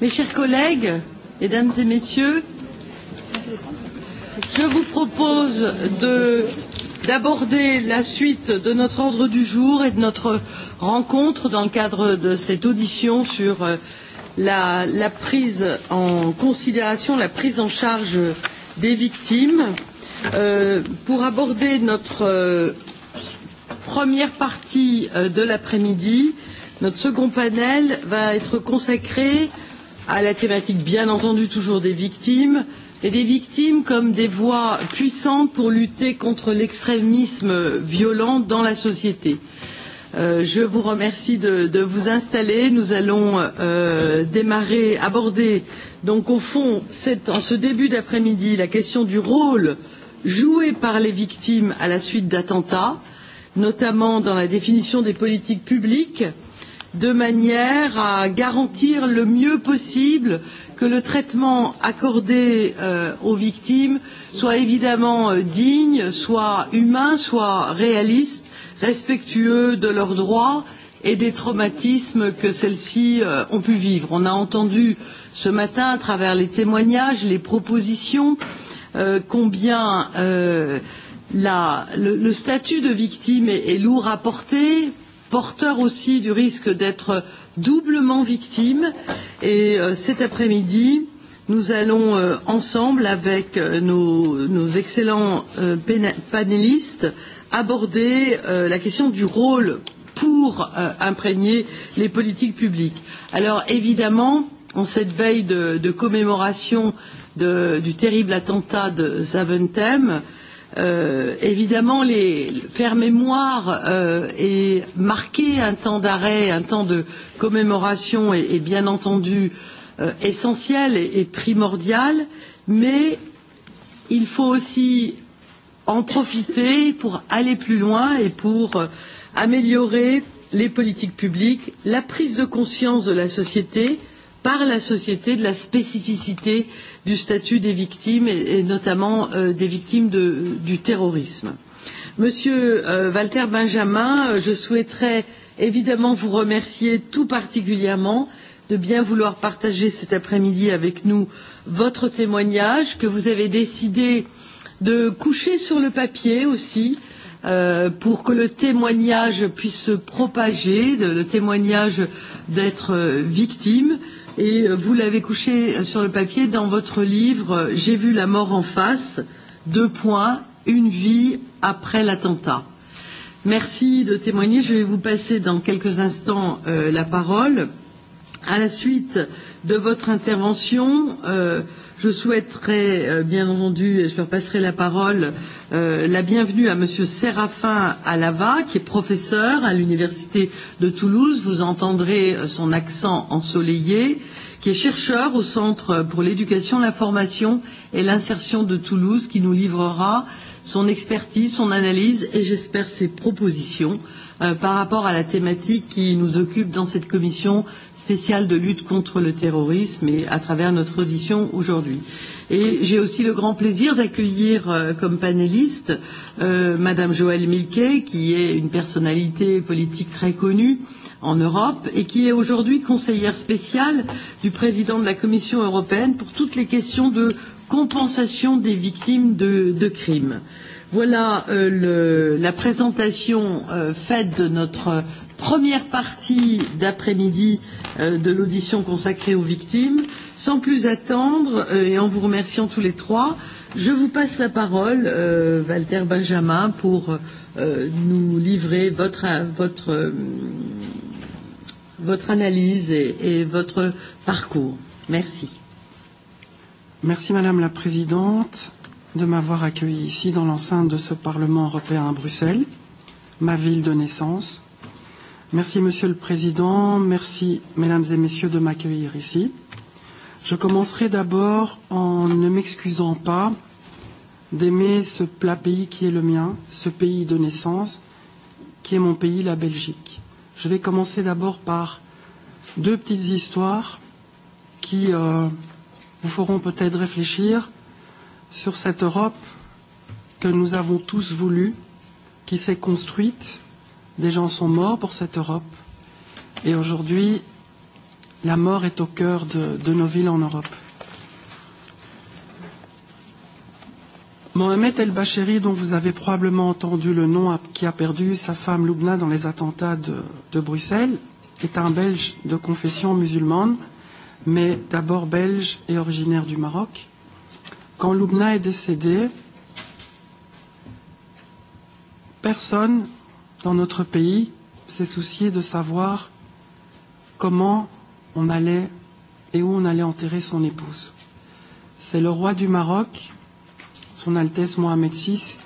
Mes chers collègues, mesdames et messieurs, je vous propose d'aborder la suite de notre ordre du jour et de notre rencontre dans le cadre de cette audition sur euh, la, la prise en considération, la prise en charge des victimes. Euh, pour aborder notre euh, première partie euh, de l'après-midi, euh, Notre second panel va être consacré à la thématique, bien entendu, toujours des victimes, et des victimes comme des voix puissantes pour lutter contre l'extrémisme violent dans la société. Euh, je vous remercie de, de vous installer. Nous allons euh, démarrer, aborder donc au fond cette, en ce début d'après-midi la question du rôle joué par les victimes à la suite d'attentats, notamment dans la définition des politiques publiques de manière à garantir le mieux possible que le traitement accordé euh, aux victimes soit évidemment euh, digne, soit humain, soit réaliste, respectueux de leurs droits et des traumatismes que celles-ci euh, ont pu vivre. On a entendu ce matin, à travers les témoignages, les propositions, euh, combien euh, la, le, le statut de victime est, est lourd à porter porteurs aussi du risque d'être doublement victimes. Et euh, cet après-midi, nous allons euh, ensemble, avec euh, nos, nos excellents panélistes, aborder la question du rôle pour imprégner les politiques publiques. Alors évidemment, en cette veille de, de commémoration de, du terrible attentat de Zaventem, euh, euh, évidemment les, faire mémoire euh, et marquer un temps d'arrêt, un temps de commémoration est, est bien entendu euh, essentiel et, et primordial, mais il faut aussi en profiter pour aller plus loin et pour euh, améliorer les politiques publiques, la prise de conscience de la société par la société de la spécificité euh, du statut des victimes et, et notamment euh, des victimes de, du terrorisme. Monsieur euh, Walter Benjamin, euh, je souhaiterais évidemment vous remercier tout particulièrement de bien vouloir partager cet après-midi avec nous votre témoignage que vous avez décidé de coucher sur le papier aussi euh, pour que le témoignage puisse se propager, de, le témoignage d'être euh, victime. Euh, et euh, vous l'avez couché euh, sur le papier dans votre livre euh, J'ai vu la mort en face, deux points, une vie après l'attentat. Merci de témoigner. Je vais vous passer dans quelques instants euh, la parole. À la suite de votre intervention, euh, Je souhaiterais, euh, bien entendu, et je leur passerai la parole, euh, la bienvenue à Monsieur Séraphin Alava, qui est professeur à l'Université de Toulouse. Vous entendrez euh, son accent ensoleillé qui est chercheur au Centre pour l'éducation, la formation et l'insertion de Toulouse, qui nous livrera son expertise, son analyse et j'espère ses propositions. Euh, Euh, par rapport à la thématique qui nous occupe dans cette commission spéciale de lutte contre le terrorisme et à travers notre audition aujourd'hui. Et j'ai aussi le grand plaisir d'accueillir euh, comme panéliste euh, Madame Joëlle Milquet, qui est une personnalité politique très connue en Europe et qui est aujourd'hui conseillère spéciale du président de la Commission européenne pour toutes les questions de compensation des victimes de, de crimes. Euh, Voilà euh, le, la présentation euh, faite de notre première partie d'après-midi euh, de l'audition consacrée aux victimes. Sans plus attendre, euh, et en vous remerciant tous les trois, je vous passe la parole, euh, Walter Benjamin, pour euh, nous livrer votre, votre, euh, votre analyse et, et votre parcours. Merci. Merci Madame la Présidente de m'avoir accueilli ici dans l'enceinte de ce Parlement européen à Bruxelles, ma ville de naissance. Merci Monsieur le Président, merci Mesdames et Messieurs de m'accueillir ici. Je commencerai d'abord en ne m'excusant pas d'aimer ce plat pays qui est le mien, ce pays de naissance, qui est mon pays, la Belgique. Je vais commencer d'abord par deux petites histoires qui euh, vous feront peut-être réfléchir sur cette Europe que nous avons tous voulu, qui s'est construite. Des gens sont morts pour cette Europe. Et aujourd'hui, la mort est au cœur de, de nos villes en Europe. Mohamed El-Bachiri, dont vous avez probablement entendu le nom, qui a perdu sa femme Loubna dans les attentats de, de Bruxelles, est un Belge de confession musulmane, mais d'abord belge et originaire du Maroc. Quand Lubna est décédée, personne dans notre pays s'est soucié de savoir comment on allait et où on allait enterrer son épouse. C'est le roi du Maroc, son Altesse Mohamed VI,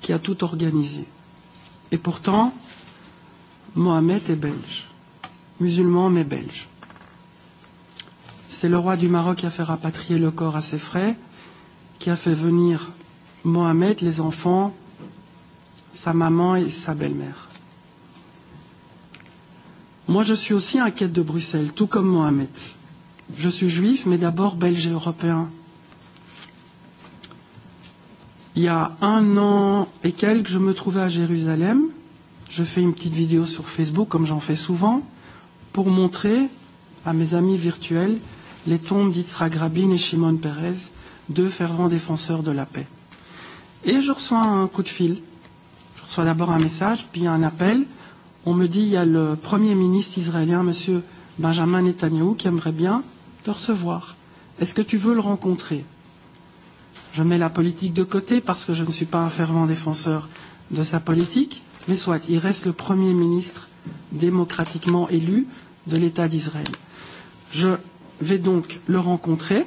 qui a tout organisé. Et pourtant, Mohamed est belge, musulman mais belge. C'est le roi du Maroc qui a fait rapatrier le corps à ses frais qui a fait venir Mohamed, les enfants, sa maman et sa belle-mère. Moi, je suis aussi inquiète de Bruxelles, tout comme Mohamed. Je suis juif, mais d'abord belge et européen. Il y a un an et quelques, je me trouvais à Jérusalem. Je fais une petite vidéo sur Facebook, comme j'en fais souvent, pour montrer à mes amis virtuels les tombes d'Itzra Grabin et Shimon Peres deux fervents défenseurs de la paix. Et je reçois un coup de fil. Je reçois d'abord un message, puis un appel. On me dit il y a le Premier ministre israélien, M. Benjamin Netanyahu, qui aimerait bien te recevoir. Est-ce que tu veux le rencontrer Je mets la politique de côté parce que je ne suis pas un fervent défenseur de sa politique, mais soit, il reste le Premier ministre démocratiquement élu de l'État d'Israël. Je vais donc le rencontrer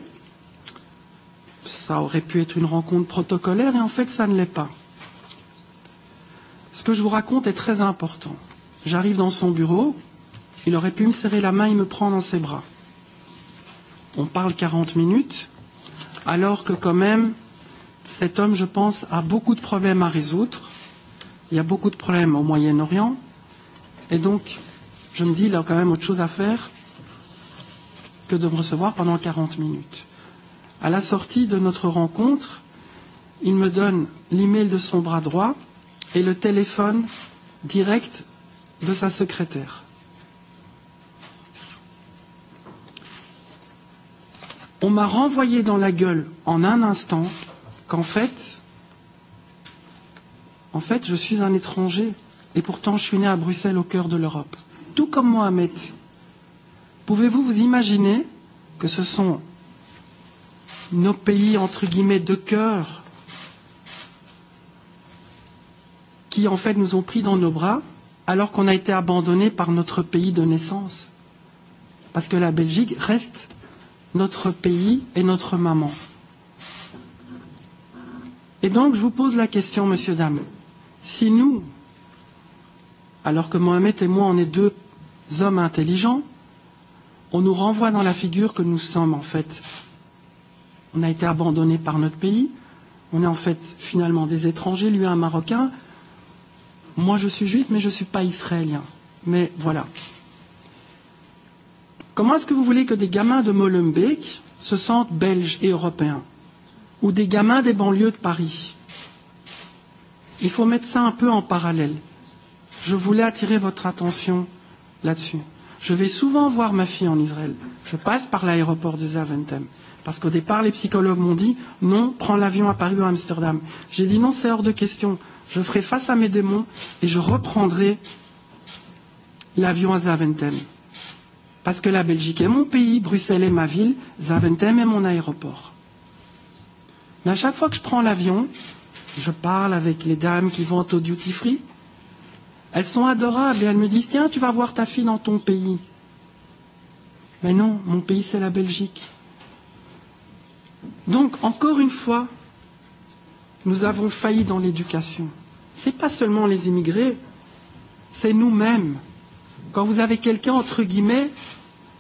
ça aurait pu être une rencontre protocolaire et en fait ça ne l'est pas. Ce que je vous raconte est très important. J'arrive dans son bureau, il aurait pu me serrer la main, et me prendre dans ses bras. On parle 40 minutes, alors que quand même, cet homme, je pense, a beaucoup de problèmes à résoudre. Il y a beaucoup de problèmes au Moyen-Orient. Et donc, je me dis, il a quand même autre chose à faire que de me recevoir pendant 40 minutes. À la sortie de notre rencontre, il me donne l'email de son bras droit et le téléphone direct de sa secrétaire. On m'a renvoyé dans la gueule en un instant qu'en fait, en fait, je suis un étranger et pourtant je suis né à Bruxelles au cœur de l'Europe, tout comme Mohamed. Pouvez-vous vous imaginer que ce sont nos pays entre guillemets de cœur qui en fait nous ont pris dans nos bras alors qu'on a été abandonné par notre pays de naissance. Parce que la Belgique reste notre pays et notre maman. Et donc je vous pose la question, monsieur, dame, si nous, alors que Mohamed et moi, on est deux hommes intelligents, on nous renvoie dans la figure que nous sommes en fait on a été abandonné par notre pays, on est en fait finalement des étrangers, lui un Marocain. Moi je suis juif mais je ne suis pas israélien. Mais voilà. Comment est-ce que vous voulez que des gamins de Molenbeek se sentent belges et européens Ou des gamins des banlieues de Paris Il faut mettre ça un peu en parallèle. Je voulais attirer votre attention là-dessus. Je vais souvent voir ma fille en Israël. Je passe par l'aéroport de Zaventem. Parce qu'au départ, les psychologues m'ont dit non, prends l'avion à Paris ou à Amsterdam. J'ai dit non, c'est hors de question. Je ferai face à mes démons et je reprendrai l'avion à Zaventem. Parce que la Belgique est mon pays, Bruxelles est ma ville, Zaventem est mon aéroport. Mais à chaque fois que je prends l'avion, je parle avec les dames qui vont au duty free. Elles sont adorables et elles me disent Tiens, tu vas voir ta fille dans ton pays. Mais non, mon pays c'est la Belgique. Donc, encore une fois, nous avons failli dans l'éducation. Ce n'est pas seulement les immigrés, c'est nous-mêmes. Quand vous avez quelqu'un, entre guillemets,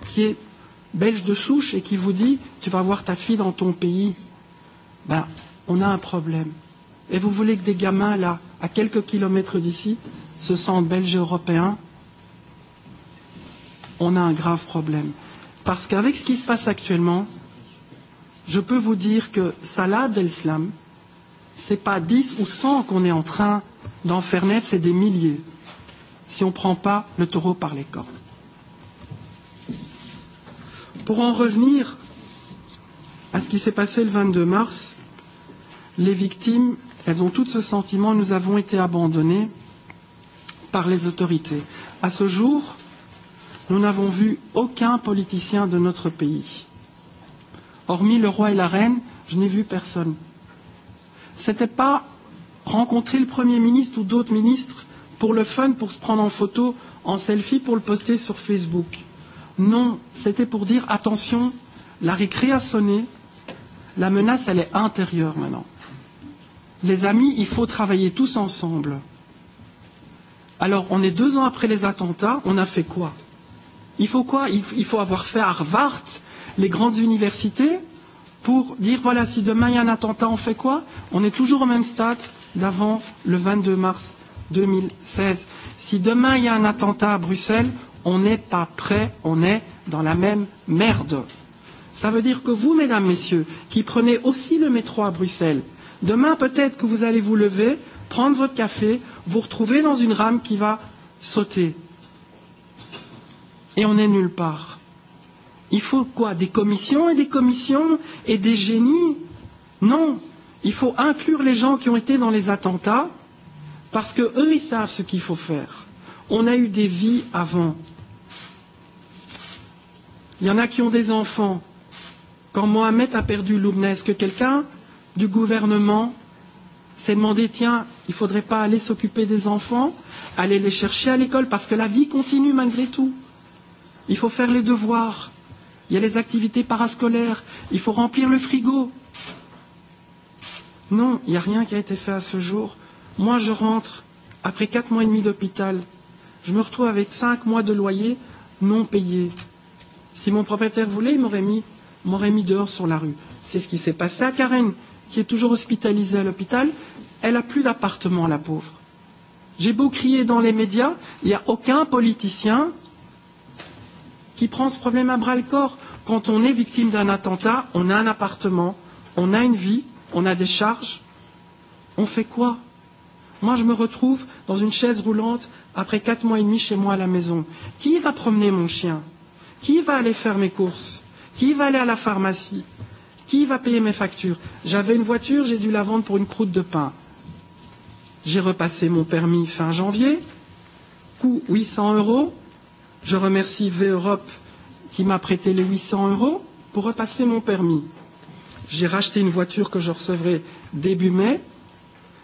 qui est belge de souche et qui vous dit Tu vas voir ta fille dans ton pays, ben, on a un problème. Et vous voulez que des gamins, là, à quelques kilomètres d'ici, se sentent belges et européens On a un grave problème. Parce qu'avec ce qui se passe actuellement, je peux vous dire que Salah Abdeslam, ce n'est pas 10 ou 100 qu'on est en train d'enfermer, c'est des milliers, si on ne prend pas le taureau par les cornes. Pour en revenir à ce qui s'est passé le 22 mars, les victimes, elles ont tout ce sentiment, nous avons été abandonnés par les autorités. À ce jour, nous n'avons vu aucun politicien de notre pays Hormis le roi et la reine, je n'ai vu personne. Ce n'était pas rencontrer le Premier ministre ou d'autres ministres pour le fun, pour se prendre en photo, en selfie, pour le poster sur Facebook. Non, c'était pour dire attention, la récré a sonné, la menace, elle est intérieure maintenant. Les amis, il faut travailler tous ensemble. Alors, on est deux ans après les attentats, on a fait quoi Il faut quoi il, il faut avoir fait Harvard les grandes universités pour dire voilà, si demain il y a un attentat, on fait quoi On est toujours au même stade d'avant le 22 mars 2016. Si demain il y a un attentat à Bruxelles, on n'est pas prêt, on est dans la même merde. Ça veut dire que vous, mesdames, messieurs, qui prenez aussi le métro à Bruxelles, demain peut-être que vous allez vous lever, prendre votre café, vous retrouver dans une rame qui va sauter. Et on n'est nulle part. Il faut quoi Des commissions et des commissions et des génies Non. Il faut inclure les gens qui ont été dans les attentats parce qu'eux, ils savent ce qu'il faut faire. On a eu des vies avant. Il y en a qui ont des enfants. Quand Mohamed a perdu Loubna, est-ce que quelqu'un du gouvernement s'est demandé tiens, il ne faudrait pas aller s'occuper des enfants, aller les chercher à l'école, parce que la vie continue malgré tout. Il faut faire les devoirs il y a les activités parascolaires, il faut remplir le frigo. Non, il n'y a rien qui a été fait à ce jour. Moi, je rentre après quatre mois et demi d'hôpital. Je me retrouve avec cinq mois de loyer non payé. Si mon propriétaire voulait, il m'aurait mis, m'aurait mis dehors sur la rue. C'est ce qui s'est passé à Karen, qui est toujours hospitalisée à l'hôpital. Elle n'a plus d'appartement, la pauvre. J'ai beau crier dans les médias, il n'y a aucun politicien qui prend ce problème à bras le corps. Quand on est victime d'un attentat, on a un appartement, on a une vie, on a des charges. On fait quoi Moi, je me retrouve dans une chaise roulante après quatre mois et demi chez moi à la maison. Qui va promener mon chien Qui va aller faire mes courses Qui va aller à la pharmacie Qui va payer mes factures J'avais une voiture, j'ai dû la vendre pour une croûte de pain. J'ai repassé mon permis fin janvier, coût 800 euros, Je remercie V-Europe qui m'a prêté les 800 euros pour repasser mon permis. J'ai racheté une voiture que je recevrai début mai.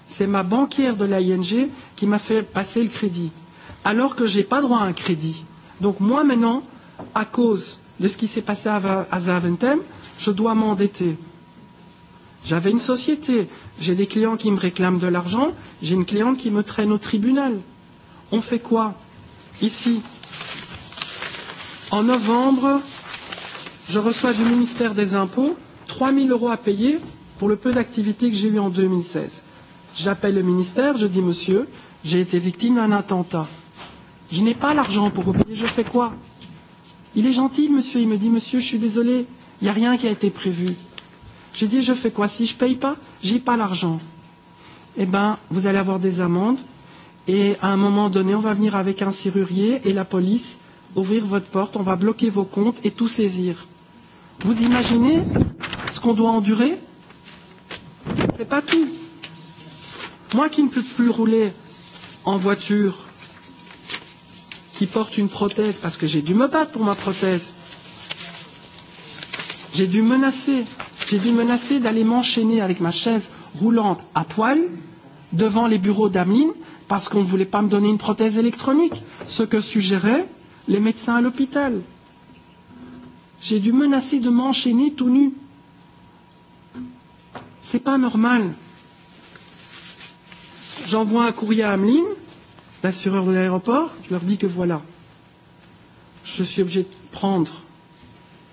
C'est ma banquière de l'ING qui m'a fait passer le crédit, alors que je n'ai pas droit à un crédit. Donc moi maintenant, à cause de ce qui s'est passé à Zaventem, je dois m'endetter. J'avais une société, j'ai des clients qui me réclament de l'argent, j'ai une cliente qui me traîne au tribunal. On fait quoi Ici, en novembre, je reçois du ministère des Impôts 3 000 euros à payer pour le peu d'activité que j'ai eu en 2016. J'appelle le ministère, je dis Monsieur, j'ai été victime d'un attentat. Je n'ai pas l'argent pour payer, je fais quoi Il est gentil, monsieur, il me dit Monsieur, je suis désolé, il n'y a rien qui a été prévu. J'ai dit Je fais quoi Si je ne paye pas, j'ai pas l'argent. Eh bien, vous allez avoir des amendes, et à un moment donné, on va venir avec un serrurier et la police ouvrir votre porte, on va bloquer vos comptes et tout saisir. Vous imaginez ce qu'on doit endurer C'est pas tout. Moi qui ne peux plus rouler en voiture, qui porte une prothèse, parce que j'ai dû me battre pour ma prothèse, j'ai dû menacer, j'ai dû menacer d'aller m'enchaîner avec ma chaise roulante à poil devant les bureaux d'Amine parce qu'on ne voulait pas me donner une prothèse électronique. Ce que suggérait les médecins à l'hôpital. J'ai dû menacer de m'enchaîner tout nu. C'est pas normal. J'envoie un courrier à Ameline, l'assureur de l'aéroport, je leur dis que voilà, je suis obligé de prendre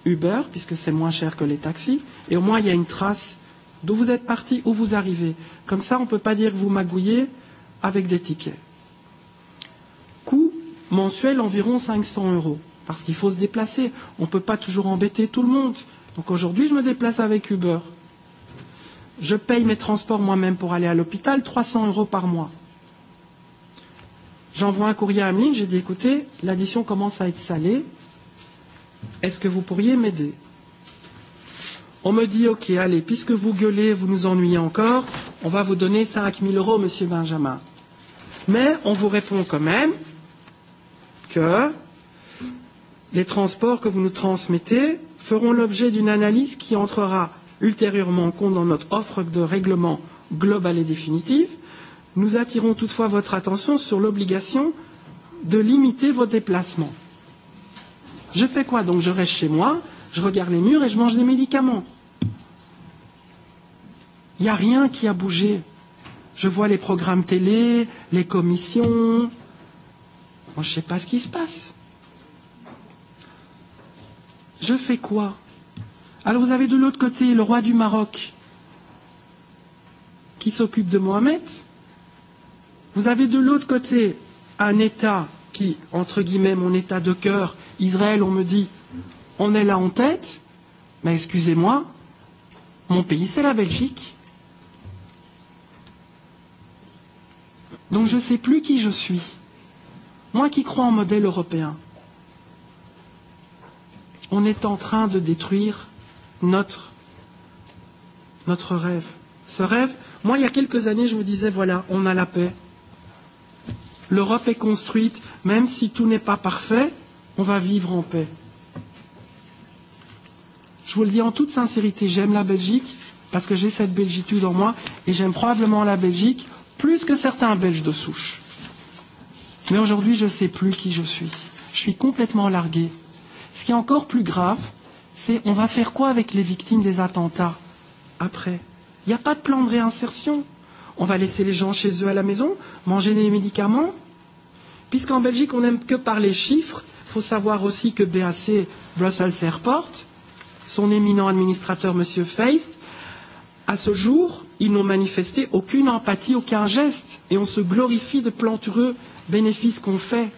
Uber, puisque c'est moins cher que les taxis, et au moins il y a une trace d'où vous êtes parti, où vous arrivez. Comme ça, on ne peut pas dire que vous magouillez avec des tickets mensuel environ 500 euros. Parce qu'il faut se déplacer. On ne peut pas toujours embêter tout le monde. Donc aujourd'hui, je me déplace avec Uber. Je paye mes transports moi-même pour aller à l'hôpital, 300 euros par mois. J'envoie un courrier à Ameline, j'ai dit écoutez, l'addition commence à être salée. Est-ce que vous pourriez m'aider On me dit ok, allez, puisque vous gueulez, vous nous ennuyez encore, on va vous donner 5 000 euros, monsieur Benjamin. Mais on vous répond quand même que les transports que vous nous transmettez feront l'objet d'une analyse qui entrera ultérieurement en compte dans notre offre de règlement global et définitif. Nous attirons toutefois votre attention sur l'obligation de limiter vos déplacements. Je fais quoi donc Je reste chez moi, je regarde les murs et je mange des médicaments. Il n'y a rien qui a bougé. Je vois les programmes télé, les commissions, Moi, je ne sais pas ce qui se passe. Je fais quoi Alors ah, vous avez de l'autre côté le roi du Maroc qui s'occupe de Mohamed. Vous avez de l'autre côté un État qui, entre guillemets, mon État de cœur, Israël, on me dit, on est là en tête, mais excusez-moi, mon pays, c'est la Belgique. Donc je ne sais plus qui je suis. Moi qui crois en modèle européen, on est en train de détruire notre, notre rêve. Ce rêve, moi il y a quelques années je me disais voilà, on a la paix. L'Europe est construite, même si tout n'est pas parfait, on va vivre en paix. Je vous le dis en toute sincérité, j'aime la Belgique parce que j'ai cette belgitude en moi et j'aime probablement la Belgique plus que certains Belges de souche. Mais aujourd'hui, je ne sais plus qui je suis. Je suis complètement largué. Ce qui est encore plus grave, c'est on va faire quoi avec les victimes des attentats après Il n'y a pas de plan de réinsertion. On va laisser les gens chez eux à la maison, manger des médicaments. Puisqu'en Belgique, on n'aime que par les chiffres, il faut savoir aussi que BAC, Brussels Airport, son éminent administrateur, M. Feist, À ce jour, ils n'ont manifesté aucune empathie, aucun geste, et on se glorifie de plantureux bénéfices qu'on fait.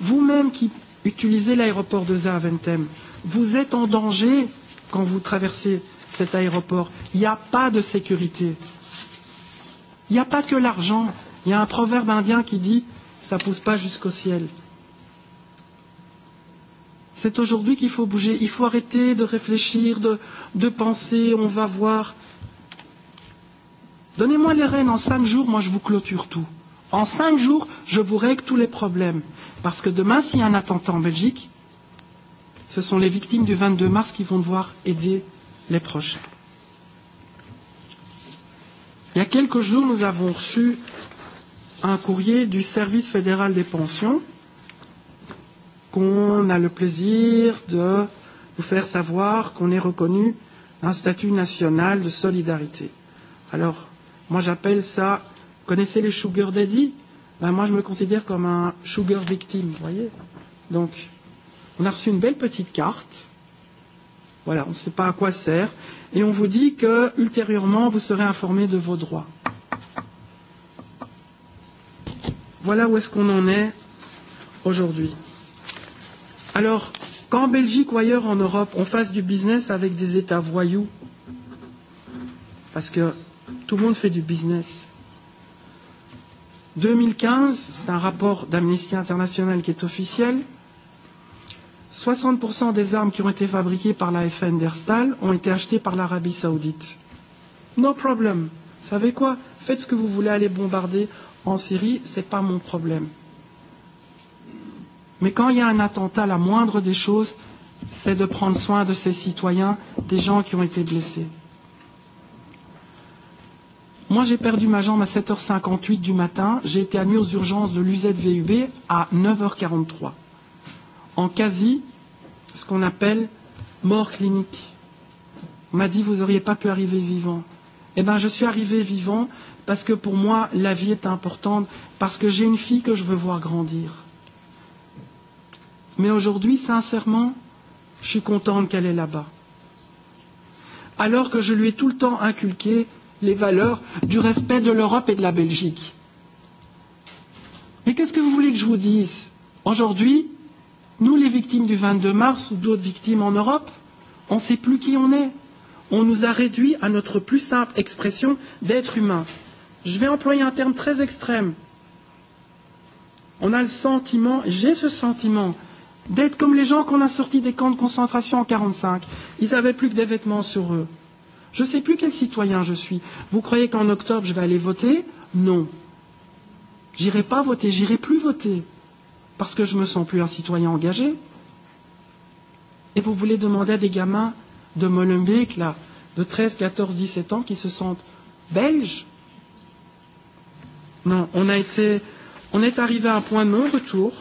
Vous-même qui utilisez l'aéroport de Zaventem, vous êtes en danger quand vous traversez cet aéroport. Il n'y a pas de sécurité. Il n'y a pas que l'argent. Il y a un proverbe indien qui dit ça ne pousse pas jusqu'au ciel. C'est aujourd'hui qu'il faut bouger. Il faut arrêter de réfléchir, de, de penser, on va voir. Donnez-moi les rênes en cinq jours, moi je vous clôture tout. En cinq jours, je vous règle tous les problèmes. Parce que demain, s'il y a un attentat en Belgique, ce sont les victimes du 22 mars qui vont devoir aider les prochains. Il y a quelques jours, nous avons reçu un courrier du Service fédéral des pensions qu'on a le plaisir de vous faire savoir qu'on est reconnu un statut national de solidarité. Alors, Moi, j'appelle ça. Vous connaissez les sugar daddy ben, Moi, je me considère comme un sugar victime, vous voyez Donc, on a reçu une belle petite carte. Voilà, on ne sait pas à quoi sert. Et on vous dit que, ultérieurement, vous serez informé de vos droits. Voilà où est-ce qu'on en est aujourd'hui. Alors, qu'en Belgique ou ailleurs en Europe, on fasse du business avec des États voyous, parce que Tout le monde fait du business. 2015, c'est un rapport d'Amnesty International qui est officiel, 60% des armes qui ont été fabriquées par la FN d'Erstal ont été achetées par l'Arabie Saoudite. No problem. Vous savez quoi Faites ce que vous voulez, aller bombarder en Syrie, ce n'est pas mon problème. Mais quand il y a un attentat, la moindre des choses, c'est de prendre soin de ses citoyens, des gens qui ont été blessés. Moi, j'ai perdu ma jambe à 7h58 du matin. J'ai été admis aux urgences de l'UZVUB à 9h43. En quasi, ce qu'on appelle mort clinique. On m'a dit, vous n'auriez pas pu arriver vivant. Eh bien, je suis arrivé vivant parce que pour moi, la vie est importante, parce que j'ai une fille que je veux voir grandir. Mais aujourd'hui, sincèrement, je suis contente qu'elle est là-bas. Alors que je lui ai tout le temps inculqué les valeurs du respect de l'Europe et de la Belgique. Mais qu'est-ce que vous voulez que je vous dise Aujourd'hui, nous les victimes du 22 mars ou d'autres victimes en Europe, on ne sait plus qui on est. On nous a réduits à notre plus simple expression d'être humain. Je vais employer un terme très extrême. On a le sentiment, j'ai ce sentiment, d'être comme les gens qu'on a sortis des camps de concentration en 1945. Ils n'avaient plus que des vêtements sur eux. Je ne sais plus quel citoyen je suis. Vous croyez qu'en octobre, je vais aller voter Non. J'irai pas voter, j'irai plus voter. Parce que je ne me sens plus un citoyen engagé. Et vous voulez demander à des gamins de Molenbeek, là, de 13, 14, 17 ans, qui se sentent belges Non, on a été, on est arrivé à un point de non-retour.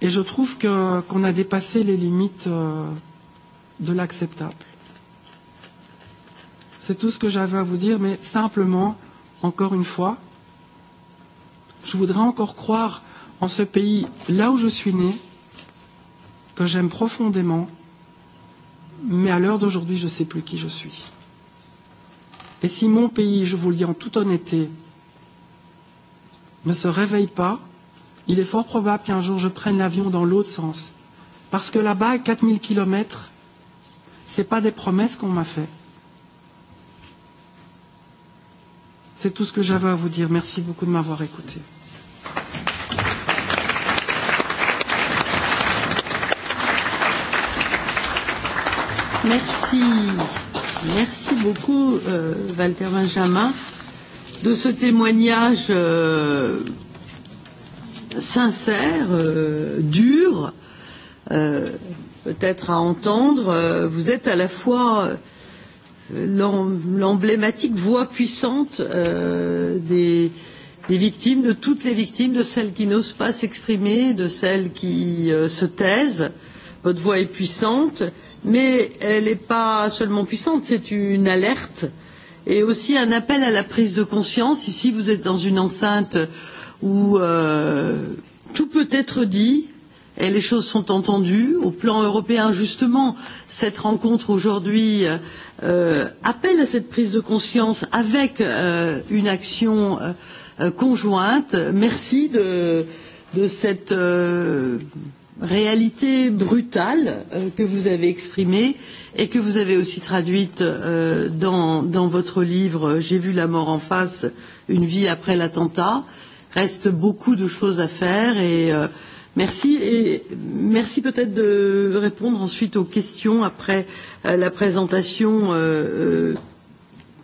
Et je trouve qu'on qu a dépassé les limites euh, de l'acceptable. C'est tout ce que j'avais à vous dire, mais simplement, encore une fois, je voudrais encore croire en ce pays, là où je suis né, que j'aime profondément, mais à l'heure d'aujourd'hui, je ne sais plus qui je suis. Et si mon pays, je vous le dis en toute honnêteté, ne se réveille pas, il est fort probable qu'un jour je prenne l'avion dans l'autre sens. Parce que là-bas, à 4000 kilomètres, Ce n'est pas des promesses qu'on m'a faites. C'est tout ce que j'avais à vous dire. Merci beaucoup de m'avoir écouté. Merci. Merci beaucoup, euh, Walter Benjamin, de ce témoignage euh, sincère, euh, dur. Euh, peut-être à entendre. Euh, vous êtes à la fois euh, l'emblématique voix puissante euh, des, des victimes, de toutes les victimes, de celles qui n'osent pas s'exprimer, de celles qui se taisent. Votre voix est puissante, mais elle n'est pas seulement puissante, c'est une alerte et aussi un appel à la prise de conscience. Ici, vous êtes dans une enceinte où euh, tout peut être dit, et les choses sont entendues. Au plan européen, justement, cette rencontre aujourd'hui euh, euh appelle à cette prise de conscience avec euh, une action euh, euh, conjointe. Merci de, de cette euh, réalité brutale euh, que vous avez exprimée et que vous avez aussi traduite euh, dans, dans votre livre euh, J'ai vu la mort en face, une vie après l'attentat. Reste beaucoup de choses à faire et euh, Merci et merci peut-être de répondre ensuite aux questions après euh, la présentation euh, euh,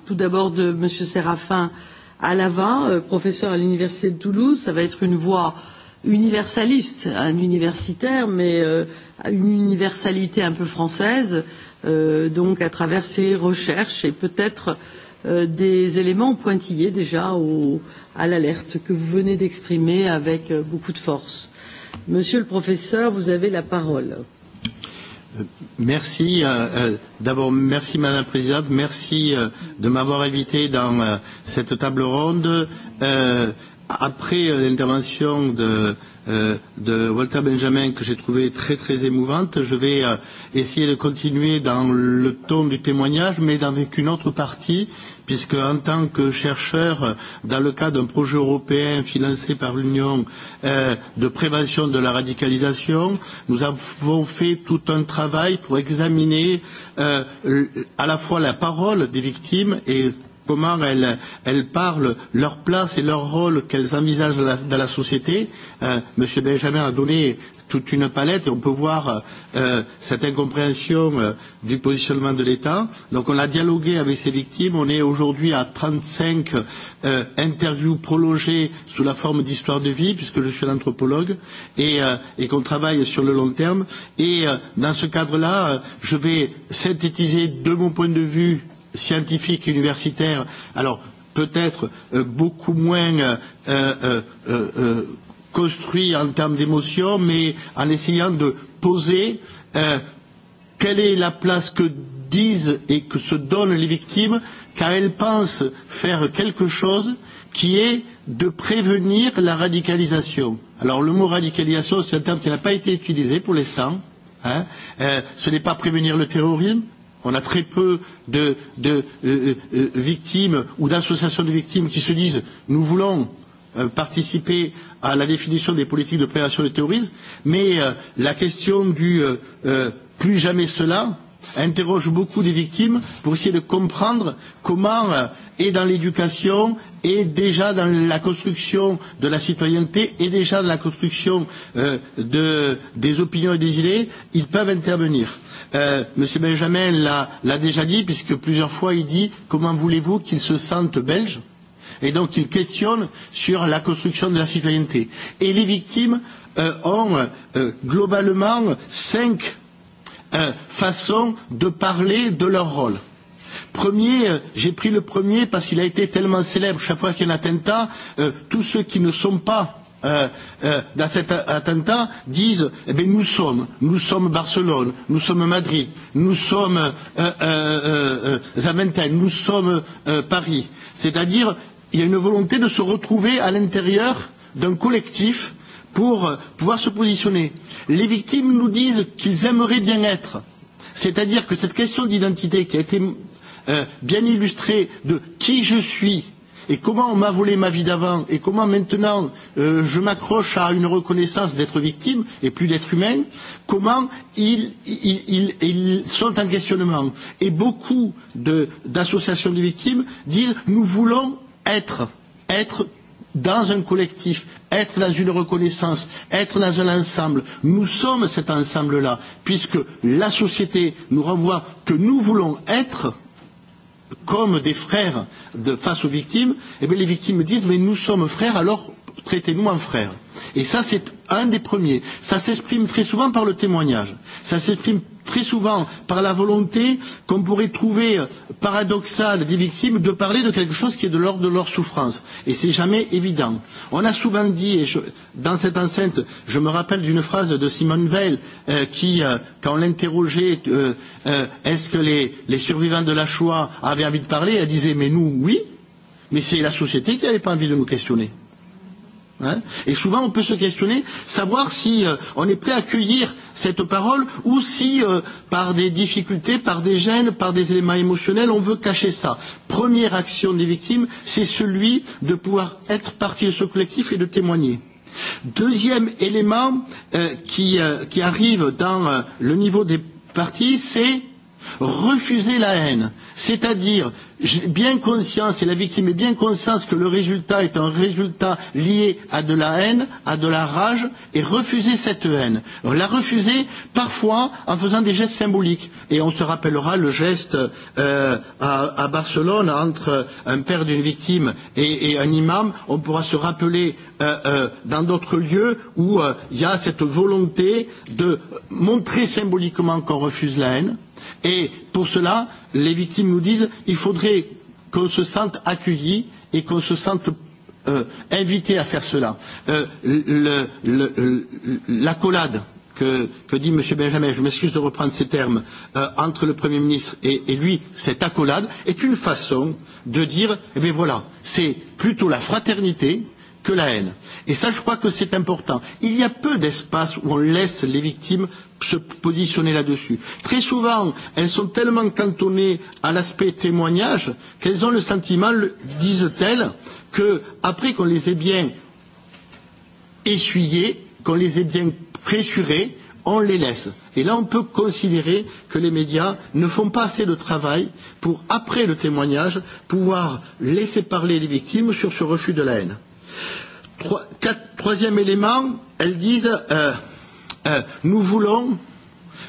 tout d'abord de M. Séraphin Alava, euh, professeur à l'Université de Toulouse. Ça va être une voix universaliste, un universitaire, mais euh, une universalité un peu française, euh, donc à travers ses recherches et peut-être euh, des éléments pointillés déjà au, à l'alerte que vous venez d'exprimer avec beaucoup de force. Monsieur le professeur, vous avez la parole. Euh, merci. Euh, euh, D'abord, merci Madame la Présidente. Merci euh, de m'avoir invité dans euh, cette table ronde. Euh, après euh, l'intervention de Euh, de Walter Benjamin que j'ai trouvé très très émouvante. Je vais euh, essayer de continuer dans le ton du témoignage, mais avec une autre partie, puisque en tant que chercheur, dans le cadre d'un projet européen financé par l'Union euh, de prévention de la radicalisation, nous avons fait tout un travail pour examiner euh, à la fois la parole des victimes et comment elles, elles parlent, leur place et leur rôle qu'elles envisagent dans la, dans la société. Euh, Monsieur Benjamin a donné toute une palette. On peut voir euh, cette incompréhension euh, du positionnement de l'État. Donc on a dialogué avec ces victimes. On est aujourd'hui à 35 euh, interviews prolongées sous la forme d'histoire de vie, puisque je suis l'anthropologue, et, euh, et qu'on travaille sur le long terme. Et euh, dans ce cadre-là, euh, je vais synthétiser de mon point de vue euh, scientifique universitaire, alors peut-être euh, beaucoup moins euh, euh, euh, euh construit en termes d'émotion, mais en essayant de poser euh, quelle est la place que disent et que se donnent les victimes car elles pensent faire quelque chose qui est de prévenir la radicalisation. Alors le mot radicalisation, c'est un terme qui n'a pas été utilisé pour l'instant. Hein. Euh, ce n'est pas prévenir le terrorisme, on a très peu de, de euh, euh, euh, victimes ou d'associations de victimes qui se disent nous voulons euh, participer à la définition des politiques de prévention du terrorisme, mais euh, la question du euh, euh, plus jamais cela interroge beaucoup les victimes pour essayer de comprendre comment, et euh, dans l'éducation, et déjà dans la construction de la citoyenneté, et déjà dans la construction euh, de, des opinions et des idées, ils peuvent intervenir. Euh, Monsieur Benjamin l'a déjà dit, puisque plusieurs fois il dit comment voulez-vous qu'ils se sentent belges Et donc il questionne sur la construction de la citoyenneté. Et les victimes euh, ont euh, globalement cinq Euh, façon de parler de leur rôle. Premier, euh, j'ai pris le premier parce qu'il a été tellement célèbre. Chaque fois qu'il y a un attentat, euh, tous ceux qui ne sont pas euh, euh, dans cet attentat disent eh bien, nous sommes, nous sommes Barcelone, nous sommes Madrid, nous sommes euh, euh, euh, euh, nous sommes euh, Paris. C'est-à-dire, il y a une volonté de se retrouver à l'intérieur d'un collectif pour euh, pouvoir se positionner. Les victimes nous disent qu'ils aimeraient bien être. C'est-à-dire que cette question d'identité qui a été euh, bien illustrée de qui je suis et comment on m'a volé ma vie d'avant et comment maintenant euh, je m'accroche à une reconnaissance d'être victime et plus d'être humain, comment ils, ils, ils, ils sont en questionnement. Et beaucoup d'associations de, de victimes disent nous voulons être, être dans un collectif, être dans une reconnaissance, être dans un ensemble. Nous sommes cet ensemble-là, puisque la société nous renvoie que nous voulons être comme des frères de, face aux victimes, et eh bien les victimes disent mais nous sommes frères alors traitez-nous en frère. Et ça, c'est un des premiers. Ça s'exprime très souvent par le témoignage. Ça s'exprime très souvent par la volonté qu'on pourrait trouver paradoxale des victimes de parler de quelque chose qui est de l'ordre de leur souffrance. Et c'est jamais évident. On a souvent dit, et je, dans cette enceinte, je me rappelle d'une phrase de Simone Veil euh, qui, euh, quand on l'interrogeait, euh, euh, est-ce que les, les survivants de la Shoah avaient envie de parler, elle disait, mais nous, oui, mais c'est la société qui n'avait pas envie de nous questionner. Hein et souvent, on peut se questionner, savoir si euh, on est prêt à accueillir cette parole ou si, euh, par des difficultés, par des gènes, par des éléments émotionnels, on veut cacher ça. Première action des victimes, c'est celui de pouvoir être partie de ce collectif et de témoigner. Deuxième élément euh, qui, euh, qui arrive dans euh, le niveau des parties, c'est Refuser la haine, c'est-à-dire bien conscience, et la victime est bien conscience que le résultat est un résultat lié à de la haine, à de la rage, et refuser cette haine. La refuser parfois en faisant des gestes symboliques. Et on se rappellera le geste euh, à, à Barcelone entre un père d'une victime et, et un imam. On pourra se rappeler euh, euh, dans d'autres lieux où euh, il euh, y a cette volonté de montrer symboliquement qu'on refuse la haine et pour cela, les victimes nous disent il faudrait qu'on se sente accueilli et qu'on se sente euh, invité à faire cela. Euh, le, le, l'accolade que, que dit M. Benjamin, je m'excuse de reprendre ces termes, euh, entre le Premier ministre et, et lui, cette accolade, est une façon de dire, eh bien voilà, c'est plutôt la fraternité que la haine. Et ça, je crois que c'est important. Il y a peu d'espace où on laisse les victimes se positionner là-dessus. Très souvent, elles sont tellement cantonnées à l'aspect témoignage qu'elles ont le sentiment, disent-elles, qu'après qu'on les ait bien essuyées, qu'on les ait bien pressurées, on les laisse. Et là, on peut considérer que les médias ne font pas assez de travail pour, après le témoignage, pouvoir laisser parler les victimes sur ce refus de la haine. Trois, quatre, troisième élément, elles disent euh, euh, nous voulons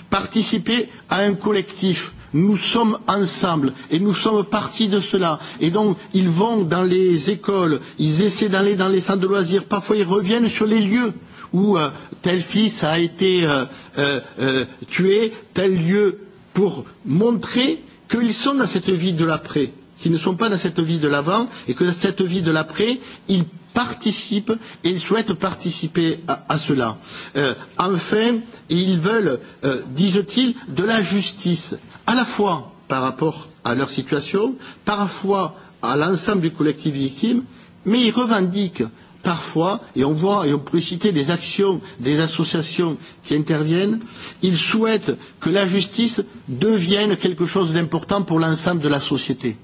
participer à un collectif. Nous sommes ensemble et nous sommes partie de cela. Et donc, ils vont dans les écoles, ils essaient d'aller dans les centres de loisirs, parfois ils reviennent sur les lieux où euh, tel fils a été euh, euh, euh, tué, tel lieu, pour montrer qu'ils sont dans cette vie de l'après, qu'ils ne sont pas dans cette vie de l'avant, et que dans cette vie de l'après, ils participent et ils souhaitent participer à, à cela. Euh, enfin, ils veulent, euh, disent-ils, de la justice, à la fois par rapport à leur situation, parfois à l'ensemble du collectif victime, mais ils revendiquent parfois, et on voit, et on pourrait citer des actions des associations qui interviennent, ils souhaitent que la justice devienne quelque chose d'important pour l'ensemble de la société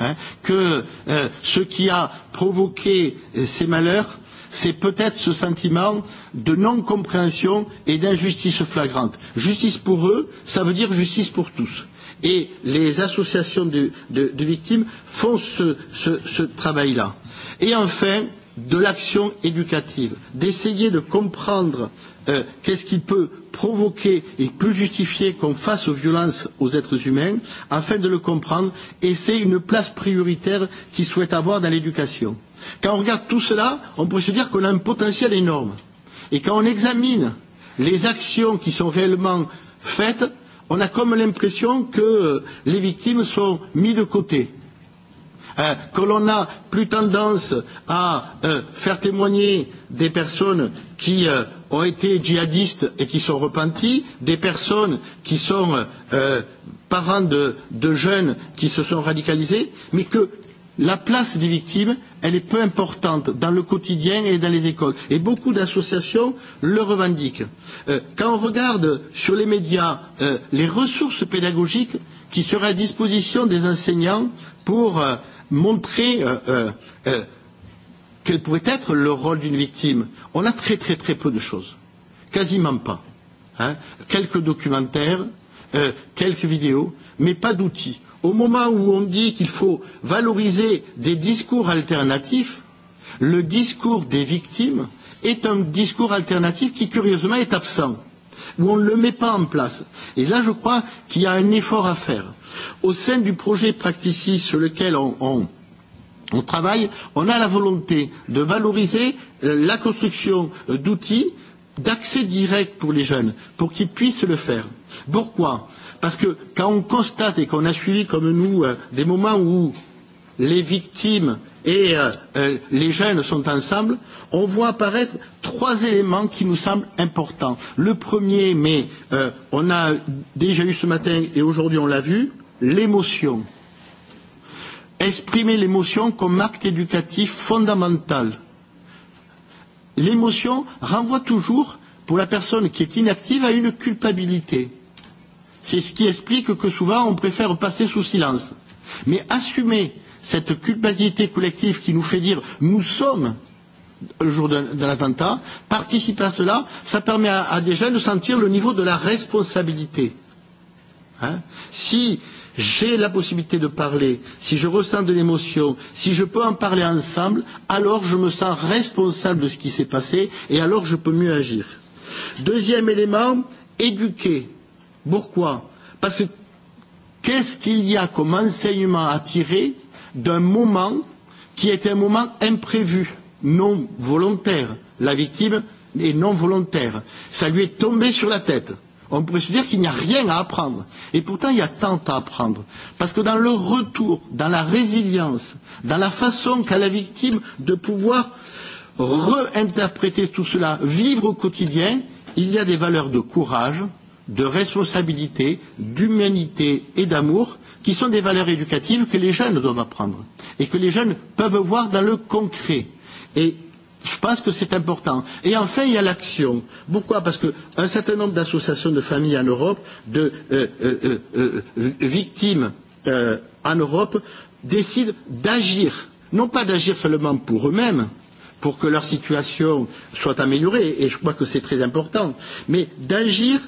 hein, que euh, ce qui a provoqué euh, ces malheurs, c'est peut-être ce sentiment de non-compréhension et d'injustice flagrante. Justice pour eux, ça veut dire justice pour tous. Et les associations de, de, de victimes font ce, ce, ce travail-là. Et enfin, de l'action éducative, d'essayer de comprendre euh, qu'est-ce qui peut provoquer et plus justifié qu'on fasse aux violences aux êtres humains, afin de le comprendre, et c'est une place prioritaire qu'ils souhaite avoir dans l'éducation. Quand on regarde tout cela, on peut se dire qu'on a un potentiel énorme. Et quand on examine les actions qui sont réellement faites, on a comme l'impression que les victimes sont mises de côté euh, que l'on a plus tendance à euh, faire témoigner des personnes qui euh, ont été djihadistes et qui sont repentis, des personnes qui sont euh, parents de, de jeunes qui se sont radicalisés, mais que la place des victimes, elle est peu importante dans le quotidien et dans les écoles. Et beaucoup d'associations le revendiquent. Euh, quand on regarde sur les médias euh, les ressources pédagogiques qui seraient à disposition des enseignants pour euh, montrer euh, euh, euh, quel pourrait être le rôle d'une victime. On a très très très peu de choses, quasiment pas. Hein. Quelques documentaires, euh, quelques vidéos, mais pas d'outils. Au moment où on dit qu'il faut valoriser des discours alternatifs, le discours des victimes est un discours alternatif qui curieusement est absent, où on ne le met pas en place. Et là, je crois qu'il y a un effort à faire. Au sein du projet Practicis sur lequel on, on, on travaille, on a la volonté de valoriser euh, la construction euh, d'outils d'accès direct pour les jeunes, pour qu'ils puissent le faire. Pourquoi Parce que quand on constate et qu'on a suivi comme nous euh, des moments où les victimes et les jeunes sont ensemble, on voit apparaître trois éléments qui nous semblent importants. Le premier, mais on a déjà eu ce matin et aujourd'hui on l'a vu, euh, l'émotion. Exprimer l'émotion comme acte éducatif fondamental. L'émotion renvoie toujours, pour la personne qui est inactive, à une culpabilité. C'est ce qui explique que souvent on préfère passer sous silence. Mais assumer cette culpabilité collective qui nous fait dire nous sommes le jour d'un attentat, participer à cela, ça permet à, à des jeunes de sentir le niveau de la responsabilité. Hein si euh, j'ai la possibilité de parler, si je ressens de l'émotion, si je peux en parler ensemble, alors je me sens responsable de ce qui s'est passé et alors je peux mieux agir. Deuxième élément, éduquer. Pourquoi Parce que qu'est-ce qu'il y a comme enseignement à tirer d'un moment qui est un moment imprévu, non volontaire La victime est non volontaire. Ça lui est tombé sur la tête on pourrait se dire qu'il n'y a rien à apprendre. Et pourtant, il y a tant à apprendre. Parce que dans le retour, dans la résilience, dans la façon qu'a la victime de pouvoir réinterpréter tout cela, vivre au quotidien, il y a des valeurs de courage, de responsabilité, d'humanité et d'amour qui sont des valeurs éducatives que les jeunes doivent apprendre et que les jeunes peuvent voir dans le concret. Et Je pense que c'est important. Et enfin, il y a l'action. Pourquoi Parce qu'un certain nombre d'associations de familles en Europe, de euh, euh, euh, euh, victimes euh, en Europe, décident d'agir. Non pas d'agir seulement pour eux-mêmes, pour que leur situation soit améliorée, et je crois que c'est très important, mais d'agir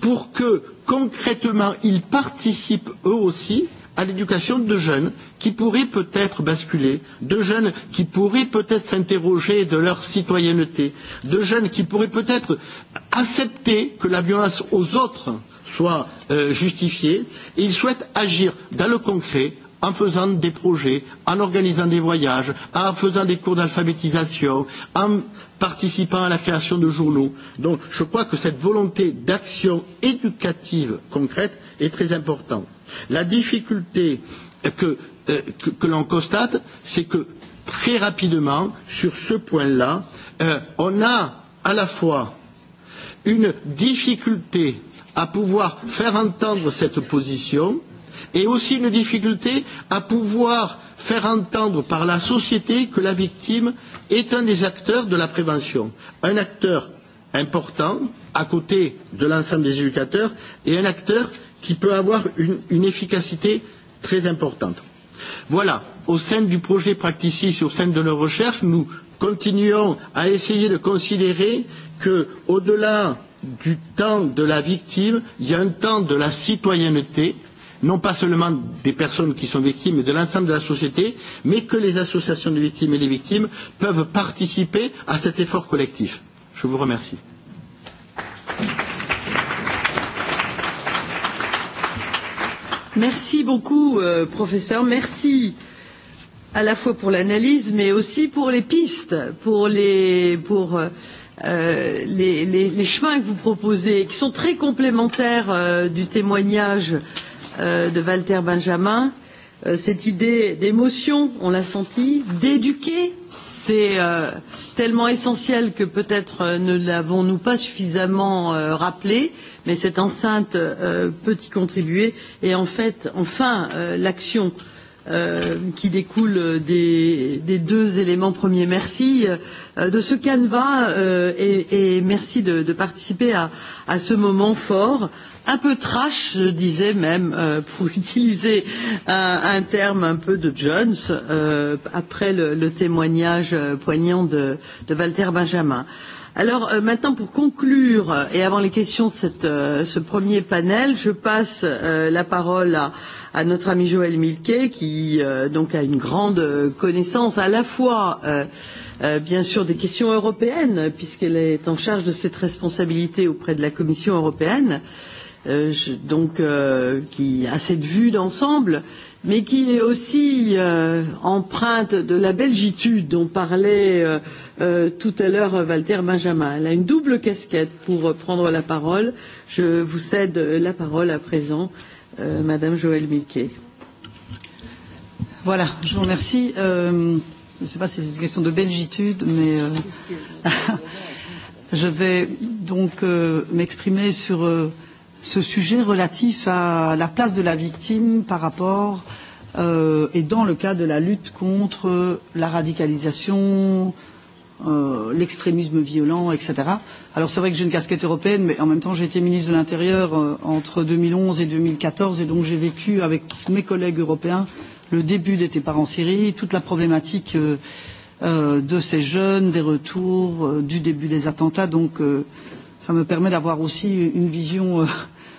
pour que concrètement ils participent eux aussi à l'éducation de jeunes qui pourraient peut-être basculer, de jeunes qui pourraient peut-être s'interroger de leur citoyenneté, de jeunes qui pourraient peut-être accepter que la violence aux autres soit euh, justifiée, et ils souhaitent agir dans le concret en faisant des projets, en organisant des voyages, en faisant des cours d'alphabétisation, en participant à la création de journaux. Donc je crois que cette volonté d'action éducative concrète est très importante. La difficulté que, euh, que, que l'on constate, c'est que très rapidement, sur ce point-là, euh, on a à la fois une difficulté à pouvoir faire entendre cette position et aussi une difficulté à pouvoir faire entendre par la société que la victime est un des acteurs de la prévention, un acteur important à côté de l'ensemble des éducateurs et un acteur qui peut avoir une, une efficacité très importante. Voilà, au sein du projet Practicis et au sein de nos recherches, nous continuons à essayer de considérer que, au delà du temps de la victime, il y a un temps de la citoyenneté, non pas seulement des personnes qui sont victimes, mais de l'ensemble de la société, mais que les associations de victimes et les victimes peuvent participer à cet effort collectif. Je vous remercie. Thank you. Merci beaucoup, euh, professeur. Merci à la fois pour l'analyse, mais aussi pour les pistes, pour les, pour, euh, les, les, les chemins que vous proposez, qui sont très complémentaires euh, du témoignage euh, de Walter Benjamin. Euh, cette idée d'émotion, on l'a senti, d'éduquer, c'est euh, tellement essentiel que peut-être euh, ne l'avons-nous pas suffisamment euh, rappelé mais cette enceinte euh, peut y contribuer. Et en fait, enfin, euh, l'action euh, qui découle des, des deux éléments premiers. Merci euh, de ce canevas euh, et, et merci de, de participer à, à ce moment fort, un peu trash, je disais même, euh, pour utiliser un, un terme un peu de Jones, euh, après le, le témoignage poignant de, de Walter Benjamin. Euh, Alors euh, maintenant, pour conclure euh, et avant les questions, cette, euh, ce premier panel, je passe euh, la parole à, à notre ami Joël Milquet, qui euh, donc a une grande euh, connaissance à la fois, euh, euh, bien sûr, des questions européennes, puisqu'elle est en charge de cette responsabilité auprès de la Commission européenne, euh, je, donc euh, qui a cette vue d'ensemble. Euh, mais qui est aussi euh, empreinte de la belgitude dont parlait euh, euh, tout à l'heure Walter Benjamin. Elle a une double casquette pour prendre la parole. Je vous cède la parole à présent, euh, Madame Joëlle Milquet. Voilà, je vous remercie. Euh, je ne sais pas si c'est une question de belgitude, mais euh, je vais donc euh, m'exprimer sur euh, ce sujet relatif à la place de la victime par rapport euh, et dans le cadre de la lutte contre la radicalisation, euh, l'extrémisme violent, etc. Alors c'est vrai que j'ai une casquette européenne, mais en même temps j'ai été ministre de l'Intérieur euh, entre 2011 et 2014, et donc j'ai vécu avec mes collègues européens le début des départs en Syrie, toute la problématique euh, euh, de ces jeunes, des retours, euh, du début des attentats. Donc euh, ça me permet d'avoir aussi une vision euh,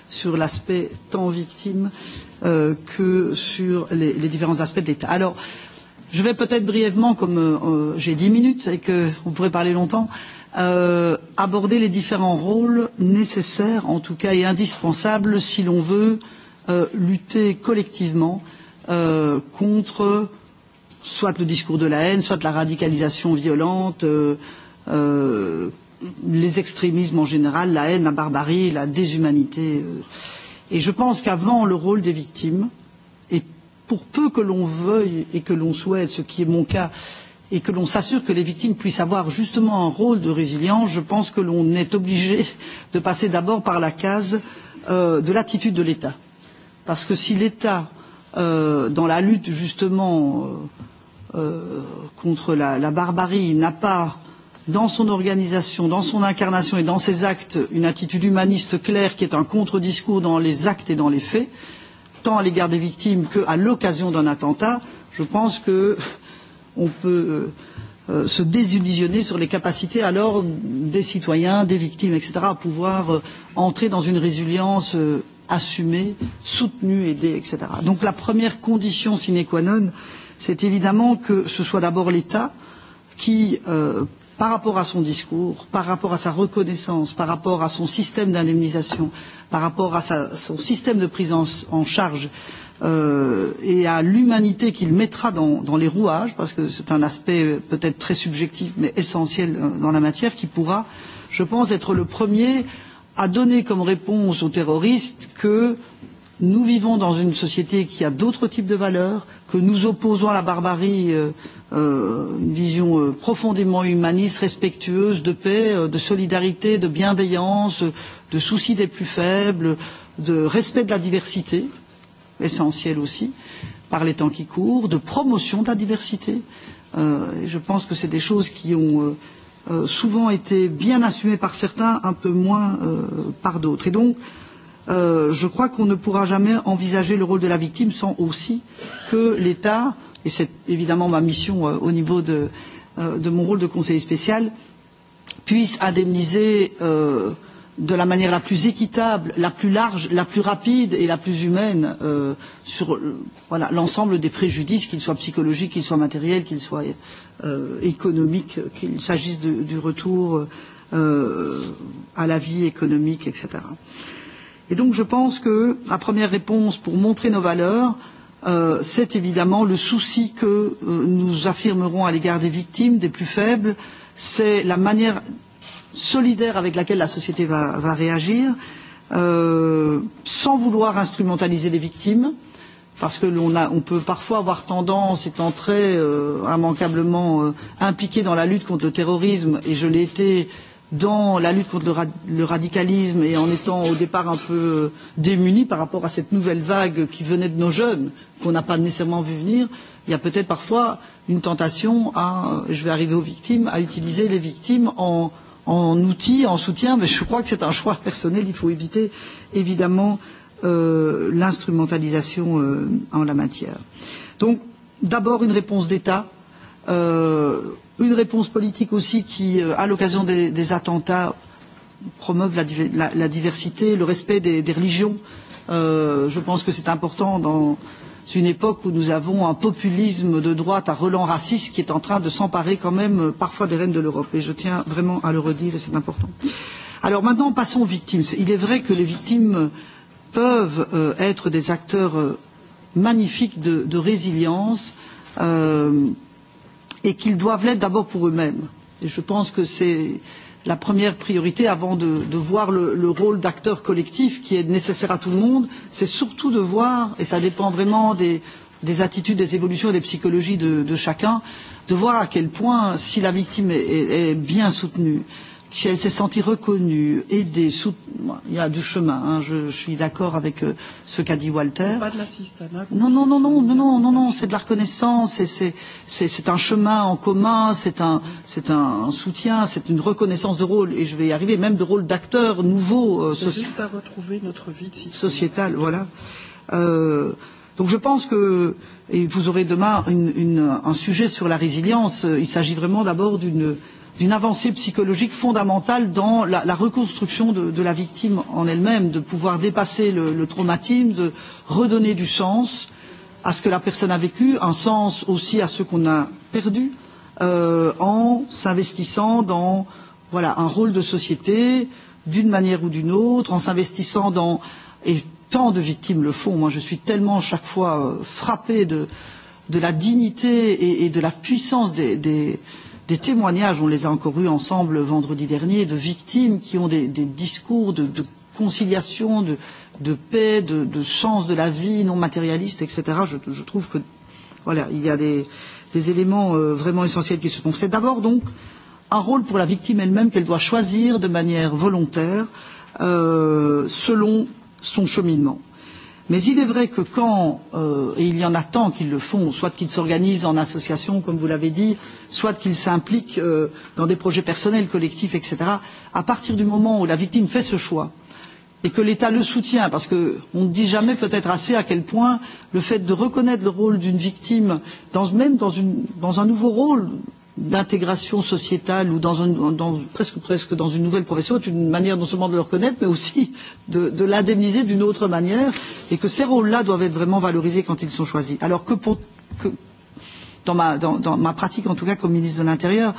sur l'aspect tant victime euh, que sur les, les différents aspects de l'État. Alors, je vais peut-être brièvement, comme euh, euh j'ai dix minutes et qu'on pourrait parler longtemps, euh, aborder les différents rôles nécessaires, en tout cas, et indispensables si l'on veut euh, lutter collectivement euh, contre soit le discours de la haine, soit la radicalisation violente, euh, euh, les extrémismes en général, la haine, la barbarie, la déshumanité. Euh. Et je pense qu'avant le rôle des victimes, et pour peu que l'on veuille et que l'on souhaite, ce qui est mon cas, et que l'on s'assure que les victimes puissent avoir justement un rôle de résilience, je pense que l'on est obligé de passer d'abord par la case euh, de l'attitude de l'État. Parce que si l'État, euh, dans la lutte justement euh, euh, contre la, la barbarie, n'a pas dans son organisation, dans son incarnation et dans ses actes, une attitude humaniste claire qui est un contre-discours dans les actes et dans les faits, tant à l'égard des victimes qu'à l'occasion d'un attentat, je pense qu'on euh, peut euh, euh, se désillusionner sur les capacités alors des citoyens, des victimes, etc., à pouvoir euh, entrer dans une résilience euh, assumée, soutenue, aidée, etc. Donc la première condition sine qua non, c'est évidemment que ce soit d'abord l'État qui euh, par rapport à son discours, par rapport à sa reconnaissance, par rapport à son système d'indemnisation, par rapport à sa, son système de prise en, en charge euh, et à l'humanité qu'il mettra dans, dans les rouages, parce que c'est un aspect euh, peut-être très subjectif mais essentiel euh, dans la matière, qui pourra, je pense, être le premier à donner comme réponse aux terroristes que Nous vivons dans une société qui a d'autres types de valeurs, que nous opposons à la barbarie euh, euh, une vision euh, profondément humaniste, respectueuse, de paix, euh, de solidarité, de bienveillance, de souci des plus faibles, de respect de la diversité, essentielle aussi, par les temps qui courent, de promotion de la diversité. Euh, et je pense que c'est des choses qui ont euh, euh, souvent été bien assumées par certains, un peu moins euh, par d'autres. Et donc, euh, Euh, je crois qu'on ne pourra jamais envisager le rôle de la victime sans aussi que l'État, et c'est évidemment ma mission euh, au niveau de, euh, de mon rôle de conseiller spécial, puisse indemniser euh, de la manière la plus équitable, la plus large, la plus rapide et la plus humaine euh, sur euh, voilà l'ensemble des préjudices, qu'ils soient psychologiques, qu'ils soient matériels, qu'ils soient euh, économiques, qu'il s'agisse du retour euh, à la vie économique, etc. Euh, et donc je pense que la première réponse pour montrer nos valeurs, euh, c'est évidemment le souci que euh, nous affirmerons à l'égard des victimes, des plus faibles, c'est la manière solidaire avec laquelle la société va, va réagir, euh, sans vouloir instrumentaliser les victimes, parce que l'on on peut parfois avoir tendance, étant très euh, immanquablement euh, impliqué dans la lutte contre le terrorisme, et je l'ai été euh, dans la lutte contre le, ra le radicalisme et en étant au départ un peu démunis par rapport à cette nouvelle vague qui venait de nos jeunes, qu'on n'a pas nécessairement vu venir, il y a peut-être parfois une tentation à, je vais arriver aux victimes, à utiliser les victimes en, en outil, en soutien, mais je crois que c'est un choix personnel, il faut éviter évidemment euh, l'instrumentalisation euh, en la matière. Donc, d'abord une réponse d'État. Euh, une réponse politique aussi qui, euh, à l'occasion des, des attentats, promeuve la, la, la diversité, le respect des, des religions. Euh, je pense que c'est important dans une époque où nous avons un populisme de droite à relents racistes qui est en train de s'emparer quand même euh, parfois des rênes de l'Europe. Et je tiens vraiment à le redire et c'est important. Alors maintenant, passons aux victimes. Il est vrai que les victimes peuvent euh, être des acteurs euh, magnifiques de, de résilience. Euh, et qu'ils doivent l'être d'abord pour eux-mêmes. Et je pense que c'est la première priorité avant de, de voir le, le rôle d'acteur collectif qui est nécessaire à tout le monde, c'est surtout de voir, et ça dépend vraiment des, des attitudes, des évolutions et des psychologies de, de chacun, de voir à quel point si la victime est, est, est bien soutenue, euh, si elle s'est sentie reconnue, aidée, soutenue, il y a du chemin, hein, je, je suis d'accord avec euh, ce qu'a dit Walter. Pas de non, Non, non, non, non, non, non, non, non, c'est de la reconnaissance, c'est un chemin en commun, c'est un, un, un soutien, c'est une reconnaissance de rôle, et je vais y arriver, même de rôle d'acteur nouveau. Euh, c'est juste à retrouver notre vie de Sociétale, voilà. Euh, donc je pense que et vous aurez demain une, une, un sujet sur la résilience. Il s'agit vraiment d'abord d'une d'une avancée psychologique fondamentale dans la, la reconstruction de, de la victime en elle-même, de pouvoir dépasser le, le traumatisme, de redonner du sens à ce que la personne a vécu, un sens aussi à ce qu'on a perdu, euh, en s'investissant dans voilà, un rôle de société, d'une manière ou d'une autre, en s'investissant dans... Et tant de victimes le font, moi je suis tellement chaque fois euh, frappée de, de la dignité et, et de la puissance des... des des témoignages, on les a encore eus ensemble vendredi dernier, de victimes qui ont des, des discours de, de conciliation, de, de paix, de, de sens de la vie non matérialiste, etc. Je, je trouve que voilà, il y a des, des éléments euh, vraiment essentiels qui se font. C'est d'abord donc un rôle pour la victime elle-même qu'elle doit choisir de manière volontaire euh, selon son cheminement. Euh, Mais il est vrai que quand, euh, et il y en a tant qui le font, soit qu'ils s'organisent en association, comme vous l'avez dit, soit qu'ils s'impliquent euh, dans des projets personnels, collectifs, etc., à partir du moment où la victime fait ce choix, et que l'État le soutient, parce qu'on ne dit jamais peut-être assez à quel point le fait de reconnaître le rôle d'une victime, dans, même dans, une, dans un nouveau rôle d'intégration sociétale ou dans, un, dans presque presque dans une nouvelle profession est une manière non seulement de le reconnaître mais aussi de, de l'indemniser d'une autre manière et que ces rôles-là doivent être vraiment valorisés quand ils sont choisis. Alors que, pour, que dans, ma, dans, dans ma pratique en tout cas comme ministre de l'Intérieur,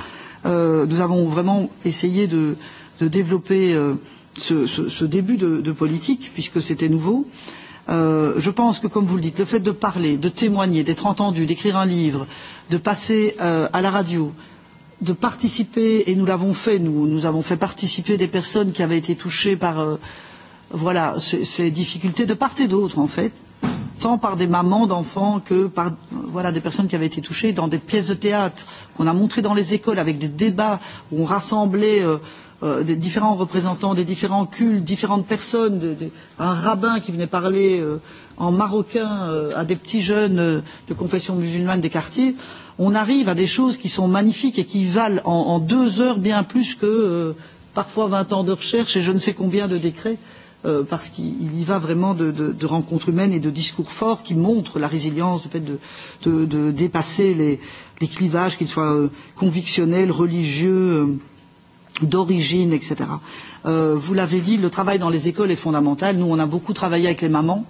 euh, nous avons vraiment essayé de, de développer euh, ce, ce, ce début de, de politique puisque c'était nouveau. Euh, Euh, je pense que, comme vous le dites, le fait de parler, de témoigner, d'être entendu, d'écrire un livre, de passer euh, à la radio, de participer, et nous l'avons fait, nous, nous avons fait participer des personnes qui avaient été touchées par euh, voilà, ces, ces difficultés de part et d'autre, en fait, tant par des mamans d'enfants que par voilà, des personnes qui avaient été touchées dans des pièces de théâtre qu'on a montrées dans les écoles avec des débats où on rassemblait. Euh, euh, des différents représentants des différents cultes, différentes personnes, de, de, un rabbin qui venait parler euh, en marocain euh, à des petits jeunes euh, de confession musulmane des quartiers, on arrive à des choses qui sont magnifiques et qui valent en, en deux heures bien plus que euh, parfois 20 ans de recherche et je ne sais combien de décrets, euh, parce qu'il y va vraiment de, de, de rencontres humaines et de discours forts qui montrent la résilience, le fait de, de, de dépasser les, les clivages, qu'ils soient euh, convictionnels, religieux. Euh, d'origine, etc. Euh, vous l'avez dit, le travail dans les écoles est fondamental. Nous, on a beaucoup travaillé avec les mamans,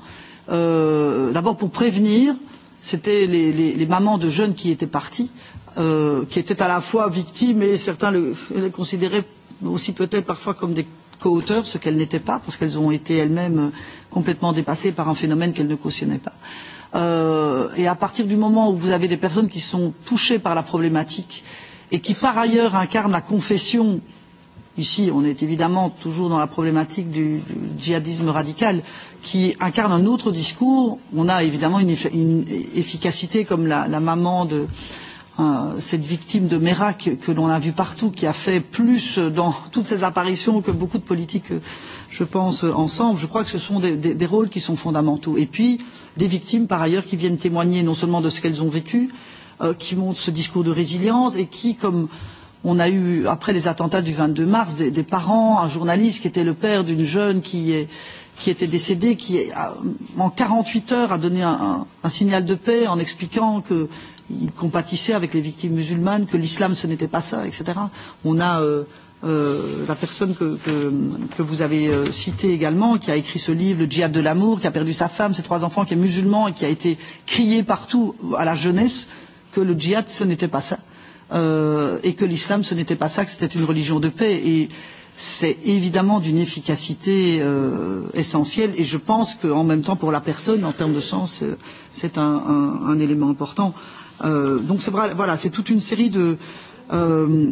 euh, d'abord pour prévenir, c'était les, les, les mamans de jeunes qui étaient partis, euh, qui étaient à la fois victimes et certains le, les considéraient aussi peut-être parfois comme des co-auteurs, ce qu'elles n'étaient pas, parce qu'elles ont été elles-mêmes complètement dépassées par un phénomène qu'elles ne cautionnaient pas. Euh, et à partir du moment où vous avez des personnes qui sont touchées par la problématique et qui par ailleurs incarnent la confession euh, Ici, on est évidemment toujours dans la problématique du, du djihadisme radical qui incarne un autre discours. On a évidemment une, une efficacité comme la, la maman de euh, cette victime de Merak que, que l'on a vu partout, qui a fait plus dans toutes ces apparitions que beaucoup de politiques, je pense, ensemble. Je crois que ce sont des, des, des rôles qui sont fondamentaux. Et puis, des victimes, par ailleurs, qui viennent témoigner non seulement de ce qu'elles ont vécu, euh, qui montrent ce discours de résilience et qui, comme euh, on a eu, après les attentats du 22 mars, des, des parents, un journaliste qui était le père d'une jeune qui, est, qui était décédée, qui a, en 48 heures a donné un, un, un signal de paix en expliquant qu'il compatissait avec les victimes musulmanes, que l'islam ce n'était pas ça, etc. On a euh, euh, la personne que, que, que vous avez euh, citée également, qui a écrit ce livre, Le djihad de l'amour, qui a perdu sa femme, ses trois enfants, qui est musulman et qui a été crié partout à la jeunesse que le djihad ce n'était pas ça euh, et que l'islam, ce n'était pas ça, que c'était une religion de paix. Et c'est évidemment d'une efficacité euh, essentielle et je pense qu'en même temps pour la personne, en termes de sens, euh, c'est un, un, un élément important. Euh, donc c'est voilà, c'est toute une série de, euh,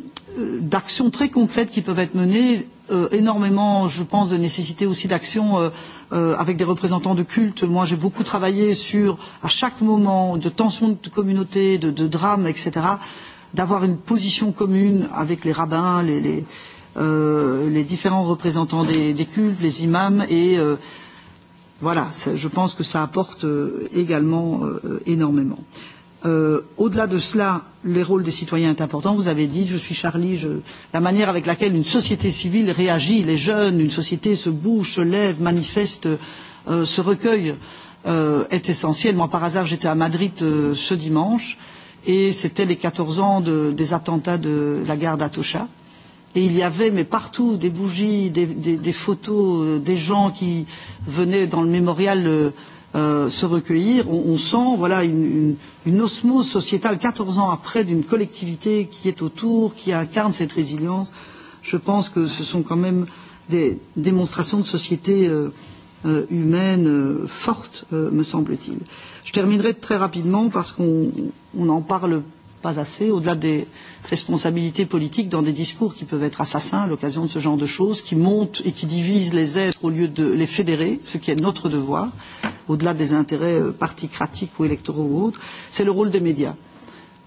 d'actions très concrètes qui peuvent être menées, euh, énormément, je pense, de nécessité aussi d'actions euh, euh, avec des représentants de culte. Moi, j'ai beaucoup travaillé sur, à chaque moment, de tensions de communauté, de, de drames, etc., d'avoir une position commune avec les rabbins, les, les, euh, les différents représentants des, des cultes, les imams et euh, voilà, je pense que ça apporte euh, également euh, énormément. Euh, Au-delà de cela, le rôle des citoyens est important. Vous avez dit, je suis Charlie, je... la manière avec laquelle une société civile réagit, les jeunes, une société se bouge, se lève, manifeste, euh, se recueille, euh, est essentielle. Moi, par hasard, j'étais à Madrid euh, ce dimanche. Euh, et c'était les 14 ans de, des attentats de la gare d'Atocha. Et il y avait, mais partout, des bougies, des, des, des photos, euh, des gens qui venaient dans le mémorial euh, euh, se recueillir. On, on sent voilà, une, une, une osmose sociétale 14 ans après d'une collectivité qui est autour, qui incarne cette résilience. Je pense que ce sont quand même des démonstrations de société euh, euh, humaine euh, forte, euh, me semble-t-il. Je terminerai très rapidement parce qu'on n'en parle pas assez, au-delà des responsabilités politiques, dans des discours qui peuvent être assassins à l'occasion de ce genre de choses, qui montent et qui divisent les êtres au lieu de les fédérer, ce qui est notre devoir, au-delà des intérêts euh, particratiques ou électoraux ou autres, c'est le rôle des médias.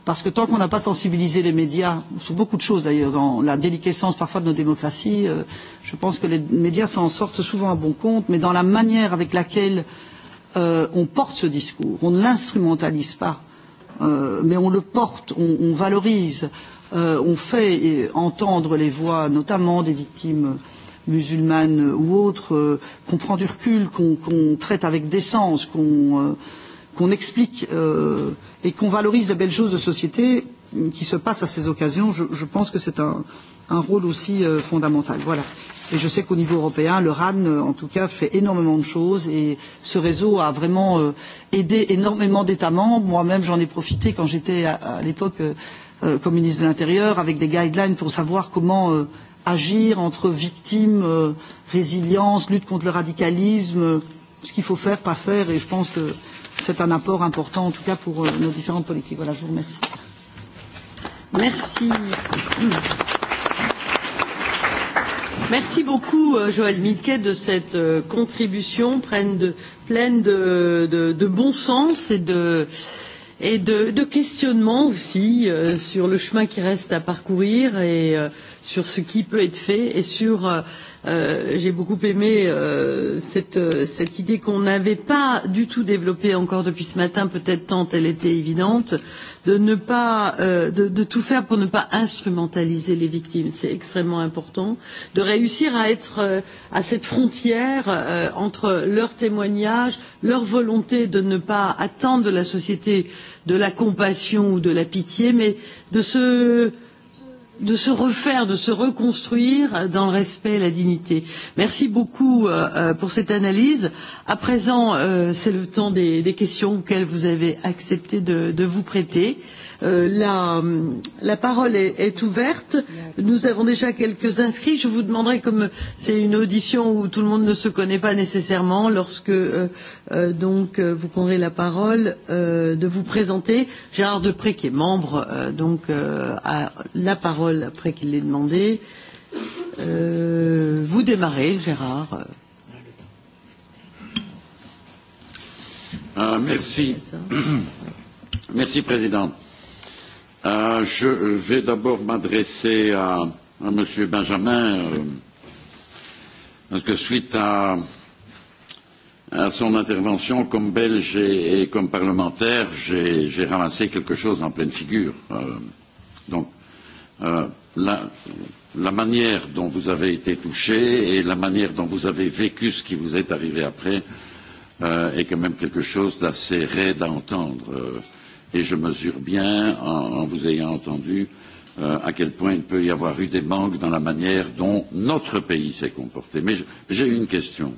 Parce que tant qu'on n'a pas sensibilisé les médias, sur beaucoup de choses d'ailleurs, dans la déliquescence parfois de nos démocraties, euh, je pense que les médias s'en sortent souvent à bon compte, mais dans la manière avec laquelle euh, on porte ce discours, on ne l'instrumentalise pas, euh, mais on le porte, on, on valorise, euh, on fait entendre les voix, notamment des victimes musulmanes ou autres, euh, qu'on prend du recul, qu'on qu traite avec décence, qu'on... Euh, qu'on explique euh, et qu'on valorise les belles choses de société qui se passent à ces occasions, je, je pense que c'est un, un rôle aussi euh, fondamental. Voilà. Et je sais qu'au niveau européen, le RAN, euh, en tout cas, fait énormément de choses et ce réseau a vraiment euh, aidé énormément d'États membres. Moi-même, j'en ai profité quand j'étais à, à l'époque euh, euh, comme ministre de l'Intérieur avec des guidelines pour savoir comment euh, agir entre victimes, euh, résilience, lutte contre le radicalisme, euh, ce qu'il faut faire, pas faire. Et je pense que euh, c'est un apport important, en tout cas pour euh, nos différentes politiques. Voilà, je vous remercie. Merci. Merci beaucoup, euh, Joël Milquet, de cette euh, contribution pleine de, pleine de, de, de bon sens et de, et de, de questionnement aussi euh, sur le chemin qui reste à parcourir et euh, sur ce qui peut être fait et sur euh, Euh, j'ai beaucoup aimé euh, cette, euh, cette idée qu'on n'avait pas du tout développée encore depuis ce matin, peut-être tant elle était évidente, de ne pas, euh, de, de tout faire pour ne pas instrumentaliser les victimes. C'est extrêmement important de réussir à être euh, à cette frontière euh, entre leur témoignage, leur volonté de ne pas attendre de la société de la compassion ou de la pitié, mais de se ce de se refaire, de se reconstruire dans le respect et la dignité. Merci beaucoup euh, euh, pour cette analyse. À présent, euh, c'est le temps des, des questions auxquelles vous avez accepté de, de vous prêter. Euh, Euh, la, la parole est, est ouverte. Nous avons déjà quelques inscrits. Je vous demanderai, comme c'est une audition où tout le monde ne se connaît pas nécessairement, lorsque euh, euh, donc euh, vous prendrez la parole, euh, de vous présenter. Gérard Depré, qui est membre, euh, donc euh, a la parole après qu'il l'ait demandé. Euh, vous démarrez, Gérard. Euh, merci. merci, Présidente. Euh, je vais d'abord m'adresser à, à Monsieur Benjamin, euh, parce que suite à, à son intervention comme Belge et, et comme parlementaire, j'ai ramassé quelque chose en pleine figure. Euh, donc, euh, la, la manière dont vous avez été touché et la manière dont vous avez vécu ce qui vous est arrivé après euh, est quand même quelque chose d'assez raide à entendre. Euh, et je mesure bien, en, en vous ayant entendu, euh, à quel point il peut y avoir eu des manques dans la manière dont notre pays s'est comporté. Mais j'ai une question.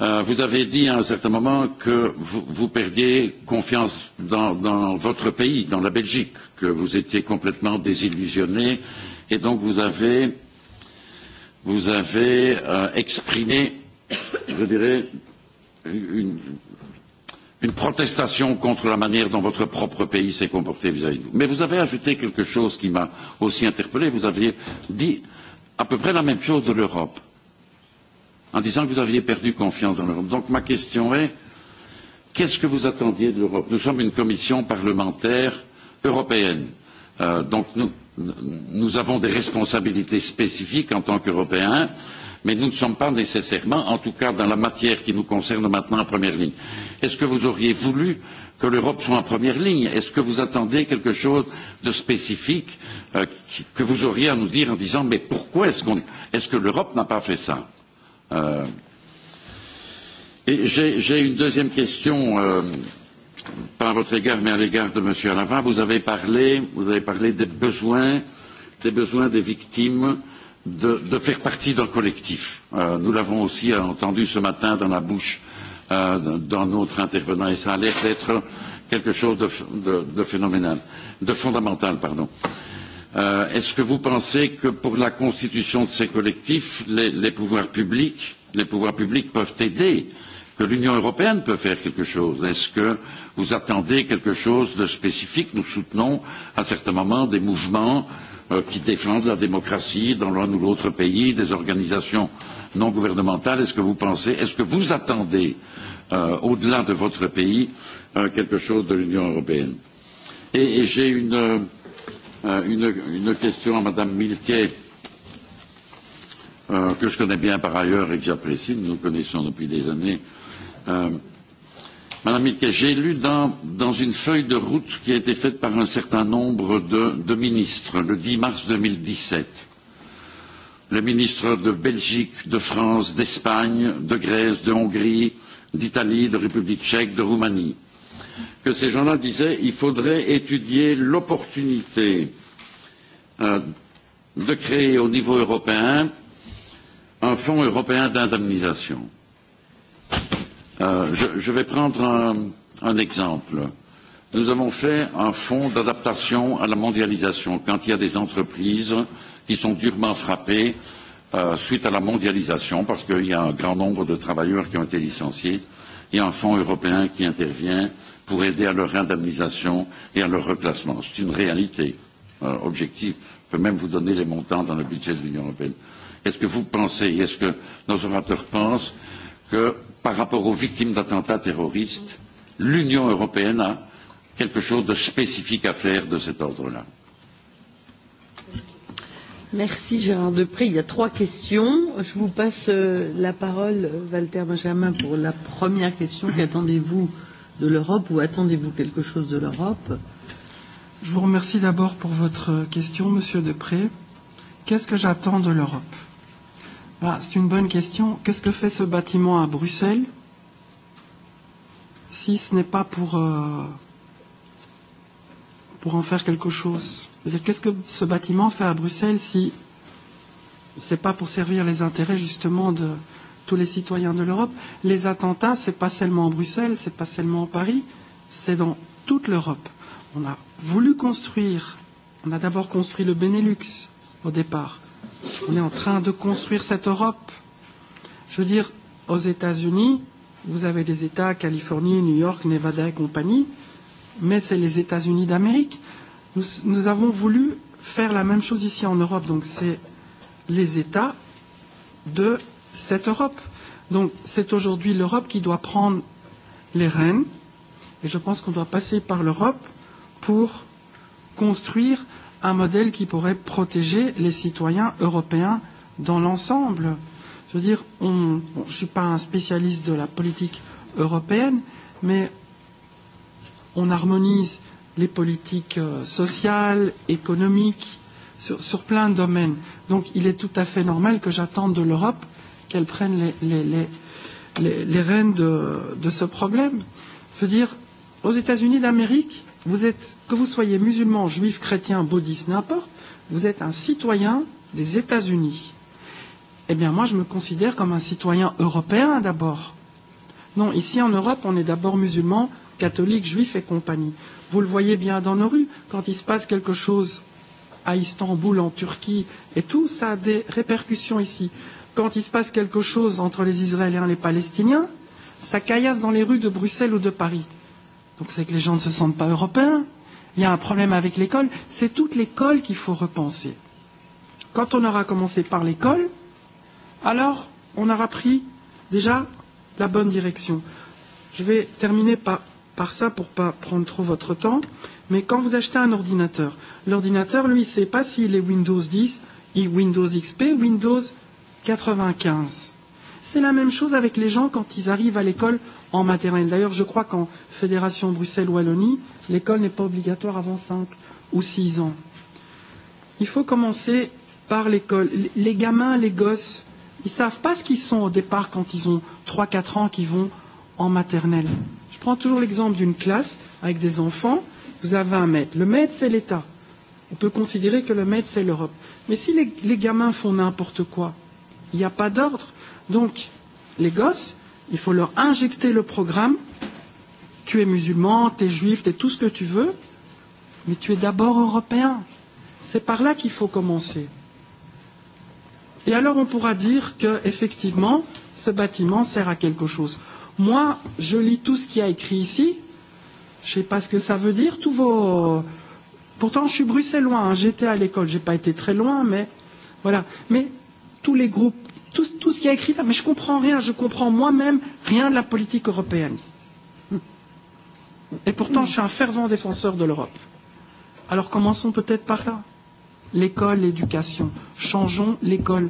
Euh, vous avez dit à un certain moment que vous, vous perdiez confiance dans, dans votre pays, dans la Belgique, que vous étiez complètement désillusionné et donc vous avez, vous avez euh, exprimé, je dirais, une, une protestation contre la manière dont votre propre pays s'est comporté vis-à-vis -vis de vous. Mais vous avez ajouté quelque chose qui m'a aussi interpellé. Vous aviez dit à peu près la même chose de l'Europe, en disant que vous aviez perdu confiance dans l'Europe. Donc ma question est, qu'est-ce que vous attendiez de l'Europe Nous sommes une commission parlementaire européenne. Euh, donc nous, nous avons des responsabilités spécifiques en tant qu'Européens mais nous ne sommes pas nécessairement, en tout cas dans la matière qui nous concerne maintenant, en première ligne. Est-ce que vous auriez voulu que l'Europe soit en première ligne Est-ce que vous attendez quelque chose de spécifique euh, qui, que vous auriez à nous dire en disant mais pourquoi est-ce, qu est-ce que l'Europe n'a pas fait ça euh, et j'ai, une deuxième question. Euh, pas à votre égard, mais à l'égard de M. Alava, vous avez parlé, vous avez parlé des besoins, des besoins des victimes euh, de, de faire partie d'un collectif. Euh, nous l'avons aussi euh, entendu ce matin dans la bouche euh, d'un autre intervenant et ça a l'air d'être quelque chose de, de, de phénoménal, de fondamental, pardon. Euh, Est-ce que vous pensez que pour la constitution de ces collectifs, les, les pouvoirs publics, les pouvoirs publics peuvent aider, que l'Union européenne peut faire quelque chose Est-ce que vous attendez quelque chose de spécifique Nous soutenons à certains moments des mouvements euh, qui défendent la démocratie dans l'un ou l'autre pays, des organisations non gouvernementales. Est-ce que vous pensez, est-ce que vous attendez, euh, au-delà de votre pays, euh, quelque chose de l'Union européenne Et, et j'ai une, euh, une, une question à Madame Milquet, euh, que je connais bien par ailleurs et que j'apprécie. Nous nous connaissons depuis des années. Euh, Madame Milquet, j'ai lu dans, dans une feuille de route qui a été faite par un certain nombre de, de ministres le 10 mars 2017, les ministres de Belgique, de France, d'Espagne, de Grèce, de Hongrie, d'Italie, de République tchèque, de Roumanie, que ces gens-là disaient il faudrait étudier l'opportunité euh, de créer au niveau européen un fonds européen d'indemnisation. Euh, je, je vais prendre un, un exemple. Nous avons fait un fonds d'adaptation à la mondialisation quand il y a des entreprises qui sont durement frappées euh, suite à la mondialisation parce qu'il y a un grand nombre de travailleurs qui ont été licenciés. Il y a un fonds européen qui intervient pour aider à leur indemnisation et à leur reclassement. C'est une réalité euh, objective. Je peux même vous donner les montants dans le budget de l'Union européenne. Est-ce que vous pensez, est-ce que nos orateurs pensent que par rapport aux victimes d'attentats terroristes, l'Union européenne a quelque chose de spécifique à faire de cet ordre-là. Merci Gérard Depré. Il y a trois questions. Je vous passe euh, la parole, Walter Benjamin, pour la première question. Qu'attendez-vous de l'Europe ou attendez-vous quelque chose de l'Europe Je vous remercie d'abord pour votre question, Monsieur Depré. Qu'est-ce que j'attends de l'Europe Ah, c'est une bonne question. Qu'est-ce que fait ce bâtiment à Bruxelles si ce n'est pas pour, euh, pour en faire quelque chose Qu'est-ce que ce bâtiment fait à Bruxelles si ce n'est pas pour servir les intérêts justement de tous les citoyens de l'Europe Les attentats, ce n'est pas seulement en Bruxelles, ce n'est pas seulement en Paris, c'est dans toute l'Europe. On a voulu construire, on a d'abord construit le Benelux au départ, on est en train de construire cette Europe. Je veux dire, aux États-Unis, vous avez des États, Californie, New York, Nevada et compagnie, mais c'est les États-Unis d'Amérique. Nous, nous avons voulu faire la même chose ici en Europe, donc c'est les États de cette Europe. Donc c'est aujourd'hui l'Europe qui doit prendre les rênes, et je pense qu'on doit passer par l'Europe pour construire un modèle qui pourrait protéger les citoyens européens dans l'ensemble. Je veux dire, on, bon, je ne suis pas un spécialiste de la politique européenne, mais on harmonise les politiques euh, sociales, économiques, sur, sur plein de domaines. Donc il est tout à fait normal que j'attende de l'Europe qu'elle prenne les, les, les, les, les rênes de, de ce problème. Je veux dire, aux États-Unis d'Amérique, Vous êtes, que vous soyez musulman, juif, chrétien, bouddhiste, n'importe, vous êtes un citoyen des États-Unis. Eh bien, moi, je me considère comme un citoyen européen d'abord. Non, ici en Europe, on est d'abord musulman, catholique, juif et compagnie. Vous le voyez bien dans nos rues, quand il se passe quelque chose à Istanbul, en Turquie et tout, ça a des répercussions ici. Quand il se passe quelque chose entre les Israéliens et les Palestiniens, ça caillasse dans les rues de Bruxelles ou de Paris. Donc c'est que les gens ne se sentent pas européens. Il y a un problème avec l'école. C'est toute l'école qu'il faut repenser. Quand on aura commencé par l'école, alors on aura pris déjà la bonne direction. Je vais terminer par, par ça pour ne pas prendre trop votre temps. Mais quand vous achetez un ordinateur, l'ordinateur, lui, ne sait pas s'il est Windows 10, Windows XP, Windows 95. C'est la même chose avec les gens quand ils arrivent à l'école en maternelle. D'ailleurs, je crois qu'en Fédération Bruxelles-Wallonie, l'école n'est pas obligatoire avant 5 ou 6 ans. Il faut commencer par l'école. Les gamins, les gosses, ils ne savent pas ce qu'ils sont au départ quand ils ont 3-4 ans, qui vont en maternelle. Je prends toujours l'exemple d'une classe avec des enfants. Vous avez un maître. Le maître, c'est l'État. On peut considérer que le maître, c'est l'Europe. Mais si les, les gamins font n'importe quoi, il n'y a pas d'ordre. Donc, les gosses, Il faut leur injecter le programme. Tu es musulman, tu es juif, tu es tout ce que tu veux, mais tu es d'abord européen. C'est par là qu'il faut commencer. Et alors on pourra dire qu'effectivement, ce bâtiment sert à quelque chose. Moi, je lis tout ce qui a écrit ici. Je ne sais pas ce que ça veut dire, tous vos... Pourtant, je suis bruxellois, hein. j'étais à l'école, je n'ai pas été très loin, mais voilà. Mais tous les groupes tout, tout ce qui est écrit là, mais je comprends rien, je comprends moi-même rien de la politique européenne. Et pourtant, je suis un fervent défenseur de l'Europe. Alors commençons peut-être par là. L'école, l'éducation. Changeons l'école.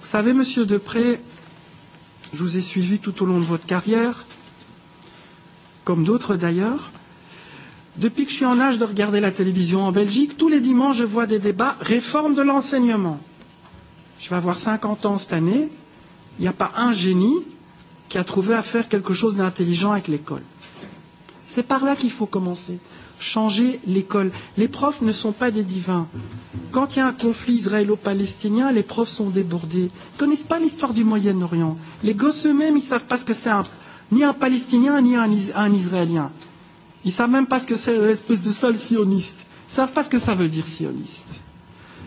Vous savez, monsieur Depré, je vous ai suivi tout au long de votre carrière, comme d'autres d'ailleurs. Depuis que je suis en âge de regarder la télévision en Belgique, tous les dimanches, je vois des débats réforme de l'enseignement je vais avoir 50 ans cette année, il n'y a pas un génie qui a trouvé à faire quelque chose d'intelligent avec l'école. C'est par là qu'il faut commencer. Changer l'école. Les profs ne sont pas des divins. Quand il y a un conflit israélo-palestinien, les profs sont débordés. Ils ne connaissent pas l'histoire du Moyen-Orient. Les gosses eux-mêmes, ils ne savent pas ce que c'est un, ni un Palestinien, ni un, un Israélien. Ils ne savent même pas ce que c'est une euh, espèce de sol sioniste. Ils ne savent pas ce que ça veut dire sioniste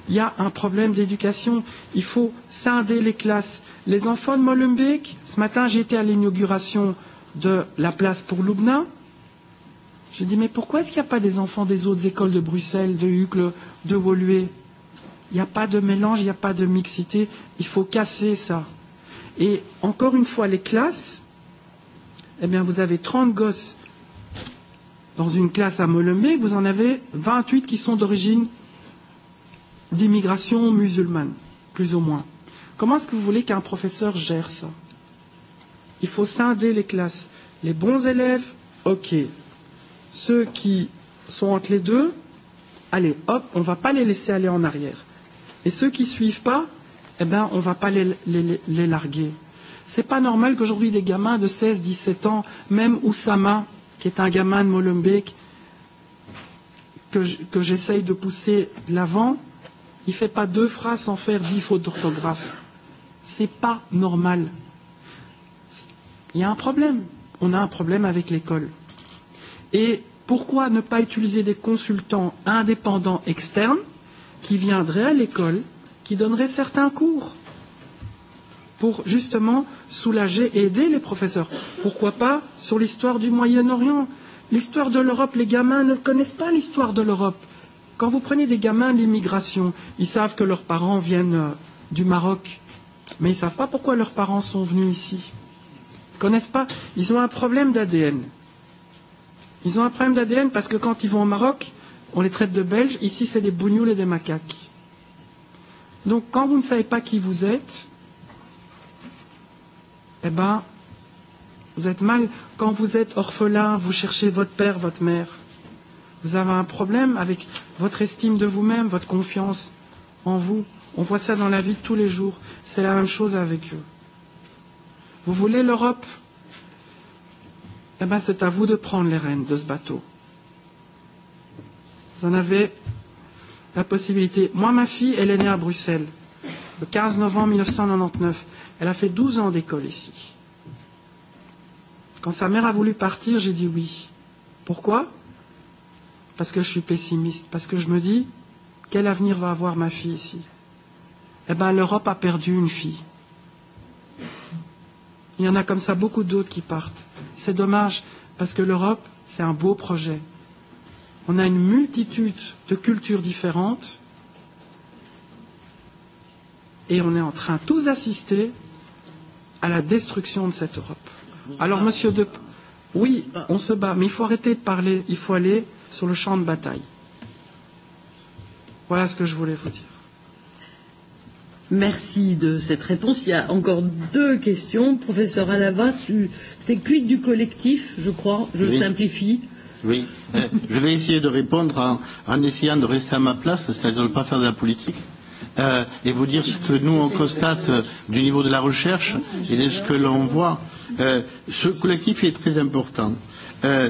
il y a un problème d'éducation. Il faut scinder les classes. Les enfants de Molenbeek, ce matin j'ai été à l'inauguration de la place pour Lubna. Je dis mais pourquoi est-ce qu'il n'y a pas des enfants des autres écoles de Bruxelles, de Hucle, de Woluwe Il n'y a pas de mélange, il n'y a pas de mixité. Il faut casser ça. Et encore une fois, les classes, eh bien vous avez 30 gosses dans une classe à Molenbeek, vous en avez 28 qui sont d'origine d'immigration musulmane, plus ou moins. Comment est-ce que vous voulez qu'un professeur gère ça Il faut scinder les classes. Les bons élèves, ok. Ceux qui sont entre les deux, allez, hop, on ne va pas les laisser aller en arrière. Et ceux qui ne suivent pas, eh ben, on ne va pas les, les, les larguer. Ce n'est pas normal qu'aujourd'hui des gamins de 16, 17 ans, même Oussama, qui est un gamin de Molenbeek, que j'essaye de pousser de l'avant, Il ne fait pas deux phrases sans faire dix fautes d'orthographe. Ce n'est pas normal. Il y a un problème. On a un problème avec l'école. Et pourquoi ne pas utiliser des consultants indépendants externes qui viendraient à l'école, qui donneraient certains cours pour justement soulager et aider les professeurs. Pourquoi pas sur l'histoire du Moyen-Orient L'histoire de l'Europe, les gamins ne connaissent pas l'histoire de l'Europe. Quand vous prenez des gamins de l'immigration, ils savent que leurs parents viennent euh, du Maroc, mais ils ne savent pas pourquoi leurs parents sont venus ici. Ils ne connaissent pas. Ils ont un problème d'ADN. Ils ont un problème d'ADN parce que quand ils vont au Maroc, on les traite de Belges. Ici, c'est des bougnoules et des macaques. Donc, quand vous ne savez pas qui vous êtes, eh ben, vous êtes mal. Quand vous êtes orphelin, vous cherchez votre père, votre mère. Vous avez un problème avec votre estime de vous-même, votre confiance en vous. On voit ça dans la vie de tous les jours. C'est la même chose avec eux. Vous voulez l'Europe Eh bien, c'est à vous de prendre les rênes de ce bateau. Vous en avez la possibilité. Moi, ma fille, elle est née à Bruxelles, le 15 novembre 1999. Elle a fait 12 ans d'école ici. Quand sa mère a voulu partir, j'ai dit oui. Pourquoi parce que je suis pessimiste, parce que je me dis quel avenir va avoir ma fille ici Eh bien, l'Europe a perdu une fille. Il y en a comme ça beaucoup d'autres qui partent. C'est dommage, parce que l'Europe, c'est un beau projet. On a une multitude de cultures différentes et on est en train tous d'assister à la destruction de cette Europe. Alors, monsieur De... Oui, on se bat, mais il faut arrêter de parler, il faut aller sur le champ de bataille. Voilà ce que je voulais vous dire. Merci de cette réponse. Il y a encore deux questions. Professeur Alava, c'était quid du collectif, je crois. Je oui. simplifie. Oui. je vais essayer de répondre en, en essayant de rester à ma place, c'est-à-dire de ne pas faire de la politique. Euh, et vous dire ce que nous on constate euh, du niveau de la recherche et de ce que l'on voit. Euh, ce collectif est très important. Euh,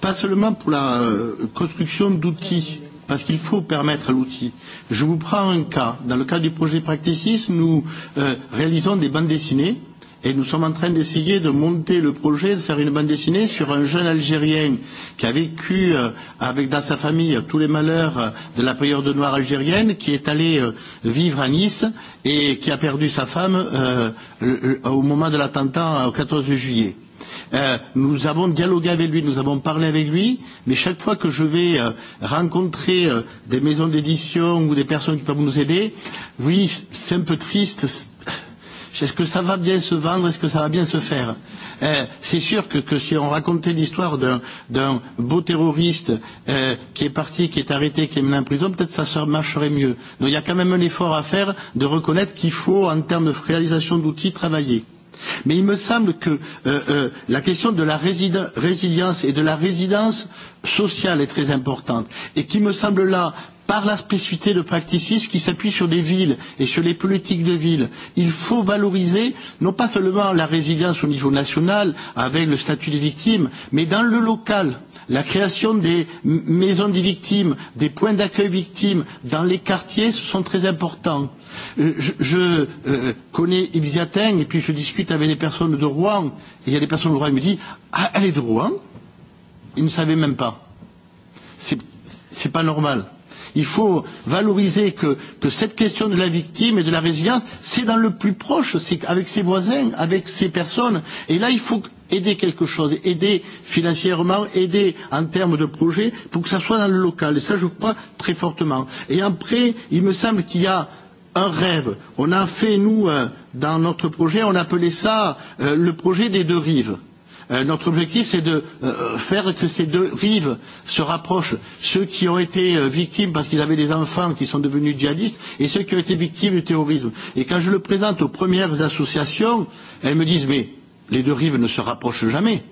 pas seulement pour la euh, construction d'outils, parce qu'il faut permettre l'outil. Je vous prends un cas. Dans le cas du projet Practicis, nous euh, réalisons des bandes dessinées et nous sommes en train d'essayer de monter le projet, de faire une bande dessinée sur un jeune Algérien qui a vécu euh, avec dans sa famille tous les malheurs euh, de la période noire algérienne, qui est allé euh, vivre à Nice et qui a perdu sa femme euh, le, le, au moment de l'attentat euh, au 14 juillet. Euh, Euh, nous avons dialogué avec lui, nous avons parlé avec lui, mais chaque fois que je vais euh, rencontrer euh, des maisons d'édition ou des personnes qui peuvent nous aider, oui, c'est un peu triste. Est-ce que ça va bien se vendre Est-ce que ça va bien se faire euh, C'est sûr que, que si on racontait l'histoire d'un beau terroriste euh, qui est parti, qui est arrêté, qui est mené en prison, peut-être ça se marcherait mieux. Donc il y a quand même un effort à faire de reconnaître qu'il faut, en termes de réalisation d'outils, travailler. Mais il me semble que euh, euh, la question de la résilience et de la résidence sociale est très importante et qui me semble là par la spécificité de Practicis qui s'appuie sur des villes et sur les politiques de ville. Il faut valoriser non pas seulement la résilience au niveau national avec le statut des victimes, mais dans le local La création des maisons des victimes, des points d'accueil victimes dans les quartiers ce sont très importants. Euh, je je euh, connais et puis je discute avec des personnes de Rouen et il y a des personnes de Rouen qui me disent ah, elle est de Rouen Ils ne savaient même pas. C'est pas normal. Il faut valoriser que, que cette question de la victime et de la résilience, c'est dans le plus proche, c'est avec ses voisins, avec ses personnes. Et là, il faut aider quelque chose, aider financièrement, aider en termes de projet, pour que ça soit dans le local. Et ça, je crois très fortement. Et après, il me semble qu'il y a un rêve. On a fait, nous, euh, dans notre projet, on appelait ça euh, le projet des deux rives. Euh, notre objectif, c'est de euh, faire que ces deux rives se rapprochent. Ceux qui ont été euh, victimes parce qu'ils avaient des enfants qui sont devenus djihadistes et ceux qui ont été victimes du terrorisme. Et quand je le présente aux premières associations, elles me disent mais Les deux rives ne se rapprochent jamais.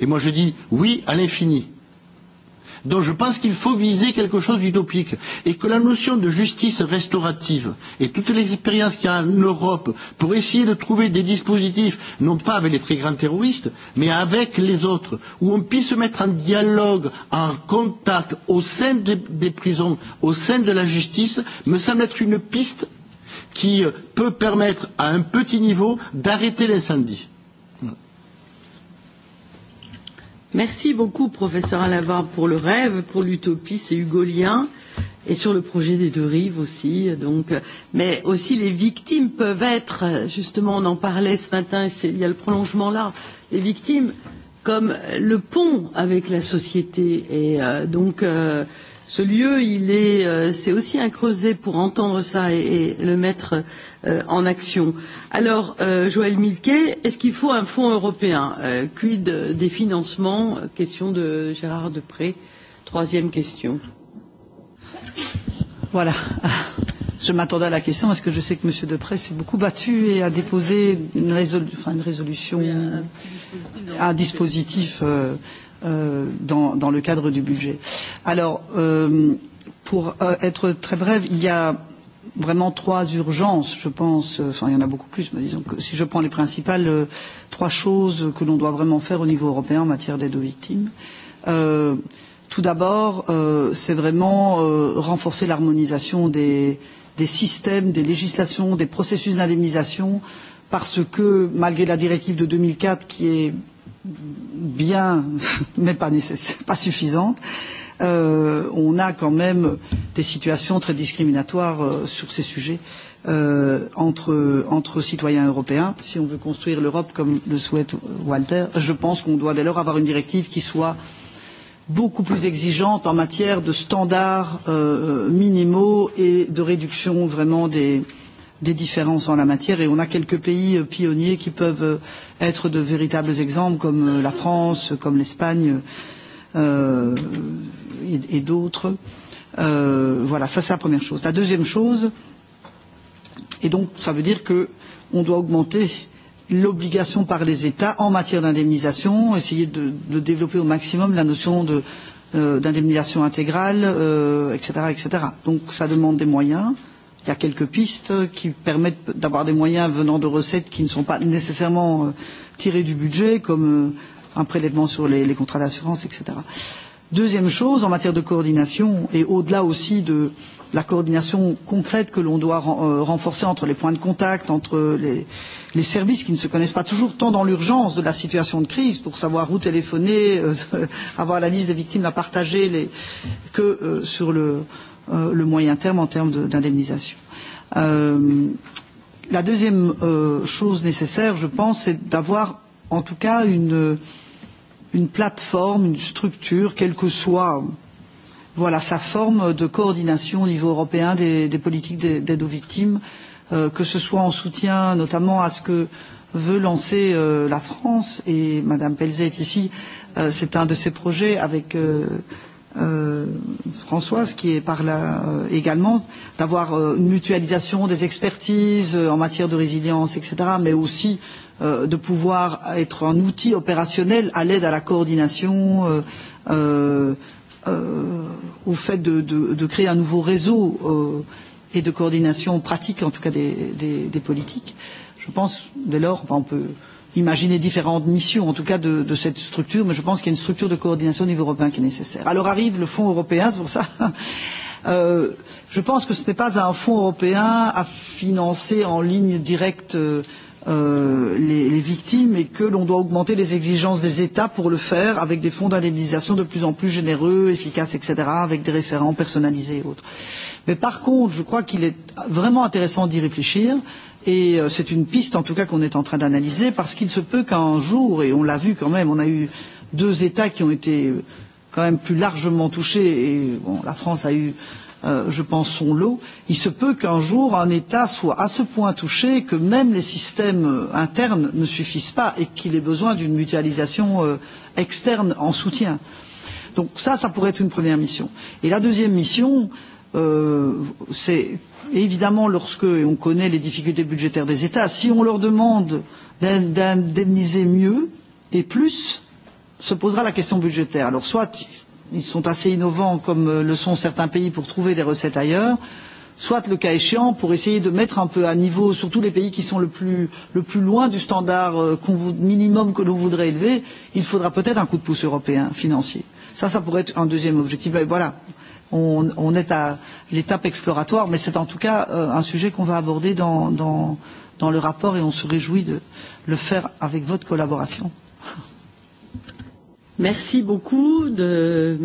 Et moi je dis oui à l'infini. Donc je pense qu'il faut viser quelque chose d'utopique et que la notion de justice restaurative et toutes les expériences qu'il y a en Europe pour essayer de trouver des dispositifs, non pas avec les très grands terroristes, mais avec les autres, où on puisse se mettre en dialogue, en contact au sein de, des prisons, au sein de la justice, me semble être une piste qui euh, peut permettre à un petit niveau d'arrêter l'incendie. Merci beaucoup, professeur Alava, pour le rêve, pour l'utopie, c'est hugolien, et sur le projet des deux rives aussi. Donc, mais aussi les victimes peuvent être, justement, on en parlait ce matin, et il y a le prolongement là, les victimes comme le pont avec la société. Et euh, donc, euh, ce lieu, il est, euh, c'est aussi un creuset pour entendre ça et, et le mettre euh, en action. Alors, euh, Joël Milquet, est-ce qu'il faut un fonds européen euh, Quid des financements Question de Gérard Depré. Troisième question. Voilà. Je m'attendais à la question parce que je sais que M. Depré s'est beaucoup battu et a déposé une, résolu enfin, une résolution, oui, un, un dispositif. Un dispositif euh, euh, dans, dans le cadre du budget. Alors, euh, pour euh, être très bref, il y a vraiment trois urgences, je pense, euh, enfin il y en a beaucoup plus, mais disons que si je prends les principales, euh, trois choses que l'on doit vraiment faire au niveau européen en matière d'aide aux victimes. Euh, tout d'abord, euh, c'est vraiment euh, renforcer l'harmonisation des, des systèmes, des législations, des processus d'indemnisation, parce que malgré la directive de 2004 qui est bien, mais pas, nécessaire, pas suffisante. Euh, on a quand même des situations très discriminatoires euh, sur ces sujets euh, entre, entre citoyens européens. Si on veut construire l'Europe comme le souhaite Walter, je pense qu'on doit dès lors avoir une directive qui soit beaucoup plus exigeante en matière de standards euh, minimaux et de réduction vraiment des, euh, des différences en la matière et on a quelques pays euh, pionniers qui peuvent euh, être de véritables exemples comme euh, la France, comme l'Espagne euh, et, et d'autres. Euh, voilà, ça c'est la première chose. La deuxième chose, et donc ça veut dire qu'on doit augmenter l'obligation par les États en matière d'indemnisation, essayer de, de développer au maximum la notion de, euh, d'indemnisation intégrale, euh, etc., etc. Donc ça demande des moyens. Euh, il y a quelques pistes euh, qui permettent d'avoir des moyens venant de recettes qui ne sont pas nécessairement euh, tirées du budget, comme euh, un prélèvement sur les, les contrats d'assurance, etc. Deuxième chose, en matière de coordination, et au-delà aussi de la coordination concrète que l'on doit renforcer entre les points de contact, entre les, les services qui ne se connaissent pas toujours tant dans l'urgence de la situation de crise pour savoir où téléphoner, euh, avoir la liste des victimes à partager, les, que euh, sur le, euh, euh, le moyen terme en termes d'indemnisation. Euh, la deuxième euh, chose nécessaire, je pense, c'est d'avoir en tout cas une, une plateforme, une structure, quelle que soit voilà, sa forme de coordination au niveau européen des, des politiques d'aide aux victimes, euh, que ce soit en soutien notamment à ce que veut lancer euh, la France, et Madame Pelzet est ici, euh, c'est un de ses projets avec euh, euh, Françoise, qui est par là euh, également, d'avoir euh, une mutualisation des expertises euh, en matière de résilience, etc., mais aussi euh, de pouvoir être un outil opérationnel à l'aide à la coordination, euh, euh, euh, au fait de, de, de créer un nouveau réseau euh, et de coordination pratique, en tout cas des, des, des politiques. Je pense, dès lors, ben, on peut euh, imaginer différentes missions, en tout cas de, de cette structure, mais je pense qu'il y a une structure de coordination au niveau européen qui est nécessaire. Alors arrive le Fonds européen, c'est pour ça. Euh, je pense que ce n'est pas un fonds européen à financer en ligne directe euh, les, les victimes et que l'on doit augmenter les exigences des États pour le faire avec des fonds d'indemnisation de plus en plus généreux, efficaces, etc., avec des référents personnalisés et autres. Mais par contre, je crois qu'il est vraiment intéressant d'y réfléchir et euh, c'est une piste, en tout cas, qu'on est en train d'analyser, parce qu'il se peut qu'un jour, et on l'a vu quand même, on a eu deux États qui ont été euh, quand même plus largement touchés, et bon, la France a eu, euh, je pense, son lot. Il se peut qu'un jour, un État soit à ce point touché que même les systèmes euh, internes ne suffisent pas et qu'il ait besoin d'une mutualisation euh, externe en soutien. Donc ça, ça pourrait être une première mission. Et la deuxième mission, euh, c'est et évidemment, lorsque, et on connaît les difficultés budgétaires des États, si on leur demande d'indemniser mieux et plus, se posera la question budgétaire. Alors soit ils sont assez innovants comme le sont certains pays pour trouver des recettes ailleurs, soit le cas échéant pour essayer de mettre un peu à niveau, surtout les pays qui sont le plus, le plus loin du standard euh, minimum que l'on voudrait élever, il faudra peut-être un coup de pouce européen financier. Ça, ça pourrait être un deuxième objectif. Mais voilà, on, on est à l'étape exploratoire, mais c'est en tout cas euh, un sujet qu'on va aborder dans, dans, dans le rapport et on se réjouit de le faire avec votre collaboration. Merci beaucoup de,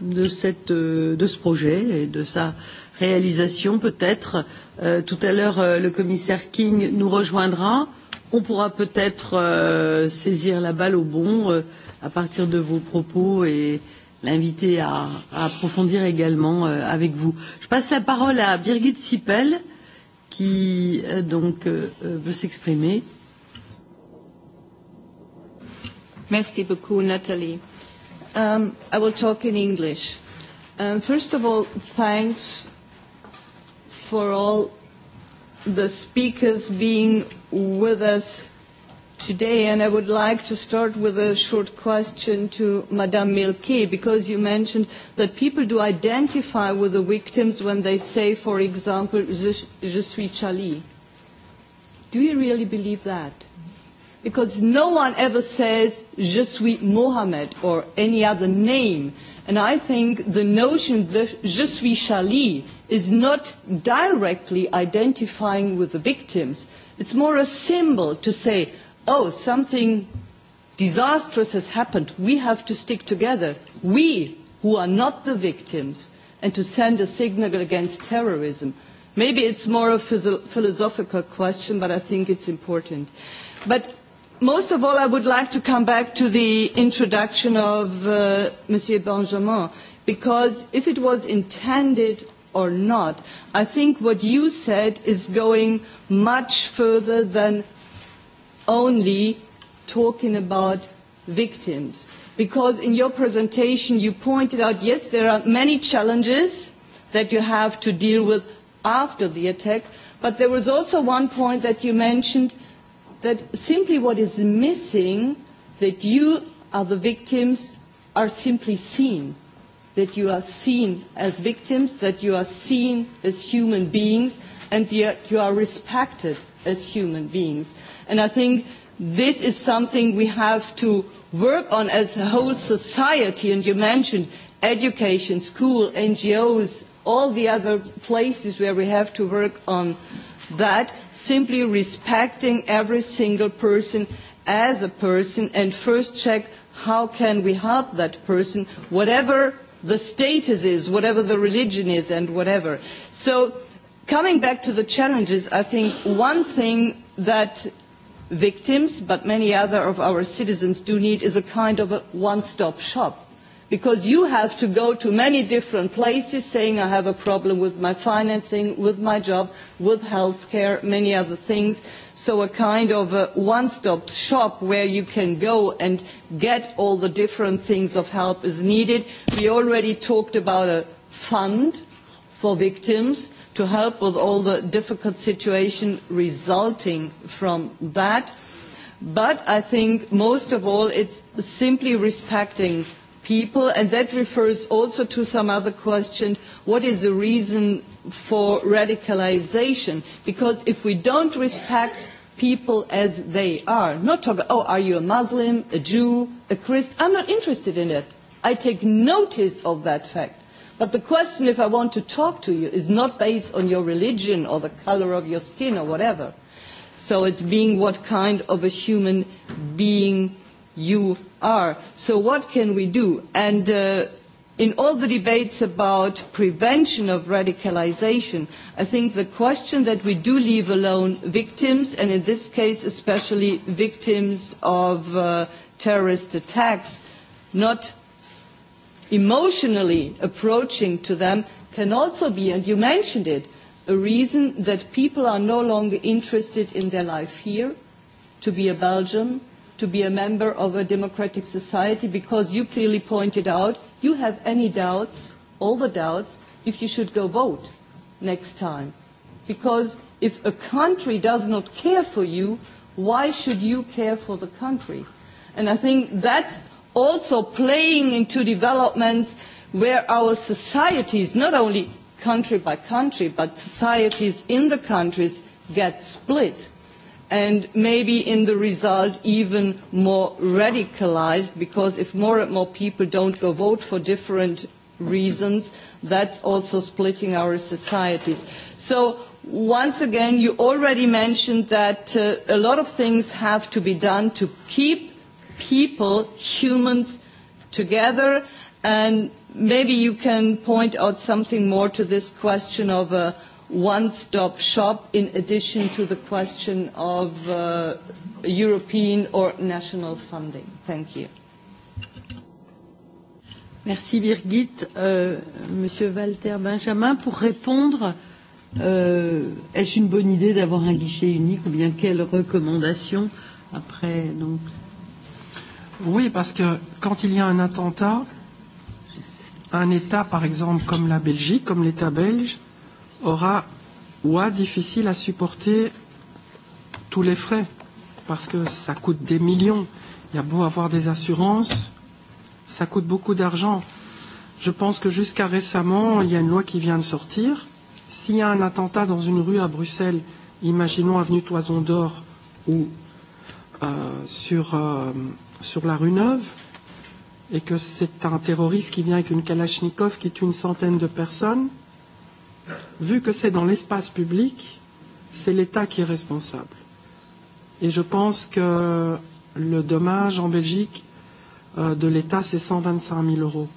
de, cette, de ce projet et de sa réalisation peut-être. Euh, tout à l'heure, euh, le commissaire King nous rejoindra. On pourra peut-être euh, saisir la balle au bon euh, à partir de vos propos et, l'inviter à, à approfondir également euh, avec vous. Je passe la parole à Birgit Sipel qui euh, donc euh, euh, veut s'exprimer. Merci beaucoup, Nathalie. Um, I will talk in English. Um, first of all, thanks for all the speakers being with us today, and I would like to start with a short question to Madame Milquet, because you mentioned that people do identify with the victims when they say, for example, je suis Charlie. Do you really believe that? Because no one ever says, je suis Mohammed or any other name. And I think the notion that je suis Charlie is not directly identifying with the victims. It's more a symbol to say, oh, something disastrous has happened, we have to stick together, we who are not the victims, and to send a signal against terrorism. Maybe it's more a philosophical question, but I think it's important. But most of all, I would like to come back to the introduction of uh, Monsieur Benjamin, because if it was intended or not, I think what you said is going much further than only talking about victims. Because in your presentation you pointed out, yes, there are many challenges that you have to deal with after the attack, but there was also one point that you mentioned that simply what is missing, that you are the victims, are simply seen. That you are seen as victims, that you are seen as human beings, and that you are respected as human beings. And I think this is something we have to work on as a whole society. And you mentioned education, school, NGOs, all the other places where we have to work on that, simply respecting every single person as a person and first check how can we help that person, whatever the status is, whatever the religion is and whatever. So coming back to the challenges, I think one thing that victims, but many other of our citizens do need is a kind of a one-stop shop. Because you have to go to many different places saying I have a problem with my financing, with my job, with healthcare, many other things. So a kind of a one-stop shop where you can go and get all the different things of help is needed. We already talked about a fund for victims to help with all the difficult situation resulting from that. But I think most of all, it's simply respecting people, and that refers also to some other question, what is the reason for radicalization? Because if we don't respect people as they are. Not talk, oh, are you a Muslim, a Jew, a Christian? I'm not interested in it. I take notice of that fact. But the question, if I want to talk to you, is not based on your religion or the color of your skin or whatever. So it's being what kind of a human being you are. So what can we do? And uh, in all the debates about prevention of radicalization, I think the question that we do leave alone victims, and in this case especially victims of uh, terrorist attacks, not emotionally approaching to them can also be, and you mentioned it, a reason that people are no longer interested in their life here, to be a Belgian, to be a member of a democratic society, because you clearly pointed out you have any doubts, all the doubts, if you should go vote next time. Because if a country does not care for you, why should you care for the country? And I think that's also playing into developments where our societies, not only country by country, but societies in the countries get split and maybe in the result even more radicalised, because if more and more people don't go vote for different reasons, that's also splitting our societies. So once again, you already mentioned that uh, a lot of things have to be done to keep people, humans, together? And maybe you can point out something more to this question of a one-stop shop in addition to the question of uh, European or national funding. Thank you. Merci Birgit. Euh, Monsieur Walter Benjamin, pour répondre, euh, est-ce une bonne idée d'avoir un guichet unique ou bien quelles recommandations après donc, euh, Oui, parce que quand il y a un attentat, un État, par exemple, comme la Belgique, comme l'État belge, aura ou a difficile à supporter tous les frais, parce que ça coûte des millions. Il y a beau avoir des assurances, ça coûte beaucoup d'argent. Je pense que jusqu'à récemment, il y a une loi qui vient de sortir. S'il y a un attentat dans une rue à Bruxelles, imaginons avenue Toison d'Or ou euh, sur euh, sur la rue Neuve et que c'est un terroriste qui vient avec une Kalachnikov qui tue une centaine de personnes, vu que c'est dans l'espace public, c'est l'État qui est responsable. Et je pense que le dommage en Belgique euh, de l'État, c'est 125 000 euros,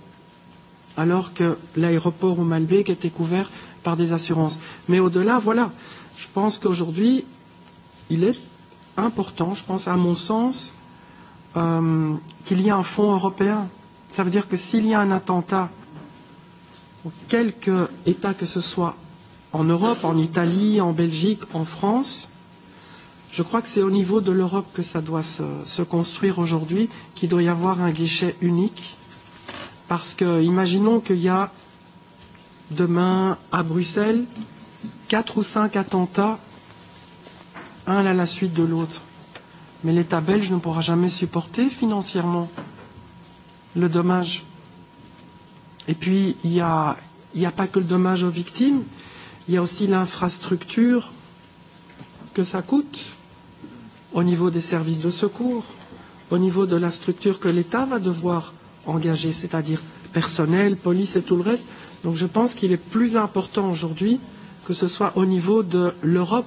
alors que l'aéroport au Malbec était couvert par des assurances. Mais au-delà, voilà, je pense qu'aujourd'hui, il est important, je pense à mon sens, Euh, qu'il y ait un fonds européen. Ça veut dire que s'il y a un attentat, ou quelque État que ce soit, en Europe, en Italie, en Belgique, en France, je crois que c'est au niveau de l'Europe que ça doit se, se construire aujourd'hui, qu'il doit y avoir un guichet unique. Parce que, imaginons qu'il y a demain à Bruxelles quatre ou cinq attentats, un à la suite de l'autre. Mais l'État belge ne pourra jamais supporter financièrement le dommage. Et puis, il n'y a, y a pas que le dommage aux victimes, il y a aussi l'infrastructure que ça coûte au niveau des services de secours, au niveau de la structure que l'État va devoir engager, c'est-à-dire personnel, police et tout le reste. Donc je pense qu'il est plus important aujourd'hui que ce soit au niveau de l'Europe,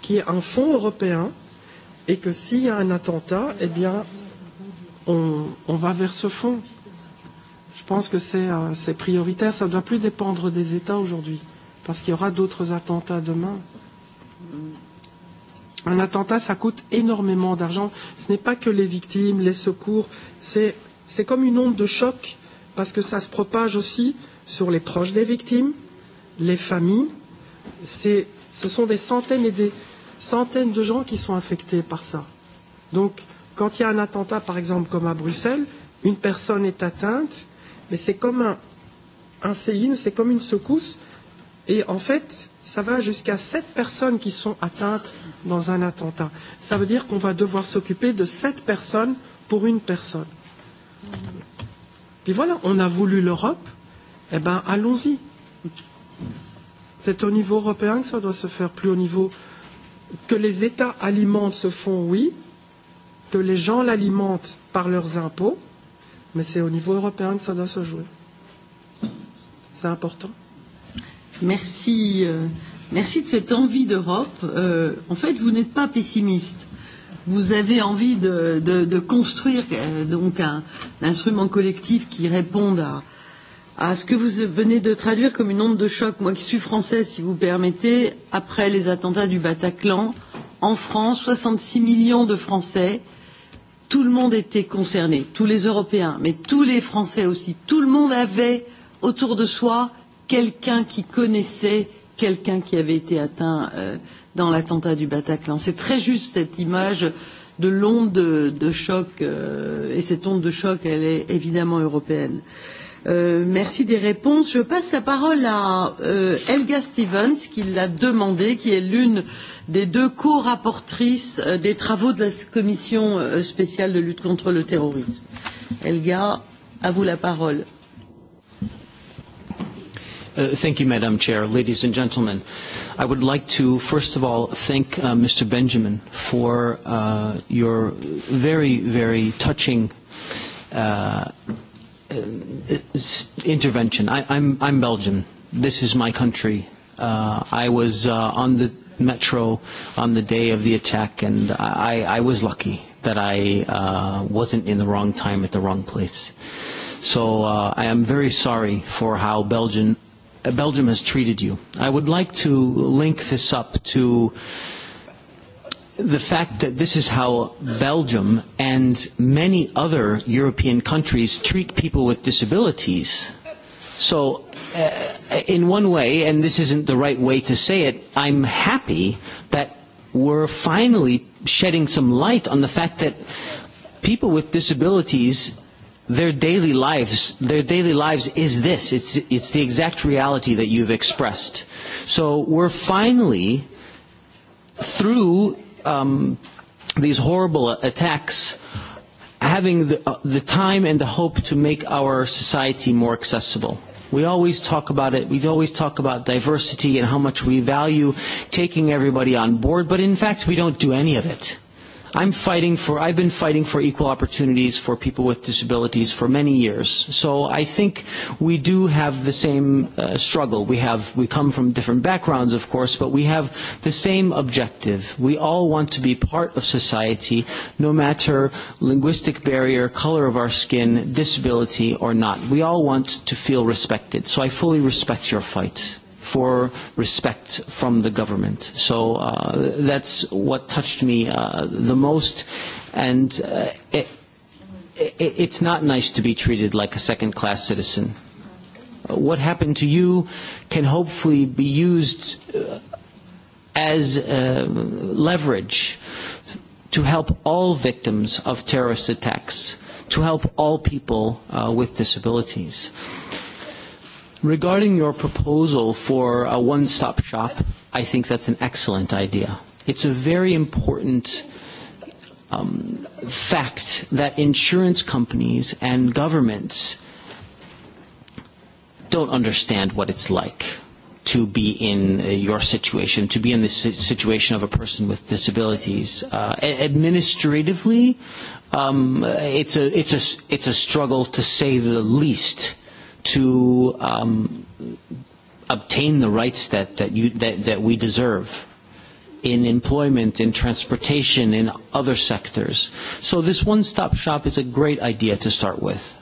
qui est un fonds européen et que s'il y a un attentat, eh bien, on, on va vers ce fond. Je pense que c'est euh, prioritaire. Ça ne doit plus dépendre des États aujourd'hui, parce qu'il y aura d'autres attentats demain. Un attentat, ça coûte énormément d'argent. Ce n'est pas que les victimes, les secours. C'est comme une onde de choc, parce que ça se propage aussi sur les proches des victimes, les familles. Ce sont des centaines et des, centaines de gens qui sont affectés par ça. Donc, quand il y a un attentat, par exemple, comme à Bruxelles, une personne est atteinte, mais c'est comme un, un séisme, c'est comme une secousse. Et en fait, ça va jusqu'à sept personnes qui sont atteintes dans un attentat. Ça veut dire qu'on va devoir s'occuper de sept personnes pour une personne. Puis voilà, on a voulu l'Europe, eh bien allons-y. C'est au niveau européen que ça doit se faire, plus au niveau que les États alimentent ce fonds, oui, que les gens l'alimentent par leurs impôts, mais c'est au niveau européen que ça doit se jouer. C'est important. Merci, euh, merci de cette envie d'Europe. Euh, en fait, vous n'êtes pas pessimiste. Vous avez envie de, de, de construire euh, donc un, un instrument collectif qui réponde à, euh, à ce que vous venez de traduire comme une onde de choc, moi qui suis française, si vous permettez, après les attentats du Bataclan, en France, 66 millions de Français, tout le monde était concerné, tous les Européens, mais tous les Français aussi. Tout le monde avait autour de soi quelqu'un qui connaissait quelqu'un qui avait été atteint euh, dans l'attentat du Bataclan. C'est très juste cette image de l'onde de, de choc, euh, et cette onde de choc, elle est évidemment européenne. Euh, Euh, merci des réponses. Je passe la parole à euh, Helga Stevens, qui l'a demandé, qui est l'une des deux co-rapportrices euh, des travaux de la commission euh, spéciale de lutte contre le terrorisme. Helga, à vous la parole. Uh, thank you, Madam Chair. Ladies and gentlemen, I would like to, first of all, thank uh, Mr. Benjamin for uh, your very, very touching uh, Uh, intervention. I, I'm, I'm Belgian. This is my country. Uh, I was uh, on the metro on the day of the attack, and I, I was lucky that I uh, wasn't in the wrong time at the wrong place. So uh, I am very sorry for how uh, Belgium has treated you. I would like to link this up to the fact that this is how Belgium and many other European countries treat people with disabilities. So, uh, in one way, and this isn't the right way to say it, I'm happy that we're finally shedding some light on the fact that people with disabilities their daily lives their daily lives is this it's it's the exact reality that you've expressed so we're finally through um, these horrible attacks having the, uh, the time and the hope to make our society more accessible. We always talk about it. We always talk about diversity and how much we value taking everybody on board, but in fact, we don't do any of it. I'm fighting for, I've been fighting for equal opportunities for people with disabilities for many years. So I think we do have the same uh, struggle. We have, we come from different backgrounds, of course, but we have the same objective. We all want to be part of society, no matter linguistic barrier, color of our skin, disability or not. We all want to feel respected. So I fully respect your fight for respect from the government. So uh, that's what touched me uh, the most. And uh, it, it, it's not nice to be treated like a second class citizen. What happened to you can hopefully be used uh, as uh, leverage to help all victims of terrorist attacks, to help all people uh, with disabilities. Uh, Regarding your proposal for a one-stop shop, I think that's an excellent idea. It's a very important um, fact that insurance companies and governments don't understand what it's like to be in uh, your situation, to be in the situation of a person with disabilities. Uh, administratively, um, it's a it's a it's a struggle to say the least to um, obtain the rights that, that, you, that, that we deserve in employment, in transportation, in other sectors. So this one-stop shop is a great idea to start with.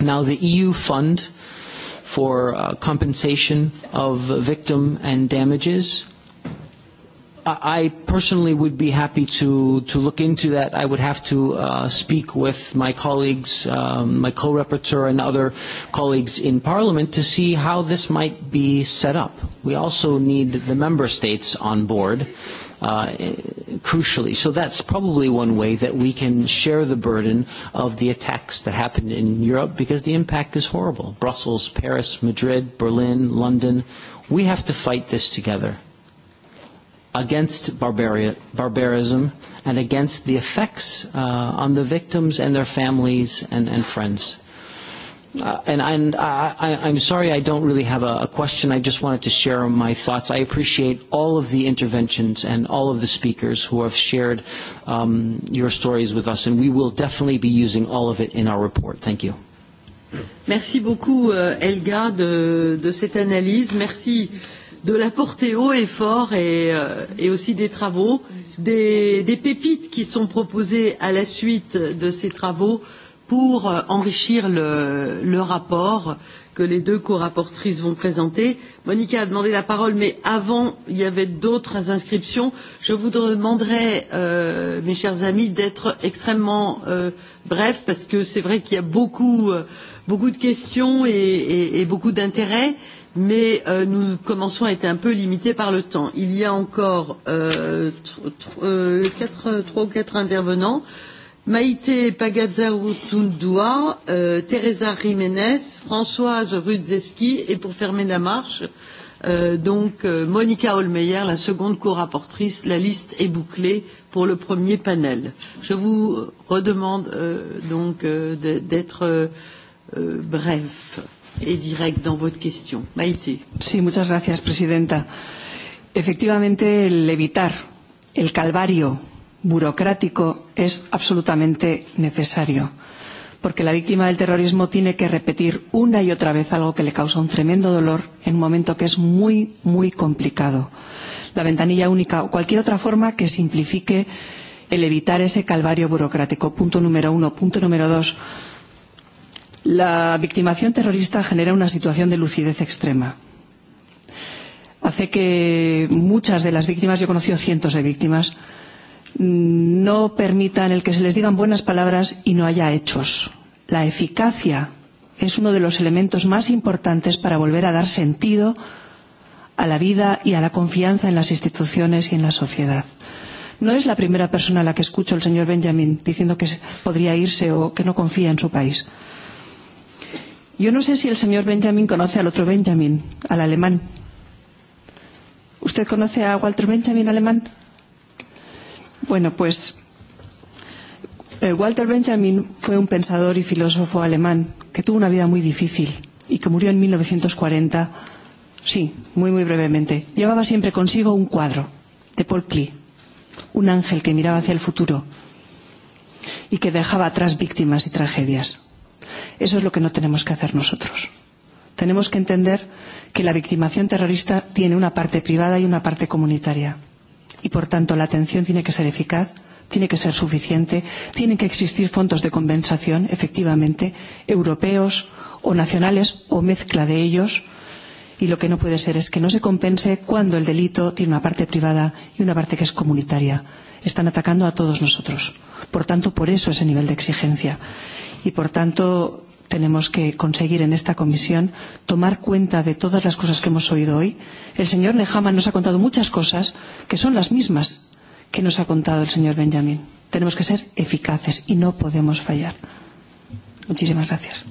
Now the EU fund for uh, compensation of victim and damages I personally would be happy to, to look into that. I would have to uh, speak with my colleagues, um, my co-rapporteur and other colleagues in Parliament to see how this might be set up. We also need the member states on board, uh, crucially. So that's probably one way that we can share the burden of the attacks that happened in Europe because the impact is horrible. Brussels, Paris, Madrid, Berlin, London. We have to fight this together against barbarism and against the effects uh, on the victims and their families and, and friends. Uh, and I, I'm sorry I don't really have a, a question. I just wanted to share my thoughts. I appreciate all of the interventions and all of the speakers who have shared um, your stories with us, and we will definitely be using all of it in our report. Thank you. Merci beaucoup, euh, Elga, de, de cette analyse. Merci de la porter haut et fort et, euh, et aussi des travaux, des, des pépites qui sont proposées à la suite de ces travaux pour euh, enrichir le, le rapport que les deux corapportrices vont présenter. Monica a demandé la parole, mais avant, il y avait d'autres inscriptions. Je vous demanderai, euh, mes chers amis, d'être extrêmement euh, brefs, parce que c'est vrai qu'il y a beaucoup, euh, beaucoup de questions et, et, et beaucoup d'intérêts mais euh, nous commençons à être un peu limités par le temps. Il y a encore euh, euh trois ou quatre intervenants. Maïté Pagazarou-Tundua, euh, Teresa Jiménez, Françoise Rudzewski et pour fermer la marche, euh, donc euh, Monica Holmeyer, la seconde co-rapportrice. La liste est bouclée pour le premier panel. Je vous redemande euh, donc euh, d'être euh, euh bref et direct dans votre question. Maïté. Sí, muchas gracias, presidenta. Efectivamente, el evitar el calvario burocrático es absolutamente necesario, porque la víctima del terrorismo tiene que repetir una y otra vez algo que le causa un tremendo dolor en un momento que es muy, muy complicado. La ventanilla única o cualquier otra forma que simplifique el evitar ese calvario burocrático. Punto número uno. Punto número dos La victimación terrorista genera una situación de lucidez extrema. Hace que muchas de las víctimas, yo he conocido cientos de víctimas, mm, no permitan el que se les digan buenas palabras y no haya hechos. La eficacia es uno de los elementos más importantes para volver a dar sentido a la vida y a la confianza en las instituciones y en la sociedad. No es la primera persona a la que escucho el señor Benjamin diciendo que podría irse o que no confía en su país. Yo no sé si el señor Benjamin conoce al otro Benjamin, al alemán. ¿Usted conoce a Walter Benjamin alemán? Bueno, pues eh, Walter Benjamin fue un pensador y filósofo alemán que tuvo una vida muy difícil y que murió en 1940. Sí, muy, muy brevemente. Llevaba siempre consigo un cuadro de Paul Klee, un ángel que miraba hacia el futuro y que dejaba atrás víctimas y tragedias. Eso es lo que no tenemos que hacer nosotros. Tenemos que entender que la victimación terrorista tiene una parte privada y una parte comunitaria. Y, por tanto, la atención tiene que ser eficaz, tiene que ser suficiente, tienen que existir fondos de compensación, efectivamente, europeos o nacionales o mezcla de ellos. Y lo que no puede ser es que no se compense cuando el delito tiene una parte privada y una parte que es comunitaria. Están atacando a todos nosotros. Por tanto, por eso ese nivel de exigencia. Y por tanto, tenemos que conseguir en esta comisión tomar cuenta de todas las cosas que hemos oído hoy. El señor Nehama nos ha contado muchas cosas que son las mismas que nos ha contado el señor Benjamin. Tenemos que ser eficaces y no podemos fallar. Muchísimas gracias.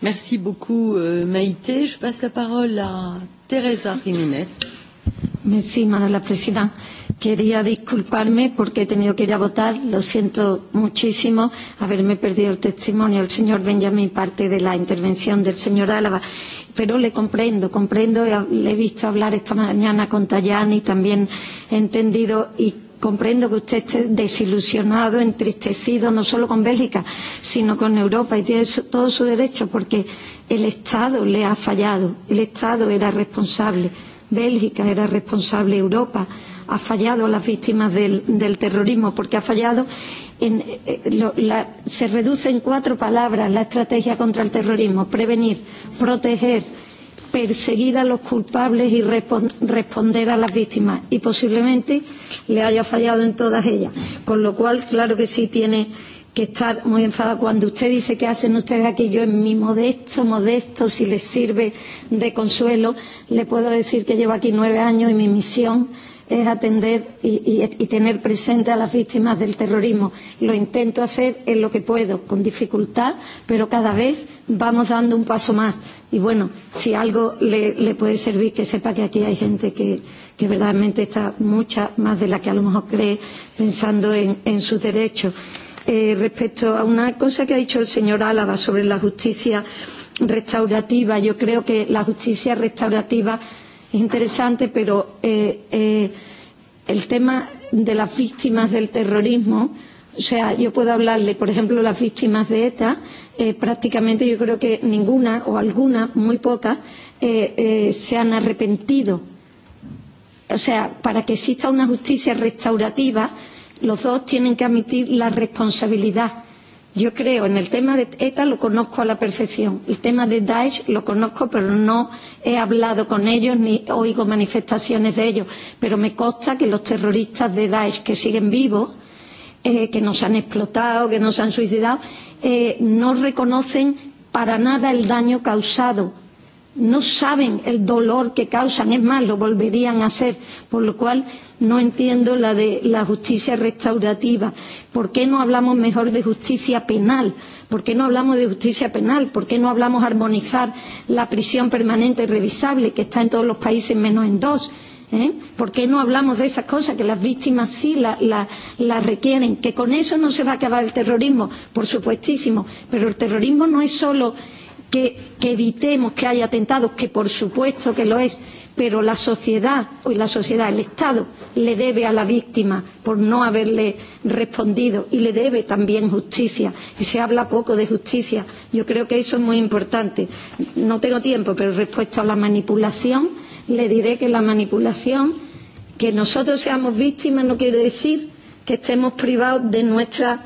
Merci beaucoup, euh, Maïté. Je passe la parole à Teresa Jiménez. Sí, la presidenta. Quería disculparme porque he tenido que ir a votar. Lo siento muchísimo haberme perdido el testimonio del señor Benjamín, parte de la intervención del señor Álava. Pero le comprendo, comprendo, eh, le he visto hablar esta mañana con Tajani, también he entendido y comprendo que usted esté desilusionado, entristecido, no solo con Bélgica, sino con Europa, y tiene su, todo su derecho, porque el Estado le ha fallado, el Estado era responsable Bélgica era responsable Europa, ha fallado a las víctimas del, del terrorismo porque ha fallado en, eh, lo, la, se reduce en cuatro palabras la estrategia contra el terrorismo prevenir, proteger, perseguir a los culpables y respon responder a las víctimas y posiblemente le haya fallado en todas ellas, con lo cual claro que sí tiene que estar muy enfadada cuando usted dice que hacen ustedes aquello en mi modesto, modesto, si les sirve de consuelo, le puedo decir que llevo aquí nueve años y mi misión es atender y, y, y tener presente a las víctimas del terrorismo. Lo intento hacer en lo que puedo, con dificultad, pero cada vez vamos dando un paso más. Y bueno, si algo le, le puede servir, que sepa que aquí hay gente que, que verdaderamente está mucha más de la que a lo mejor cree pensando en, en sus derechos. Eh, respecto a una cosa que ha dicho el señor Álava sobre la justicia restaurativa, yo creo que la justicia restaurativa es interesante, pero eh, eh, el tema de las víctimas del terrorismo, o sea, yo puedo hablarle, por ejemplo, las víctimas de ETA, eh, prácticamente yo creo que ninguna o alguna, muy pocas, eh, eh, se han arrepentido. O sea, para que exista una justicia restaurativa, Los dos tienen que admitir la responsabilidad. Yo creo, en el tema de ETA lo conozco a la perfección, el tema de Daesh lo conozco, pero no he hablado con ellos ni oigo manifestaciones de ellos. Pero me consta que los terroristas de Daesh que siguen vivos, eh, que nos han explotado, que nos han suicidado, eh, no reconocen para nada el daño causado no saben el dolor que causan, es más, lo volverían a hacer, por lo cual no entiendo la de la justicia restaurativa. ¿Por qué no hablamos mejor de justicia penal? ¿Por qué no hablamos de justicia penal? ¿Por qué no hablamos de armonizar la prisión permanente revisable que está en todos los países menos en dos? ¿Eh? ¿Por qué no hablamos de esas cosas que las víctimas sí las la, la requieren? Que con eso no se va a acabar el terrorismo, por supuestísimo, pero el terrorismo no es solo que, que evitemos que haya atentados, que por supuesto que lo es, pero la sociedad, hoy la sociedad, el Estado le debe a la víctima por no haberle respondido y le debe también justicia. Y se habla poco de justicia. Yo creo que eso es muy importante. No tengo tiempo, pero respecto a la manipulación, le diré que la manipulación, que nosotros seamos víctimas no quiere decir que estemos privados de nuestra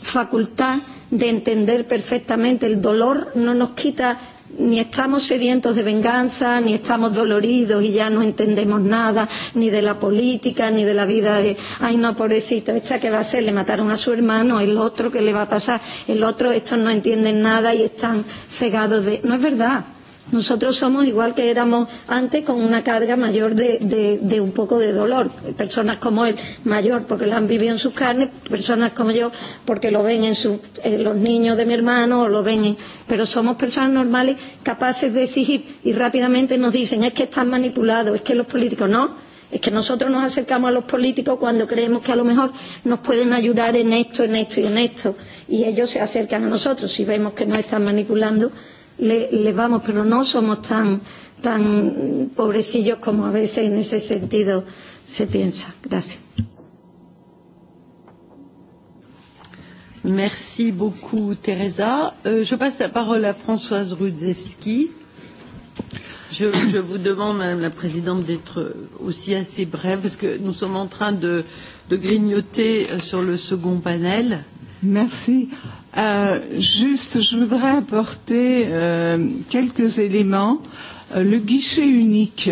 facultad de entender perfectamente el dolor no nos quita ni estamos sedientos de venganza, ni estamos doloridos y ya no entendemos nada, ni de la política, ni de la vida de, ay no, pobrecito, esta que va a ser, le mataron a su hermano, el otro que le va a pasar, el otro, estos no entienden nada y están cegados de, no es verdad. Nosotros somos igual que éramos antes con una carga mayor de, de, de un poco de dolor. Personas como él, mayor porque lo han vivido en sus carnes, personas como yo porque lo ven en, su, en los niños de mi hermano o lo ven en... Pero somos personas normales capaces de exigir y rápidamente nos dicen es que están manipulados, es que los políticos no. Es que nosotros nos acercamos a los políticos cuando creemos que a lo mejor nos pueden ayudar en esto, en esto y en esto. Y ellos se acercan a nosotros si vemos que nos están manipulando le, le vamos, pero no somos tan, tan pobrecillos como a veces en ese sentido se piensa. Gracias. Merci beaucoup, Teresa. Euh, je passe la parole à Françoise Rudzewski. Je, je vous demande, Madame la Présidente, d'être aussi assez brève, parce que nous sommes en train de, de grignoter euh, sur le second panel. Merci. Euh, Euh, juste, je voudrais apporter euh, quelques éléments. Euh, le guichet unique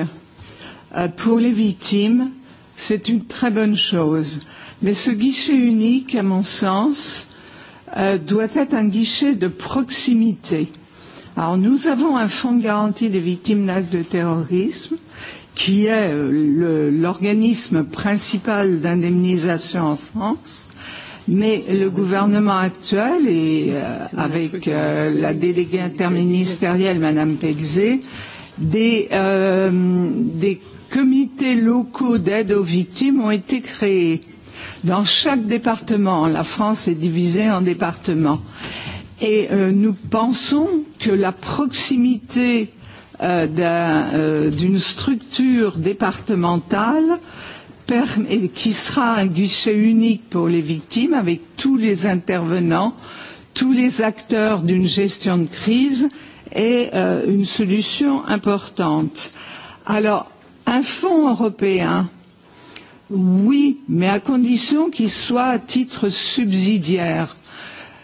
euh, pour les victimes, c'est une très bonne chose. Mais ce guichet unique, à mon sens, euh, doit être un guichet de proximité. Alors nous avons un fonds de garantie des victimes d'actes de terrorisme qui est euh, l'organisme principal d'indemnisation en France Mais le gouvernement actuel, et euh, avec euh, la déléguée interministérielle, Madame Pegzé, des, euh, des comités locaux d'aide aux victimes ont été créés dans chaque département. La France est divisée en départements. Et euh, nous pensons que la proximité euh, euh d'une euh, structure départementale euh, permet, qui sera un guichet unique pour les victimes avec tous les intervenants, tous les acteurs d'une gestion de crise est euh, une solution importante. Alors, un fonds européen, oui, mais à condition qu'il soit à titre subsidiaire.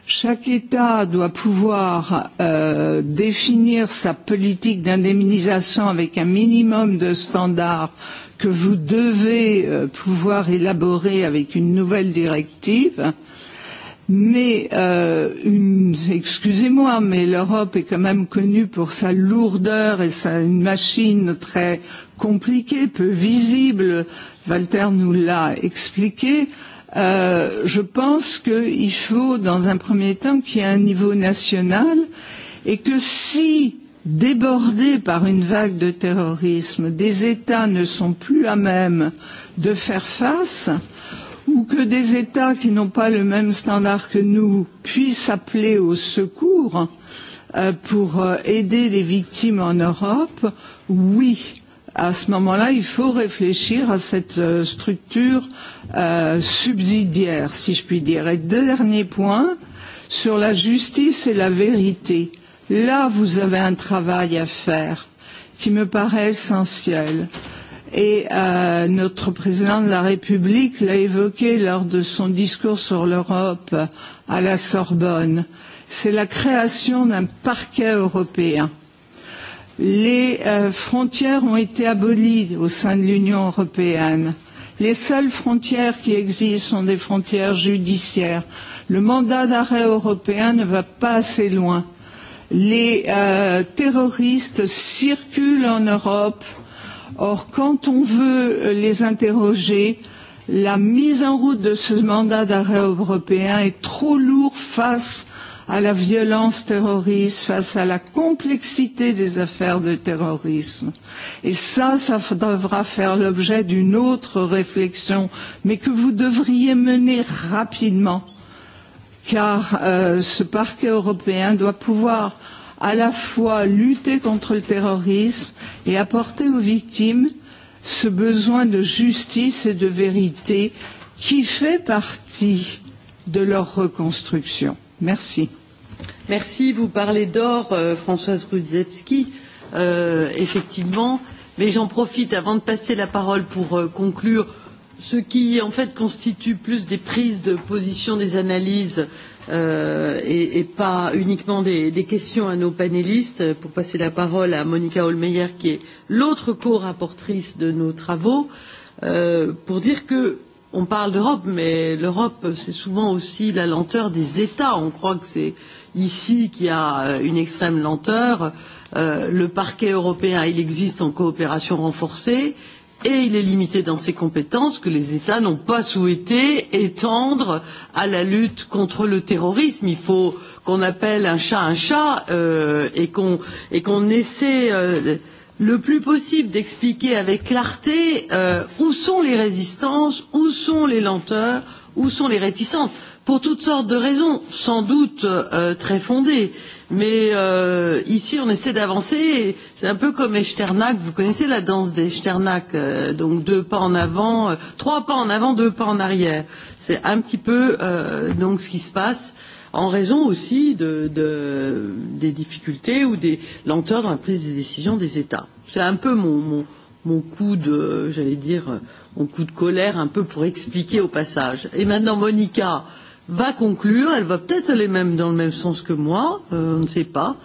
Chaque État doit pouvoir euh, définir sa politique d'indemnisation avec un minimum de standards que vous devez euh, pouvoir élaborer avec une nouvelle directive. Mais, euh, une, excusez-moi, mais l'Europe est quand même connue pour sa lourdeur et sa, une machine très compliquée, peu visible. Walter nous l'a expliqué. Euh, je pense qu'il faut, dans un premier temps, qu'il y ait un niveau national et que si euh, débordés par une vague de terrorisme, des États ne sont plus à même de faire face, ou que des États qui n'ont pas le même standard que nous puissent appeler au secours euh, pour euh, aider les victimes en Europe, oui, à ce moment-là, il faut réfléchir à cette euh, structure subsidiaire, si je puis dire. Et dernier point, sur la justice et la vérité. Là, vous avez un travail à faire qui me paraît essentiel. Et euh, notre président de la République l'a évoqué lors de son discours sur l'Europe à la Sorbonne. C'est la création d'un parquet européen. Les euh, frontières ont été abolies au sein de l'Union européenne. Les seules frontières qui existent sont des frontières judiciaires. Le mandat d'arrêt européen ne va pas assez loin les euh, terroristes circulent en Europe. Or, quand on veut les interroger, la mise en route de ce mandat d'arrêt européen est trop lourde face à la violence terroriste, face à la complexité des affaires de terrorisme. Et ça, ça devra faire l'objet d'une autre réflexion, mais que vous devriez mener rapidement car euh, ce parquet européen doit pouvoir à la fois lutter contre le terrorisme et apporter aux victimes ce besoin de justice et de vérité qui fait partie de leur reconstruction. Merci. Merci. Vous parlez d'or, euh, Françoise Rudzewski, euh, effectivement, mais j'en profite avant de passer la parole pour euh, conclure euh, ce qui en fait constitue plus des prises de position, des analyses euh, et, et pas uniquement des, des questions à nos panélistes, pour passer la parole à Monica Holmeyer, qui est l'autre co-rapportrice de nos travaux, euh, pour dire que on parle d'Europe, mais l'Europe, c'est souvent aussi la lenteur des États. On croit que c'est ici qu'il y a euh, une extrême lenteur. Euh, le parquet européen, il existe en coopération renforcée. Euh, et il est limité dans ses compétences que les États n'ont pas souhaité étendre à la lutte contre le terrorisme. Il faut qu'on appelle un chat un chat euh, et qu'on qu essaie euh, le plus possible d'expliquer avec clarté euh, où sont les résistances, où sont les lenteurs, où sont les réticences, pour toutes sortes de raisons, sans doute euh, très fondées. Mais euh, ici, on essaie d'avancer. C'est un peu comme Echternach. Vous connaissez la danse d'Echternach, euh, donc deux pas en avant, euh, trois pas en avant, deux pas en arrière. C'est un petit peu euh, donc ce qui se passe. Euh, en raison aussi de, de, des difficultés ou des lenteurs dans la prise des décisions des États. C'est un peu mon, mon, mon coup de, j'allais dire, mon coup de colère un peu pour expliquer au passage. Et maintenant, Monica va conclure. Elle va peut-être aller même dans le même sens que moi. Euh, on ne sait pas.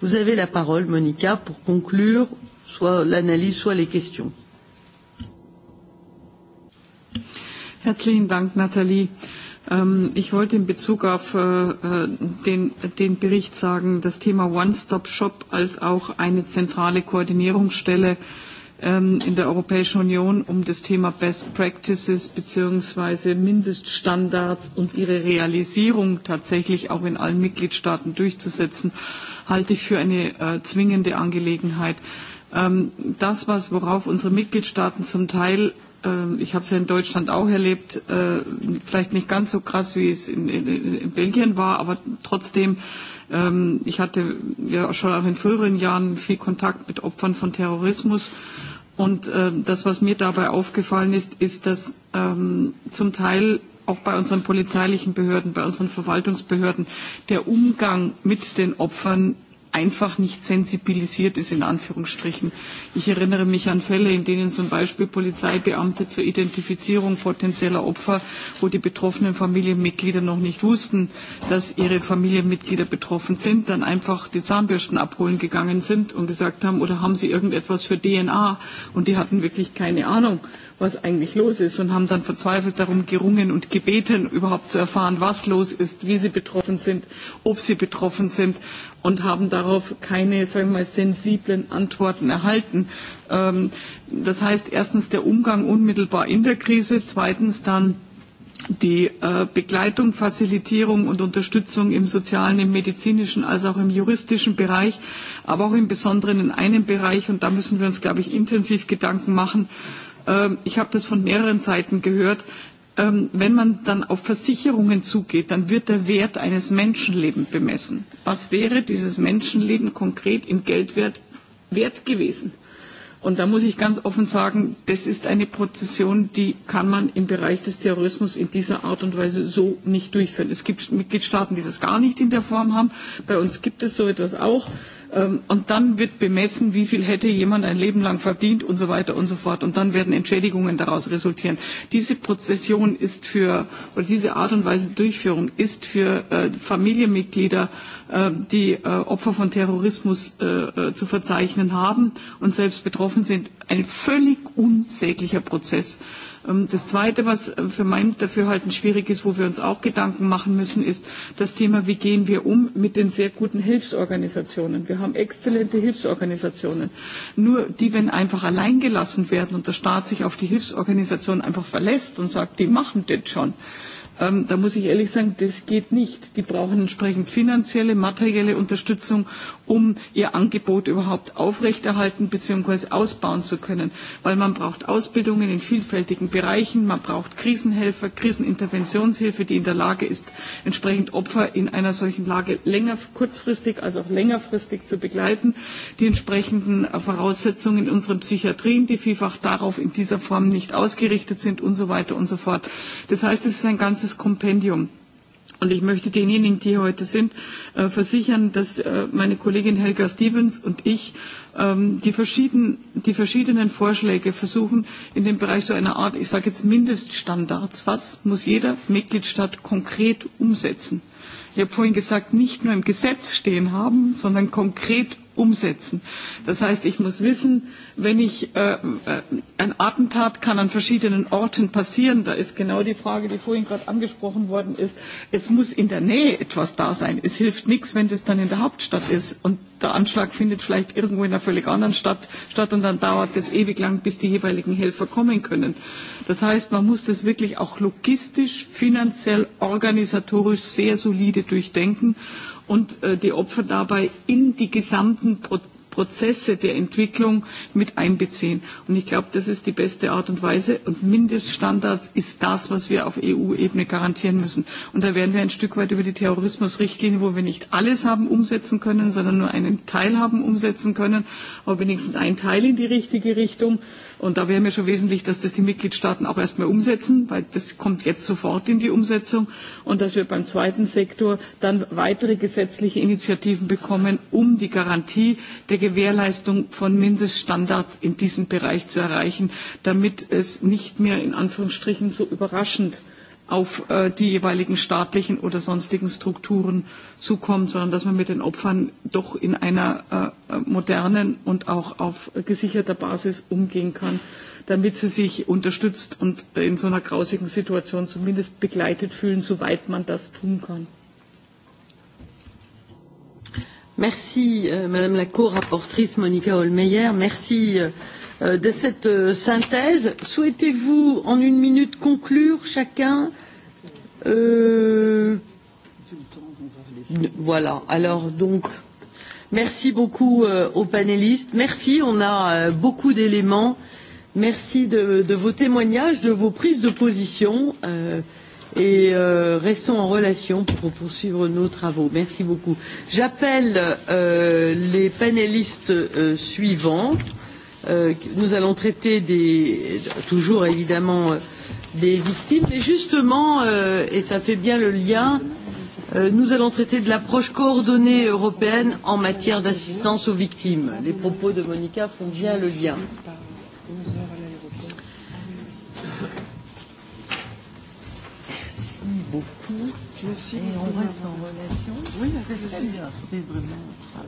Vous avez la parole, Monica, pour conclure soit l'analyse, soit les questions. Herzlichen Dank, Nathalie. Ähm, ich wollte in Bezug auf äh, äh, den, den Bericht sagen, das Thema One-Stop-Shop als auch eine zentrale Koordinierungsstelle ähm, in der Europäischen Union, um das Thema Best Practices bzw. Mindeststandards und ihre Realisierung tatsächlich auch in allen Mitgliedstaaten durchzusetzen, halte ich für eine äh, zwingende Angelegenheit. Ähm, das, was, worauf unsere Mitgliedstaaten zum Teil Ähm, ich habe es ja in Deutschland auch erlebt, äh, vielleicht nicht ganz so krass, wie es in, in, in Belgien war, aber trotzdem, ähm, ich hatte ja schon auch in früheren Jahren viel Kontakt mit Opfern von Terrorismus. Und äh, das, was mir dabei aufgefallen ist, ist, dass ähm, zum Teil auch bei unseren polizeilichen Behörden, bei unseren Verwaltungsbehörden der Umgang mit den Opfern einfach nicht sensibilisiert ist, in Anführungsstrichen. Ich erinnere mich an Fälle, in denen zum Beispiel Polizeibeamte zur Identifizierung potenzieller Opfer, wo die betroffenen Familienmitglieder noch nicht wussten, dass ihre Familienmitglieder betroffen sind, dann einfach die Zahnbürsten abholen gegangen sind und gesagt haben, oder haben sie irgendetwas für DNA? Und die hatten wirklich keine Ahnung was eigentlich los ist und haben dann verzweifelt darum gerungen und gebeten, überhaupt zu erfahren, was los ist, wie sie betroffen sind, ob sie betroffen sind und haben darauf keine sagen wir mal, sensiblen Antworten erhalten. Ähm, das heißt erstens der Umgang unmittelbar in der Krise, zweitens dann die äh, Begleitung, Facilitierung und Unterstützung im sozialen, im medizinischen als auch im juristischen Bereich, aber auch im Besonderen in einem Bereich. Und da müssen wir uns, glaube ich, intensiv Gedanken machen. Ähm, ich habe das von mehreren Seiten gehört Ähm, wenn man dann auf Versicherungen zugeht, dann wird der Wert eines Menschenlebens bemessen. Was wäre dieses Menschenleben konkret im Geldwert wert gewesen? Und da muss ich ganz offen sagen, das ist eine Prozession, die kann man im Bereich des Terrorismus in dieser Art und Weise so nicht durchführen. Es gibt Mitgliedstaaten, die das gar nicht in der Form haben. Bei uns gibt es so etwas auch. Ähm, und dann wird bemessen, wie viel hätte jemand ein Leben lang verdient und so weiter und so fort. Und dann werden Entschädigungen daraus resultieren. Diese Prozession ist für, oder diese Art und Weise Durchführung ist für äh, Familienmitglieder, äh, die äh, Opfer von Terrorismus äh, äh, zu verzeichnen haben und selbst betroffen sind, ein völlig unsäglicher Prozess. Äh, Ähm, das Zweite, was äh, für mein Dafürhalten schwierig ist, wo wir uns auch Gedanken machen müssen, ist das Thema, wie gehen wir um mit den sehr guten Hilfsorganisationen. Wir haben exzellente Hilfsorganisationen. Nur die, wenn einfach allein gelassen werden und der Staat sich auf die Hilfsorganisation einfach verlässt und sagt, die machen das schon, ähm, da muss ich ehrlich sagen, das geht nicht. Die brauchen entsprechend finanzielle, materielle Unterstützung um ihr Angebot überhaupt aufrechterhalten bzw. ausbauen zu können. Weil man braucht Ausbildungen in vielfältigen Bereichen, man braucht Krisenhelfer, Kriseninterventionshilfe, die in der Lage ist, entsprechend Opfer in einer solchen Lage länger, kurzfristig als auch längerfristig zu begleiten, die entsprechenden Voraussetzungen in unseren Psychiatrien, die vielfach darauf in dieser Form nicht ausgerichtet sind und so weiter und so fort. Das heißt, es ist ein ganzes Kompendium. Und ich möchte denjenigen, die hier heute sind, äh, versichern, dass äh, meine Kollegin Helga Stevens und ich ähm, die, verschieden, die verschiedenen Vorschläge versuchen, in dem Bereich so einer Art, ich sage jetzt Mindeststandards, was muss jeder Mitgliedstaat konkret umsetzen? Ich habe vorhin gesagt, nicht nur im Gesetz stehen haben, sondern konkret umsetzen umsetzen. Das heißt, ich muss wissen, wenn ich äh, äh, ein Attentat kann an verschiedenen Orten passieren, da ist genau die Frage, die vorhin gerade angesprochen worden ist, es muss in der Nähe etwas da sein. Es hilft nichts, wenn das dann in der Hauptstadt ist und der Anschlag findet vielleicht irgendwo in einer völlig anderen Stadt statt und dann dauert es ewig lang, bis die jeweiligen Helfer kommen können. Das heißt, man muss das wirklich auch logistisch, finanziell, organisatorisch sehr solide durchdenken und äh, die Opfer dabei in die gesamten Prozesse der Entwicklung mit einbeziehen. Und ich glaube, das ist die beste Art und Weise. Und Mindeststandards ist das, was wir auf EU-Ebene garantieren müssen. Und da werden wir ein Stück weit über die Terrorismusrichtlinie, wo wir nicht alles haben umsetzen können, sondern nur einen Teil haben umsetzen können, aber wenigstens einen Teil in die richtige Richtung. Und da wäre mir schon wesentlich, dass das die Mitgliedstaaten auch erstmal umsetzen, weil das kommt jetzt sofort in die Umsetzung und dass wir beim zweiten Sektor dann weitere gesetzliche Initiativen bekommen, um die Garantie der Gewährleistung von Mindeststandards in diesem Bereich zu erreichen, damit es nicht mehr in Anführungsstrichen so überraschend auf äh, die jeweiligen staatlichen oder sonstigen Strukturen zukommt, sondern dass man mit den Opfern doch in einer äh, äh, modernen und auch auf gesicherter Basis umgehen kann, damit sie sich unterstützt und in so einer grausigen Situation zumindest begleitet fühlen, soweit man das tun kann. Merci, euh, Madame la co-rapporteure Monika Holmeyer. Merci. Euh Euh, de cette euh, synthèse. Souhaitez-vous, en une minute, conclure chacun euh... Voilà. Alors donc, merci beaucoup euh, aux panélistes. Merci, on a euh, beaucoup d'éléments. Merci de, de vos témoignages, de vos prises de position. Euh, et euh, restons en relation pour poursuivre nos travaux. Merci beaucoup. J'appelle euh, les panélistes euh, suivants. Euh, nous allons traiter des, toujours évidemment euh, des victimes, mais justement, euh, et ça fait bien le lien, euh, nous allons traiter de l'approche coordonnée européenne en matière d'assistance aux victimes. Les propos de Monica font bien le lien. Merci beaucoup. Merci. Et on reste en relation. Oui, c'est vraiment.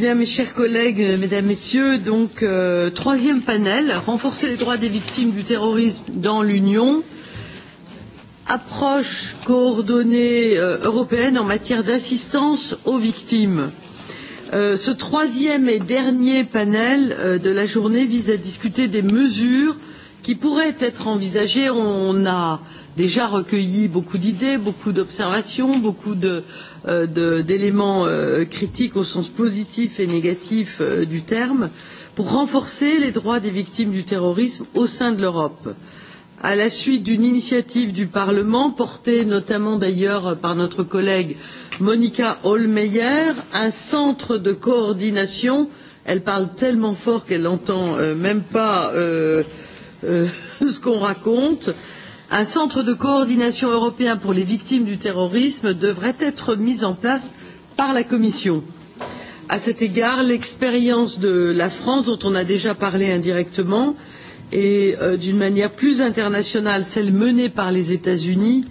Bien, mes chers collègues, euh, mesdames, messieurs, donc euh, troisième panel, renforcer les droits des victimes du terrorisme dans l'Union, approche coordonnée euh, européenne en matière d'assistance aux victimes. Euh, ce troisième et dernier panel euh, de la journée vise à discuter des mesures euh, qui pourrait être envisagée. On a déjà recueilli beaucoup d'idées, beaucoup d'observations, beaucoup d'éléments de, euh, de, euh, critiques au sens positif et négatif euh, du terme pour renforcer les droits des victimes du terrorisme au sein de l'Europe. À la suite d'une initiative du Parlement, portée notamment d'ailleurs par notre collègue Monica Holmeyer, un centre de coordination, elle parle tellement fort qu'elle n'entend euh, même pas euh, euh, ce qu'on raconte. Un centre de coordination européen pour les victimes du terrorisme devrait être mis en place par la Commission. À cet égard, l'expérience de la France, dont on a déjà parlé indirectement, et euh, d'une manière plus internationale, celle menée par les États-Unis,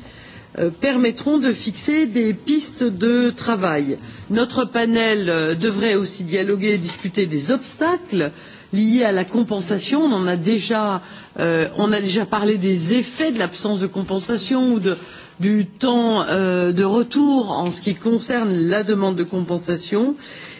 euh, permettront de fixer des pistes de travail. Notre panel euh, devrait aussi dialoguer et discuter des obstacles euh, liées à la compensation. On en a déjà, euh, on a déjà parlé des effets de l'absence de compensation ou de, du temps euh, de retour en ce qui concerne la demande de compensation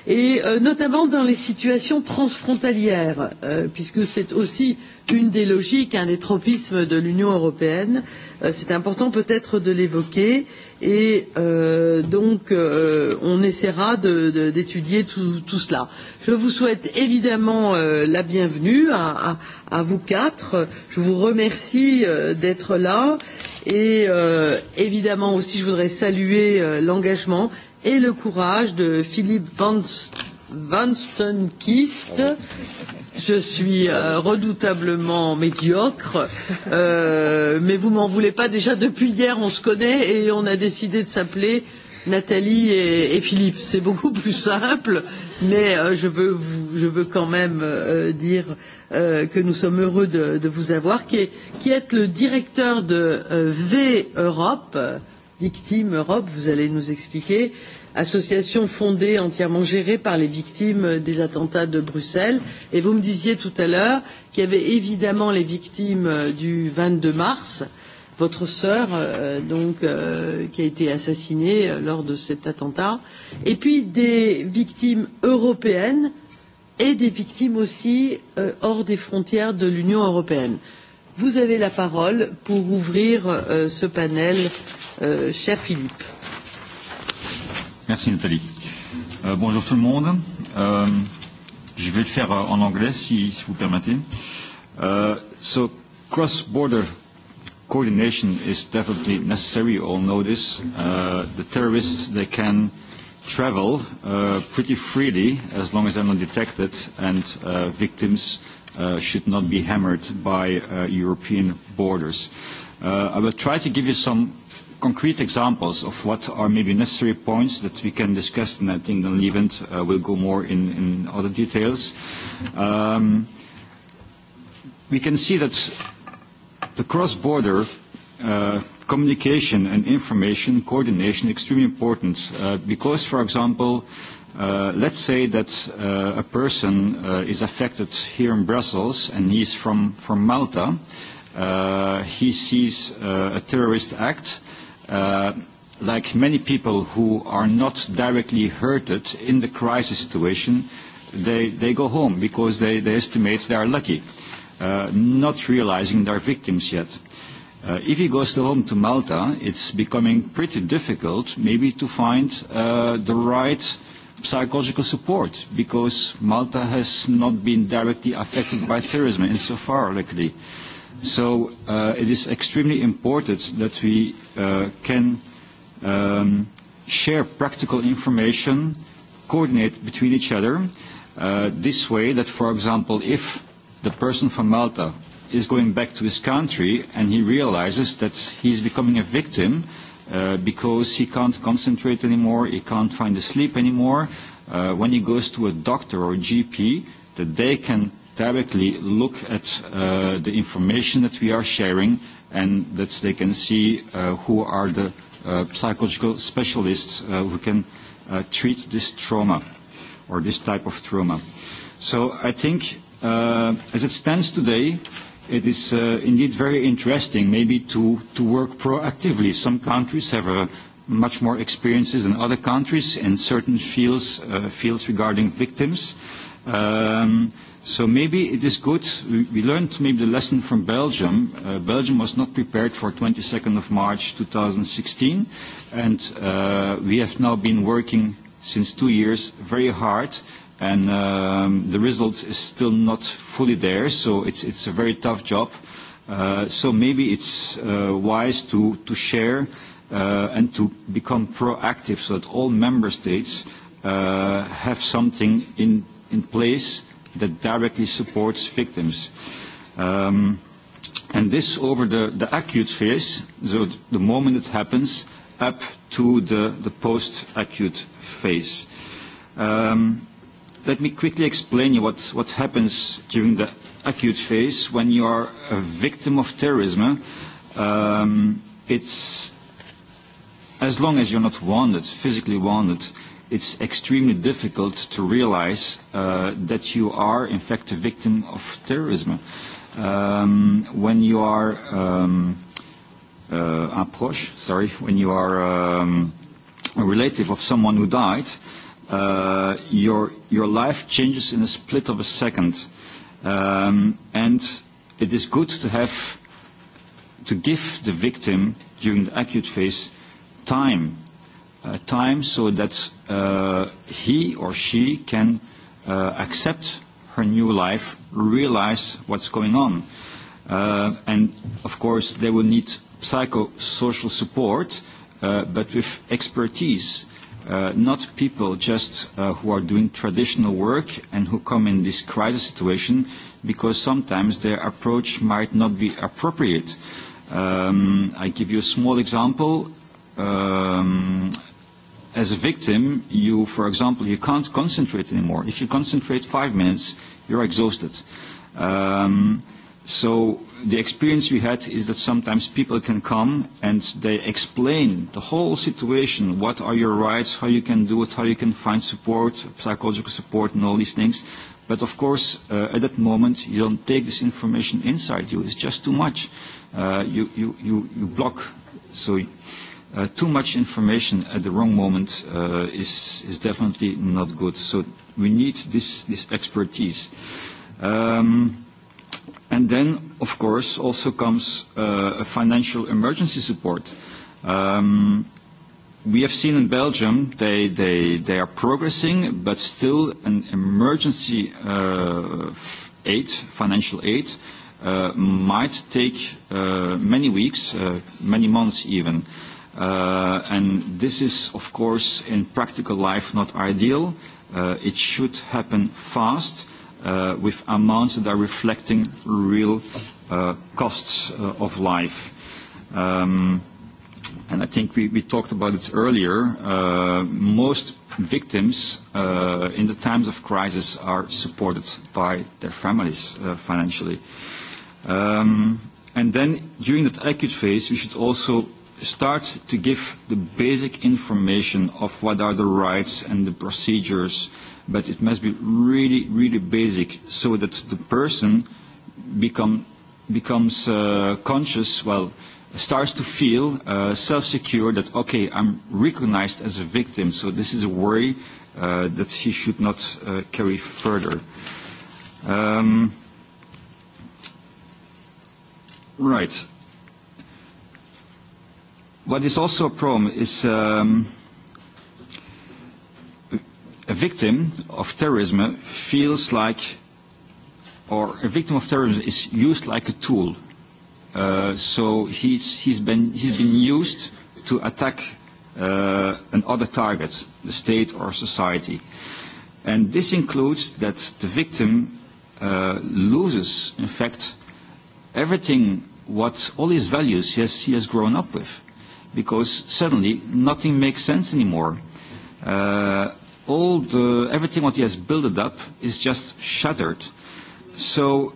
et euh, notamment dans les situations transfrontalières euh, puisque c'est aussi une des logiques, un des tropismes de l'Union européenne. Euh, c'est important peut-être de l'évoquer et euh, donc euh, on essaiera d'étudier tout, tout cela. Je vous souhaite évidemment euh, la bienvenue à, à, à vous quatre. Je vous remercie euh, d'être là et euh, évidemment aussi je voudrais saluer euh, l'engagement et le courage de Philippe Van Vanston Je suis euh, redoutablement médiocre, euh, mais vous m'en voulez pas. Déjà depuis hier, on se connaît et on a décidé de s'appeler Nathalie et, et Philippe. C'est beaucoup plus simple, mais euh, je, veux vous, je veux quand même euh, dire euh, que nous sommes heureux de, de vous avoir, qui, est, qui êtes le directeur de euh, V Europe, Victime Europe, vous allez nous expliquer, association fondée, entièrement gérée par les victimes des attentats de Bruxelles. Et vous me disiez tout à l'heure qu'il y avait évidemment les victimes euh, du 22 mars, euh, votre sœur, euh, donc, euh, qui a été assassinée euh, lors de cet attentat, et puis des victimes européennes et des victimes aussi euh, hors des frontières de l'Union européenne. Vous avez la parole pour ouvrir euh, ce panel, euh, cher Philippe. Merci Nathalie. Euh, bonjour tout le monde. Euh, je vais le faire euh, en anglais si, si vous permettez. Uh, so cross-border coordination is definitely necessary. You all know this. Uh, the terrorists, they can travel uh, pretty freely as long as they're not detected, and uh, victims uh, should not be hammered by uh, European borders. Uh, I will try to give you some concrete examples of what are maybe necessary points that we can discuss, and I think the event uh, will go more in, in other details. Um, we can see that The cross-border uh, communication and information coordination extremely important uh, because, for example, uh, let's say that uh, a person uh, is affected here in Brussels and he's from, from Malta. Uh, he sees uh, a terrorist act. Uh, like many people who are not directly hurted in the crisis situation, they, they go home because they, they estimate they are lucky uh, not realizing are victims yet. Uh, if he goes to home to Malta, it's becoming pretty difficult maybe to find uh, the right psychological support because Malta has not been directly affected by terrorism insofar luckily. So uh, it is extremely important that we uh, can um, share practical information, coordinate between each other, uh, this way that, for example, if the person from Malta is going back to his country and he realizes that he's becoming a victim uh, because he can't concentrate anymore, he can't find the sleep anymore. Uh, when he goes to a doctor or a GP, that they can directly look at uh, the information that we are sharing and that they can see uh, who are the uh, psychological specialists uh, who can uh, treat this trauma or this type of trauma. So I think Uh, as it stands today, it is uh, indeed very interesting maybe to, to work proactively. Some countries have uh, much more experiences than other countries in certain fields, uh, fields regarding victims. Um, so maybe it is good. We, we learned maybe the lesson from Belgium. Uh, Belgium was not prepared for 22nd of March 2016, and uh, we have now been working since two years very hard and um, the result is still not fully there, so it's, it's a very tough job. Uh, so maybe it's uh, wise to, to share uh, and to become proactive so that all member states uh, have something in, in place that directly supports victims. Um, and this over the, the acute phase, so the moment it happens, up to the, the post-acute phase. Um, Let me quickly explain what, what happens during the acute phase when you are a victim of terrorism. Um, it's as long as you're not wanted, physically wanted, it's extremely difficult to realize uh, that you are in fact a victim of terrorism. Um, when you are um, uh, sorry, when you are um, a relative of someone who died, uh, Uh, your, your life changes in a split of a second. Um, and it is good to have, to give the victim during the acute phase time, uh, time so that uh, he or she can uh, accept her new life, realize what's going on. Uh, and of course, they will need psychosocial support, uh, but with expertise Uh, not people just uh, who are doing traditional work and who come in this crisis situation because sometimes their approach might not be appropriate. Um, I give you a small example. Um, as a victim, you, for example, you can't concentrate anymore. If you concentrate five minutes, you're exhausted. Um, so the experience we had is that sometimes people can come and they explain the whole situation, what are your rights, how you can do it, how you can find support, psychological support and all these things. But of course, uh, at that moment, you don't take this information inside you. It's just too much. Uh, you, you, you, you block. So uh, too much information at the wrong moment uh, is, is definitely not good. So we need this, this expertise. Um, And then, of course, also comes uh, financial emergency support. Um, we have seen in Belgium they, they, they are progressing, but still an emergency uh, aid, financial aid, uh, might take uh, many weeks, uh, many months even. Uh, and this is, of course, in practical life not ideal. Uh, it should happen fast Uh, with amounts that are reflecting real uh, costs uh, of life. Um, and I think we, talked about it earlier. most victims in the times of crisis are supported by their families financially. Um, and then during that acute phase, we should also start to give the basic information of what are the rights and the procedures but it must be really, really basic so that the person become, becomes uh, conscious, well, starts to feel uh, self-secure that, okay, I'm recognized as a victim, so this is a worry uh, that he should not uh, carry further. Um, right. What is also a problem is um, a victim of terrorism feels like, or a victim of terrorism is used like a tool. Uh, so he's, he's, been, he's been used to attack uh, another target, the state or society. And this includes that the victim uh, loses, in fact, everything what all his values he has, he has grown up with, because suddenly nothing makes sense anymore. Uh, all the, uh, everything what he has built up is just shattered. So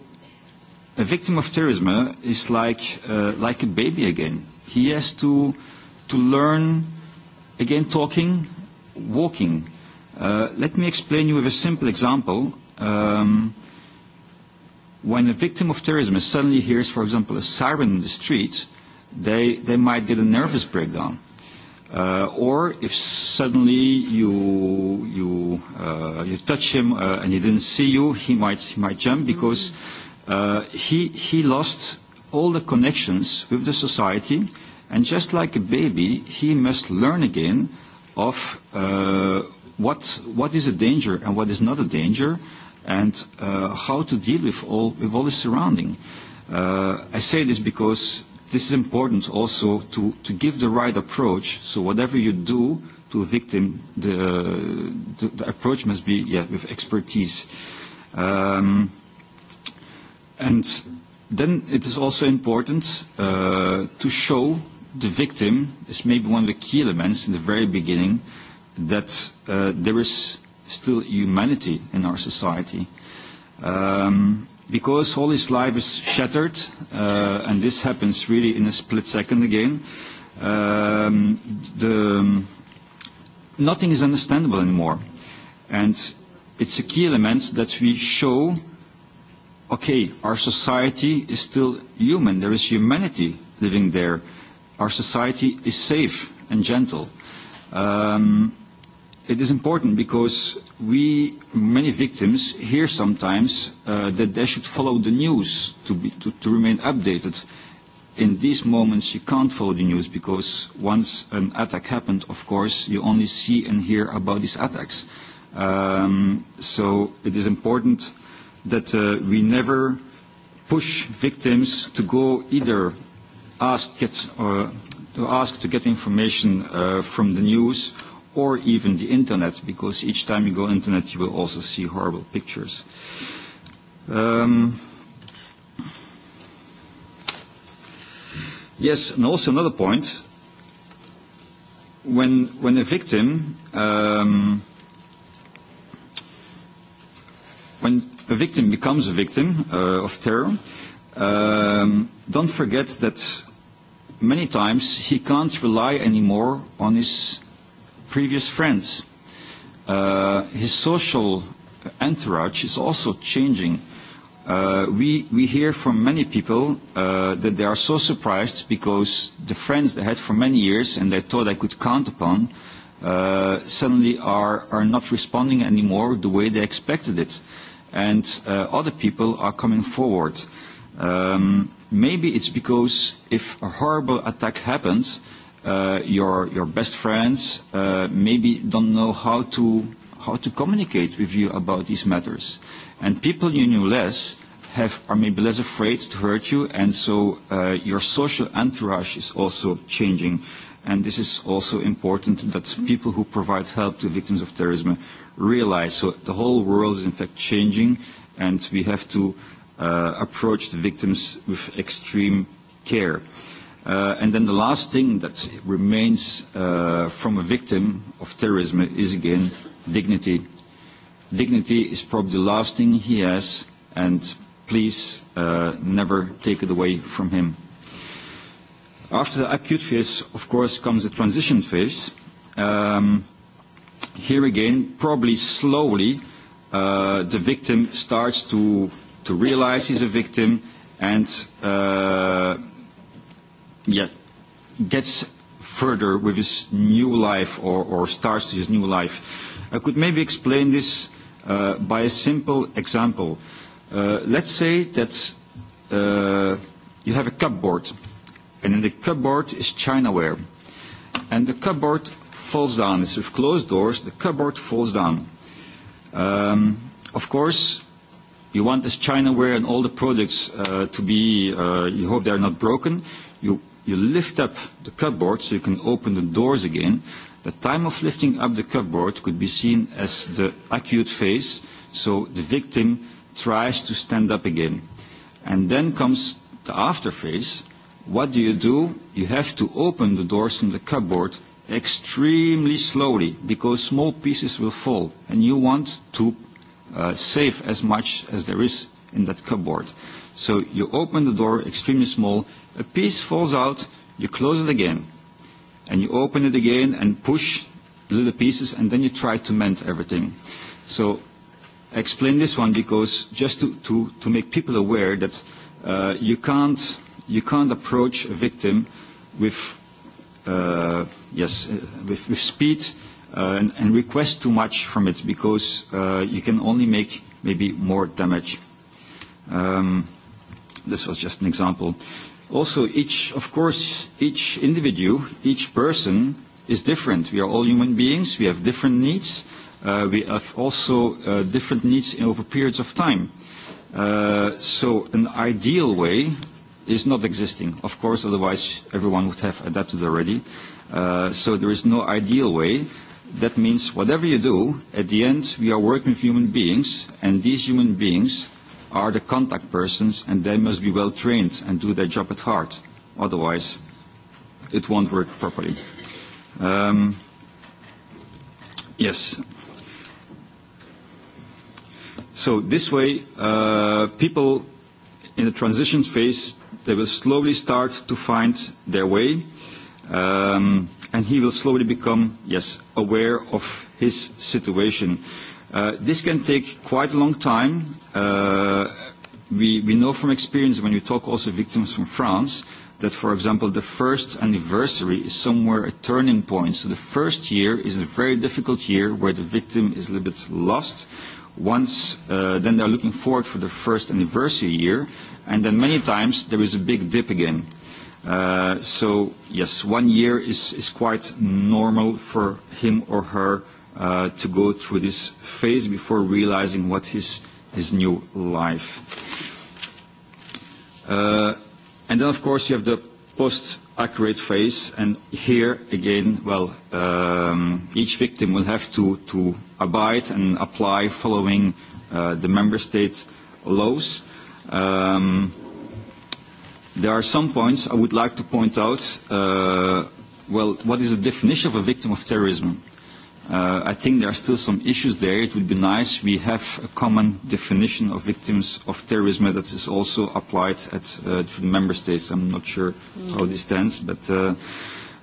a victim of terrorism is like, uh, like a baby again. He has to, to learn again talking, walking. Uh, let me explain you with a simple example. Um, when a victim of terrorism suddenly hears, for example, a siren in the street, they, they might get a nervous breakdown Uh, or if suddenly you you uh, you touch him uh, and he didn't see you, he might he might jump mm-hmm. because uh, he he lost all the connections with the society, and just like a baby, he must learn again of uh, what what is a danger and what is not a danger, and uh, how to deal with all with all the surrounding. Uh, I say this because This is important also to, to give the right approach. So whatever you do to a victim, the, the, the approach must be yeah, with expertise. Um, and then it is also important uh, to show the victim is maybe one of the key elements in the very beginning that uh, there is still humanity in our society. Um, because all his life is shattered, uh, and this happens really in a split second again, um, the, um, nothing is understandable anymore. And it's a key element that we show, okay, our society is still human. There is humanity living there. Our society is safe and gentle. Um, it is important because we, many victims, hear sometimes uh, that they should follow the news to, be, to, to remain updated. In these moments, you can't follow the news because once an attack happened, of course, you only see and hear about these attacks. Um, so it is important that uh, we never push victims to go either ask, get, uh, to ask to get information uh, from the news or even the internet, because each time you go internet, you will also see horrible pictures. Um, yes, and also another point. When, when a victim, um, when a victim becomes a victim uh, of terror, um, don't forget that many times he can't rely anymore on his previous friends. Uh, his social entourage is also changing. Uh, we, we hear from many people uh, that they are so surprised because the friends they had for many years and they thought they could count upon uh, suddenly are, are not responding anymore the way they expected it. And uh, other people are coming forward. Um, maybe it's because if a horrible attack happens, uh, uh, your, your best friends uh, maybe don't know how to, how to communicate with you about these matters. And people you knew less have, are maybe less afraid to hurt you, and so uh, your social entourage is also changing. And this is also important that people who provide help to victims of terrorism realize. So the whole world is in fact changing, and we have to uh, approach the victims with extreme care. Uh, Uh, and then the last thing that remains uh, from a victim of terrorism is again dignity. Dignity is probably the last thing he has, and please uh, never take it away from him. After the acute phase, of course, comes the transition phase. Um, here again, probably slowly, uh, the victim starts to, to realize he's a victim and uh, yeah, gets further with his new life or, or starts his new life. I could maybe explain this uh, by a simple example. Uh, let's say that uh, you have a cupboard, and in the cupboard is chinaware, and the cupboard falls down. It's with closed doors. The cupboard falls down. Um, of course, you want this chinaware and all the products uh, to be. Uh, you hope they are not broken. You you lift up the cupboard so you can open the doors again. The time of lifting up the cupboard could be seen as the acute phase, so the victim tries to stand up again. And then comes the after phase. What do you do? You have to open the doors from the cupboard extremely slowly because small pieces will fall and you want to uh, save as much as there is in that cupboard. So you open the door extremely small a piece falls out, you close it again, and you open it again and push the little pieces, and then you try to mend everything. So I explain this one because just to, to, to make people aware that uh, you, can't, you can't approach a victim with, uh, yes, uh, with, with speed uh, and, and request too much from it because uh, you can only make maybe more damage. Um, this was just an example. Also, each, of course, each individual, each person is different. We are all human beings. We have different needs. Uh, we have also uh, different needs in over periods of time. Uh, so an ideal way is not existing. Of course, otherwise everyone would have adapted already. Uh, so there is no ideal way. That means whatever you do, at the end we are working with human beings, and these human beings are the contact persons, and they must be well trained and do their job at heart. Otherwise, it won't work properly. Um, yes. So this way, uh, people in the transition phase, they will slowly start to find their way, um, and he will slowly become, yes, aware of his situation. Uh, this can take quite a long time. Uh, we, know from experience when you talk also victims from France that, for example, the first anniversary is somewhere a turning point. So the first year is a very difficult year where the victim is a little bit lost. Once uh, then they're looking forward for the first anniversary year, and then many times there is a big dip again. Uh, so yes, one year is quite normal for him or her uh, to go through this phase before realizing what is his new life. Uh, and then, of course, you have the post-accurate phase, and here again, well, um, each victim will have to, to abide and apply following uh, the member state laws. Um, there are some points I would like to point out. Uh, well, what is the definition of a victim of terrorism? Uh, I think there are still some issues there. It would be nice we have a common definition of victims of terrorism that is also applied at, uh, to the member states. I'm not sure how this stands, but uh,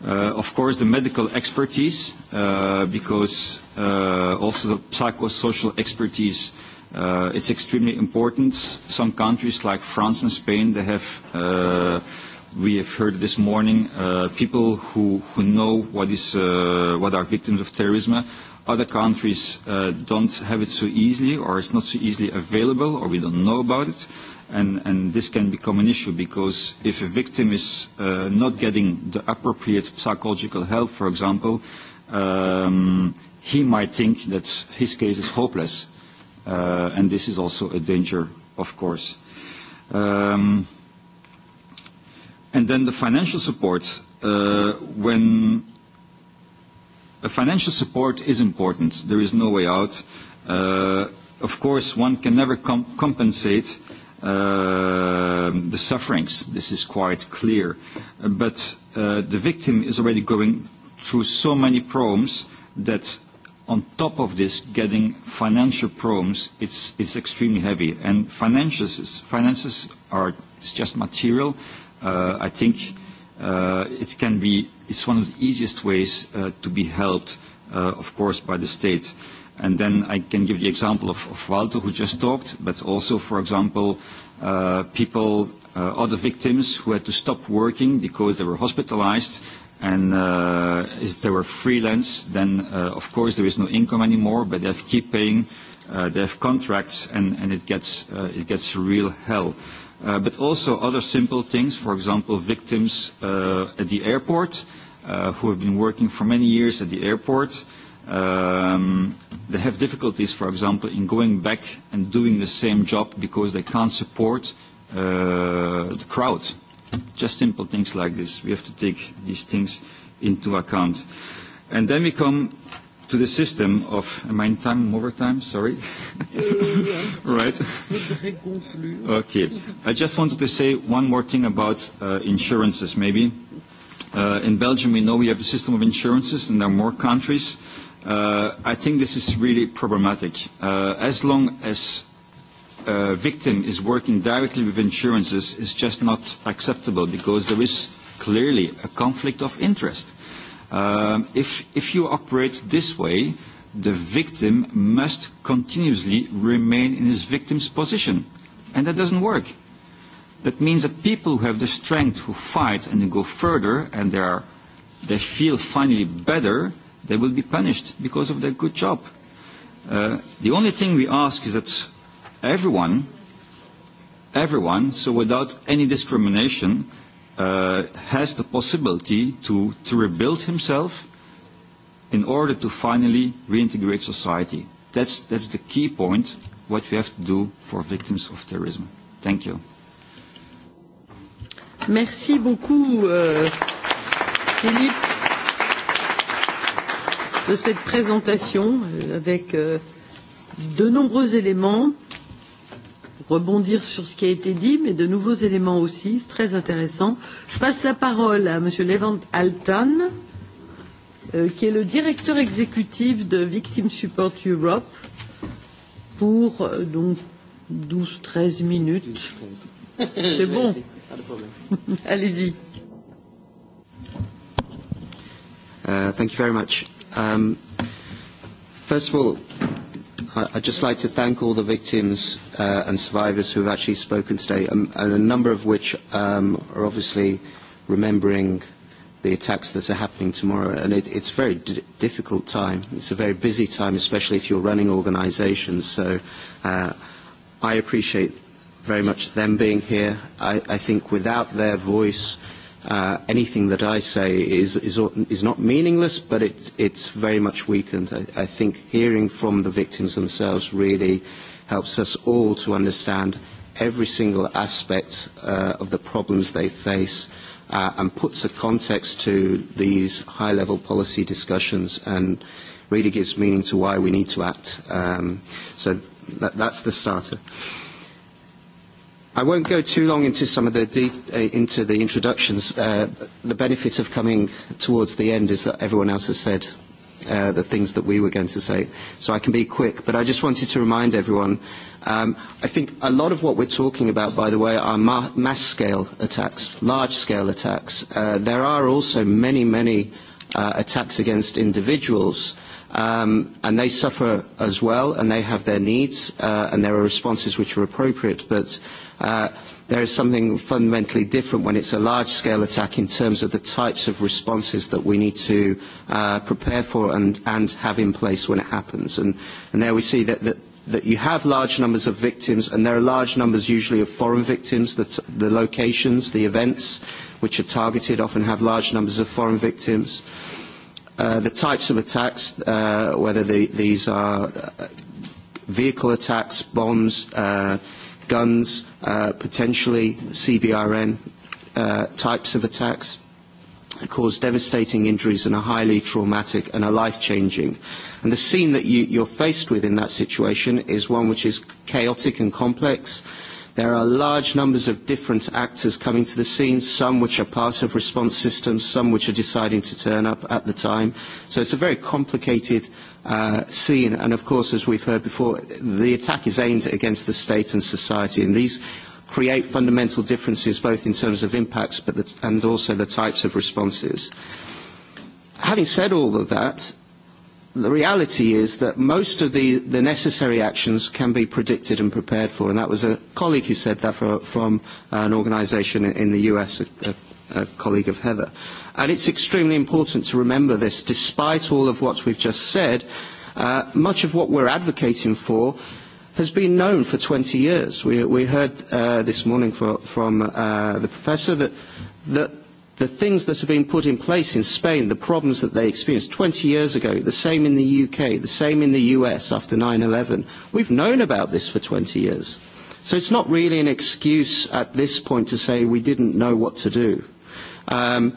uh, of course the medical expertise, uh, because uh, also the psychosocial expertise uh, it's extremely important. Some countries like France and Spain, they have uh, we have heard this morning, uh, people who, who know what, is, uh, what are victims of terrorism. Other countries uh, don't have it so easily, or it's not so easily available, or we don't know about it. And, and this can become an issue because if a victim is uh, not getting the appropriate psychological help, for example, um, he might think that his case is hopeless. Uh, and this is also a danger, of course. Um, And then the financial support, uh, when a financial support is important, there is no way out. Uh, of course, one can never com compensate uh, the sufferings. This is quite clear. But uh, the victim is already going through so many problems that on top of this, getting financial problems, it's, it's extremely heavy. And finances, finances are it's just material uh, I think uh, it can be, it's one of the easiest ways uh, to be helped, uh, of course, by the state. And then I can give the example of, of who just talked, but also, for example, uh, people, uh, other victims who had to stop working because they were hospitalized and uh, if they were freelance, then uh, of course there is no income anymore, but they have keep paying, uh, they have contracts, and, and it, gets, uh, it gets real hell. Uh, but also other simple things, for example, victims uh, at the airport uh, who have been working for many years at the airport. Um, they have difficulties, for example, in going back and doing the same job because they can't support uh, the crowd. Just simple things like this. We have to take these things into account. And then we come to the system of my time over time, sorry. right. okay. I just wanted to say one more thing about uh, insurances, maybe. Uh, in Belgium, we know we have a system of insurances, and there are more countries. Uh, I think this is really problematic. Uh, as long as a uh, victim is working directly with insurances, it's just not acceptable because there is clearly a conflict of interest Um, if, if you operate this way, the victim must continuously remain in his victim's position. And that doesn't work. That means that people who have the strength, to fight and go further, and they, are, they feel finally better, they will be punished because of their good job. Uh, the only thing we ask is that everyone, everyone, so without any discrimination, uh, has the possibility to, to rebuild himself in order to finally reintegrate society. That's, that's the key point, what we have to do for victims of terrorism. Thank you. Merci beaucoup, euh, Philippe, de cette présentation euh, avec euh, de nombreux éléments rebondir sur ce qui a été dit, mais de nouveaux éléments aussi, c'est très intéressant. Je passe la parole à Monsieur Levant Altan, euh, qui est le directeur exécutif de Victim Support Europe, pour euh, donc 12-13 minutes. C'est bon. Allez-y. Uh, thank you very much. Um, first of all, I, I'd just like to thank all the victims uh, and survivors who have actually spoken today, um, and a number of which um, are obviously remembering the attacks that are happening tomorrow. And it, it's a very d- difficult time. It's a very busy time, especially if you're running organizations. So uh, I appreciate very much them being here. I, I think without their voice, uh, anything that I say is, is, is not meaningless, but it's, it's very much weakened. I, I think hearing from the victims themselves really helps us all to understand every single aspect uh, of the problems they face uh, and puts a context to these high-level policy discussions and really gives meaning to why we need to act. Um, so that, that's the starter. I won't go too long into some of the de- uh, into the introductions. Uh, the benefit of coming towards the end is that everyone else has said uh, the things that we were going to say, so I can be quick. But I just wanted to remind everyone. Um, I think a lot of what we're talking about, by the way, are ma- mass scale attacks, large scale attacks. Uh, there are also many, many uh, attacks against individuals. Um, and they suffer as well, and they have their needs, uh, and there are responses which are appropriate. But Uh, there is something fundamentally different when it's a large-scale attack in terms of the types of responses that we need to uh, prepare for and, and have in place when it happens. And, and there we see that, that that you have large numbers of victims, and there are large numbers usually of foreign victims. The, the locations, the events which are targeted often have large numbers of foreign victims. Uh, the types of attacks, uh, whether the, these are uh, vehicle attacks, bombs, uh, guns, uh, potentially CBRN uh, types of attacks, cause devastating injuries and are highly traumatic and are life-changing. And the scene that you, you're faced with in that situation is one which is chaotic and complex, There are large numbers of different actors coming to the scene, some which are part of response systems, some which are deciding to turn up at the time. So it's a very complicated uh, scene. And of course, as we've heard before, the attack is aimed against the state and society. And these create fundamental differences both in terms of impacts but the, and also the types of responses. Having said all of that, the reality is that most of the, the necessary actions can be predicted and prepared for. And that was a colleague who said that for, from an organisation in the US, a, a, a colleague of Heather. And it's extremely important to remember this, despite all of what we've just said. Uh, much of what we're advocating for has been known for 20 years. We, we heard uh, this morning for, from uh, the professor that, that the things that have been put in place in Spain, the problems that they experienced 20 years ago, the same in the UK, the same in the US after 9-11. We've known about this for 20 years. So it's not really an excuse at this point to say we didn't know what to do. Um,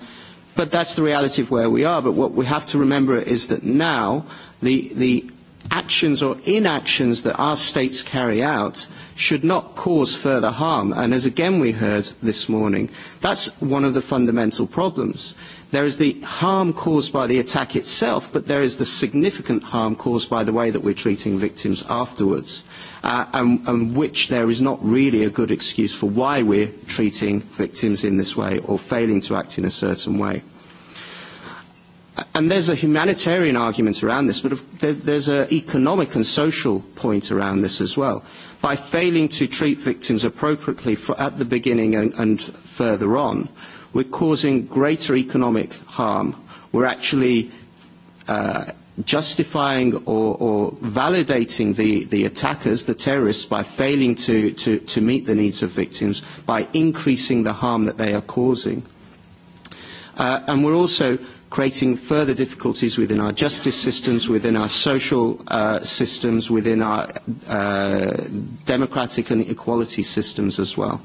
but that's the reality of where we are. But what we have to remember is that now the, the actions or inactions that our states carry out should not cause further harm. And as again we heard this morning, that's one of the fundamental problems. There is the harm caused by the attack itself, but there is the significant harm caused by the way that we're treating victims afterwards, uh, and, and which there is not really a good excuse for why we're treating victims in this way or failing to act in a certain way and there's a humanitarian argument around this, but there's an economic and social point around this as well. By failing to treat victims appropriately for, at the beginning and, and further on, we're causing greater economic harm. We're actually uh, justifying or, or validating the, the attackers, the terrorists, by failing to, to, to meet the needs of victims, by increasing the harm that they are causing. Uh, and we're also creating further difficulties within our justice systems, within our social uh, systems, within our uh, democratic and equality systems as well.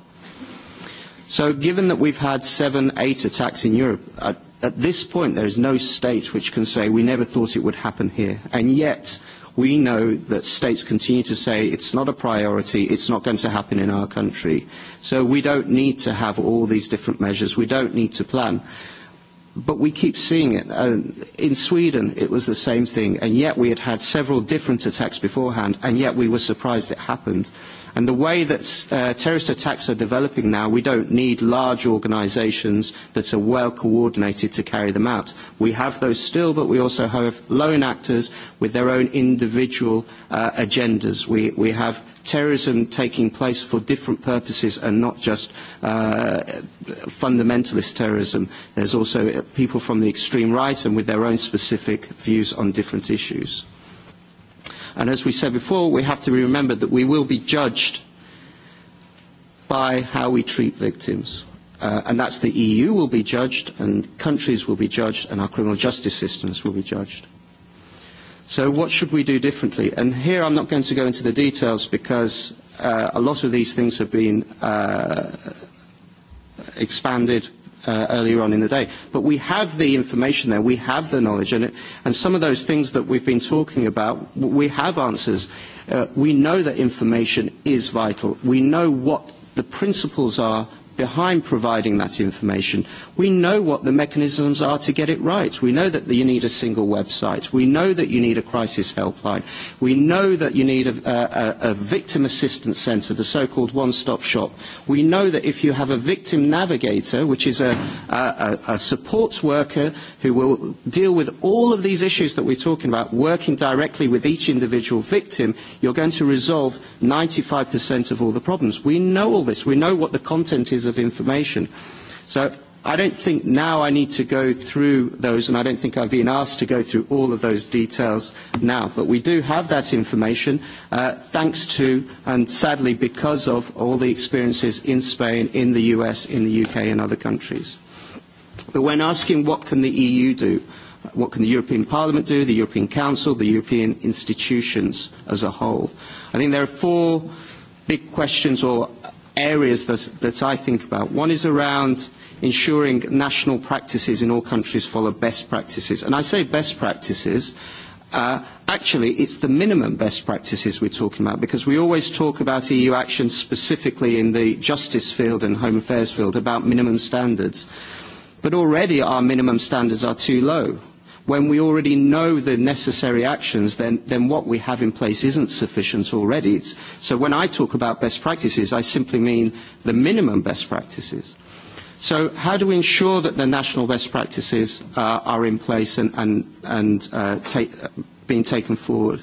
So given that we've had seven, eight attacks in Europe, at, at this point there is no state which can say we never thought it would happen here. And yet we know that states continue to say it's not a priority, it's not going to happen in our country. So we don't need to have all these different measures, we don't need to plan. But we keep seeing it. Uh, in Sweden, it was the same thing, and yet we had had several different attacks beforehand, and yet we were surprised it happened. And the way that uh, terrorist attacks are developing now, we don't need large organisations that are well coordinated to carry them out. We have those still, but we also have lone actors with their own individual uh, agendas. We, we have terrorism taking place for different purposes and not just uh, fundamentalist terrorism. There's also uh, people from the extreme right and with their own specific views on different issues. And as we said before, we have to remember that we will be judged by how we treat victims. Uh, and that's the EU will be judged, and countries will be judged, and our criminal justice systems will be judged. So what should we do differently? And here I'm not going to go into the details because uh, a lot of these things have been uh, expanded uh, earlier on in the day. But we have the information there, we have the knowledge, and, it, and some of those things that we've been talking about, we have answers. Uh, we know that information is vital. We know what the principles are behind providing that information. We know what the mechanisms are to get it right. We know that you need a single website. We know that you need a crisis helpline. We know that you need a, a, a victim assistance centre, the so-called one-stop shop. We know that if you have a victim navigator, which is a, a, a supports worker who will deal with all of these issues that we're talking about, working directly with each individual victim, you're going to resolve 95% of all the problems. We know all this. We know what the content is of information. So I don't think now I need to go through those, and I don't think I've been asked to go through all of those details now. But we do have that information, uh, thanks to, and sadly because of, all the experiences in Spain, in the US, in the UK, and other countries. But when asking what can the EU do, what can the European Parliament do, the European Council, the European institutions as a whole, I think there are four big questions or areas that, that I think about. One is around ensuring national practices in all countries follow best practices. And I say best practices, uh, actually it's the minimum best practices we're talking about because we always talk about EU action specifically in the justice field and home affairs field about minimum standards. But already our minimum standards are too low when we already know the necessary actions, then, then what we have in place isn't sufficient already. It's, so when I talk about best practices, I simply mean the minimum best practices. So how do we ensure that the national best practices uh, are in place and, and, and uh, take, being taken forward?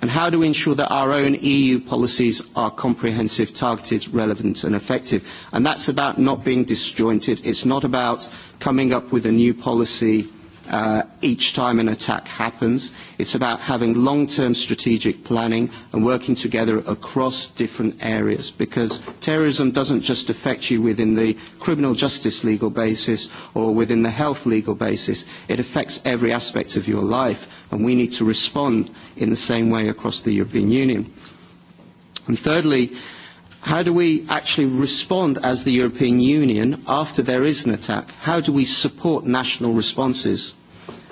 And how do we ensure that our own EU policies are comprehensive, targeted, relevant and effective? And that's about not being disjointed. It's not about coming up with a new policy uh, each time an attack happens. It's about having long-term strategic planning and working together across different areas because terrorism doesn't just affect you within the criminal justice legal basis or within the health legal basis. It affects every aspect of your life and we need to respond in the same way across the European Union. And thirdly, How do we actually respond as the European Union after there is an attack? How do we support national responses?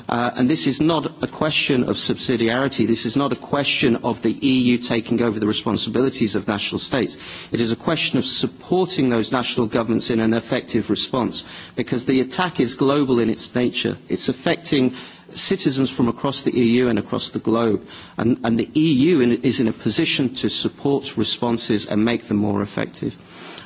Uh, and this is not a question of subsidiarity. This is not a question of the EU taking over the responsibilities of national states. It is a question of supporting those national governments in an effective response, because the attack is global in its nature. It's affecting citizens from across the EU and across the globe. And, and the EU in, is in a position to support responses and make them more effective.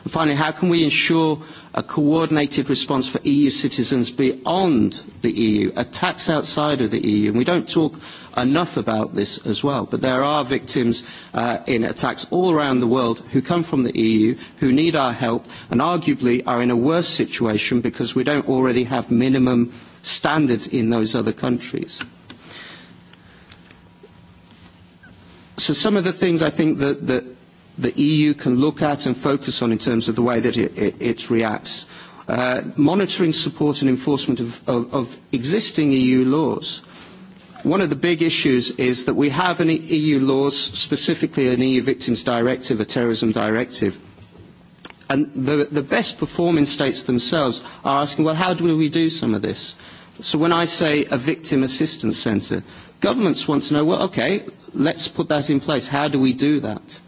And finally, how can we ensure a coordinated response for EU citizens beyond the EU, attacks outside of the EU? And we don't talk enough about this as well, but there are victims uh, in attacks all around the world who come from the EU, who need our help, and arguably are in a worse situation because we don't already have minimum standards in those other countries. So some of the things I think that, that the EU can look at and focus on in terms of the way that it, it, it reacts. Uh, monitoring support and enforcement of, of, of existing EU laws. One of the big issues is that we have an EU laws, specifically an EU Victims Directive, a terrorism directive, and the, the best performing states themselves are asking, well, how do we do some of this? So when I say a victim assistance centre, governments want to know, well, okay, let's put that in place. How do we do that?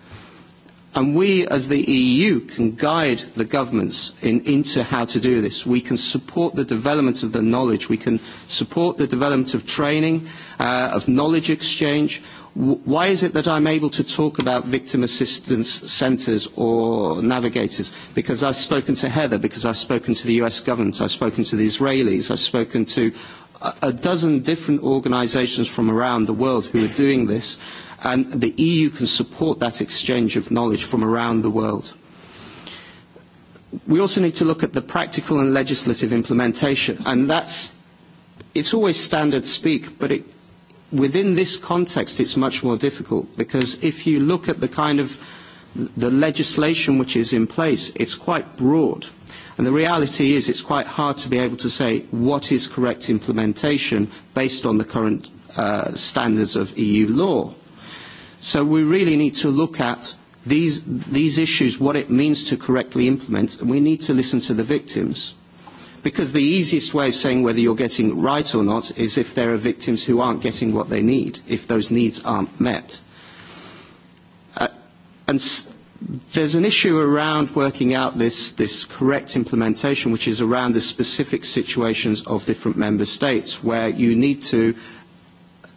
And we, as the EU, can guide the governments in, into how to do this. We can support the development of the knowledge. We can support the development of training, uh, of knowledge exchange. W why is it that I'm able to talk about victim assistance centres or navigators? Because I've spoken to Heather, because I've spoken to the US government, I've spoken to the Israelis, I've spoken to a, a dozen different organisations from around the world who are doing this and the EU can support that exchange of knowledge from around the world. We also need to look at the practical and legislative implementation, and that's, it's always standard speak, but it, within this context it's much more difficult because if you look at the kind of the legislation which is in place, it's quite broad. And the reality is it's quite hard to be able to say what is correct implementation based on the current uh, standards of EU law. So we really need to look at these, these issues, what it means to correctly implement, and we need to listen to the victims. Because the easiest way of saying whether you're getting it right or not is if there are victims who aren't getting what they need, if those needs aren't met. Uh, and there's an issue around working out this, this correct implementation, which is around the specific situations of different member states, where you need to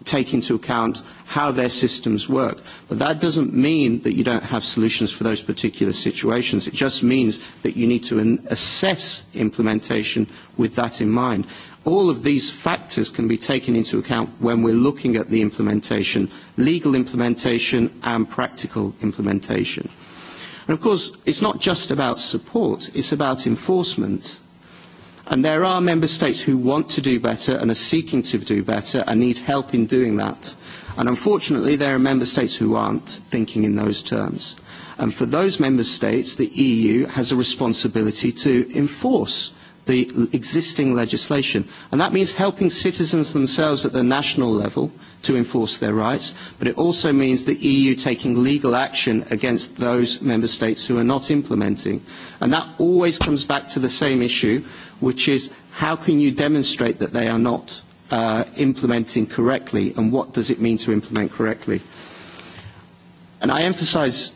take into account how their systems work. But that doesn't mean that you don't have solutions for those particular situations. It just means that you need to in- assess implementation with that in mind. All of these factors can be taken into account when we're looking at the implementation, legal implementation and practical implementation. And of course, it's not just about support, it's about enforcement And there are member states who want to do better and are seeking to do better and need help in doing that. And unfortunately, there are member states who aren't thinking in those terms. And for those member states, the EU has a responsibility to enforce the existing legislation. And that means helping citizens themselves at the national level to enforce their rights, but it also means the EU taking legal action against those member states who are not implementing. And that always comes back to the same issue, which is how can you demonstrate that they are not uh, implementing correctly and what does it mean to implement correctly? And I emphasize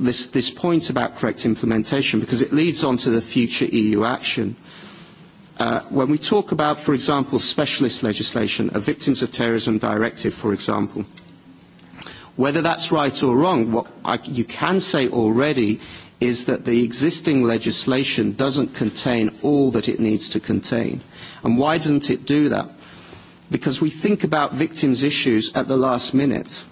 this, this point about correct implementation because it leads on to the future EU action. Uh, when we talk about, for example, specialist legislation, a Victims of Terrorism Directive, for example, whether that's right or wrong, what I, you can say already is that the existing legislation doesn't contain all that it needs to contain. And why doesn't it do that? Because we think about victims' issues at the last minute.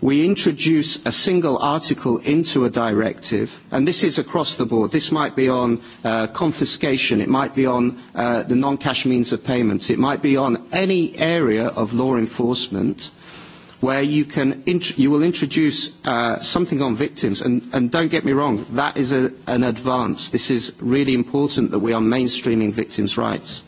We introduce a single article into a directive, and this is across the board. This might be on uh, confiscation, it might be on uh, the non-cash means of payments, it might be on any area of law enforcement where you, can int- you will introduce uh, something on victims. And, and don't get me wrong, that is a, an advance. This is really important that we are mainstreaming victims' rights.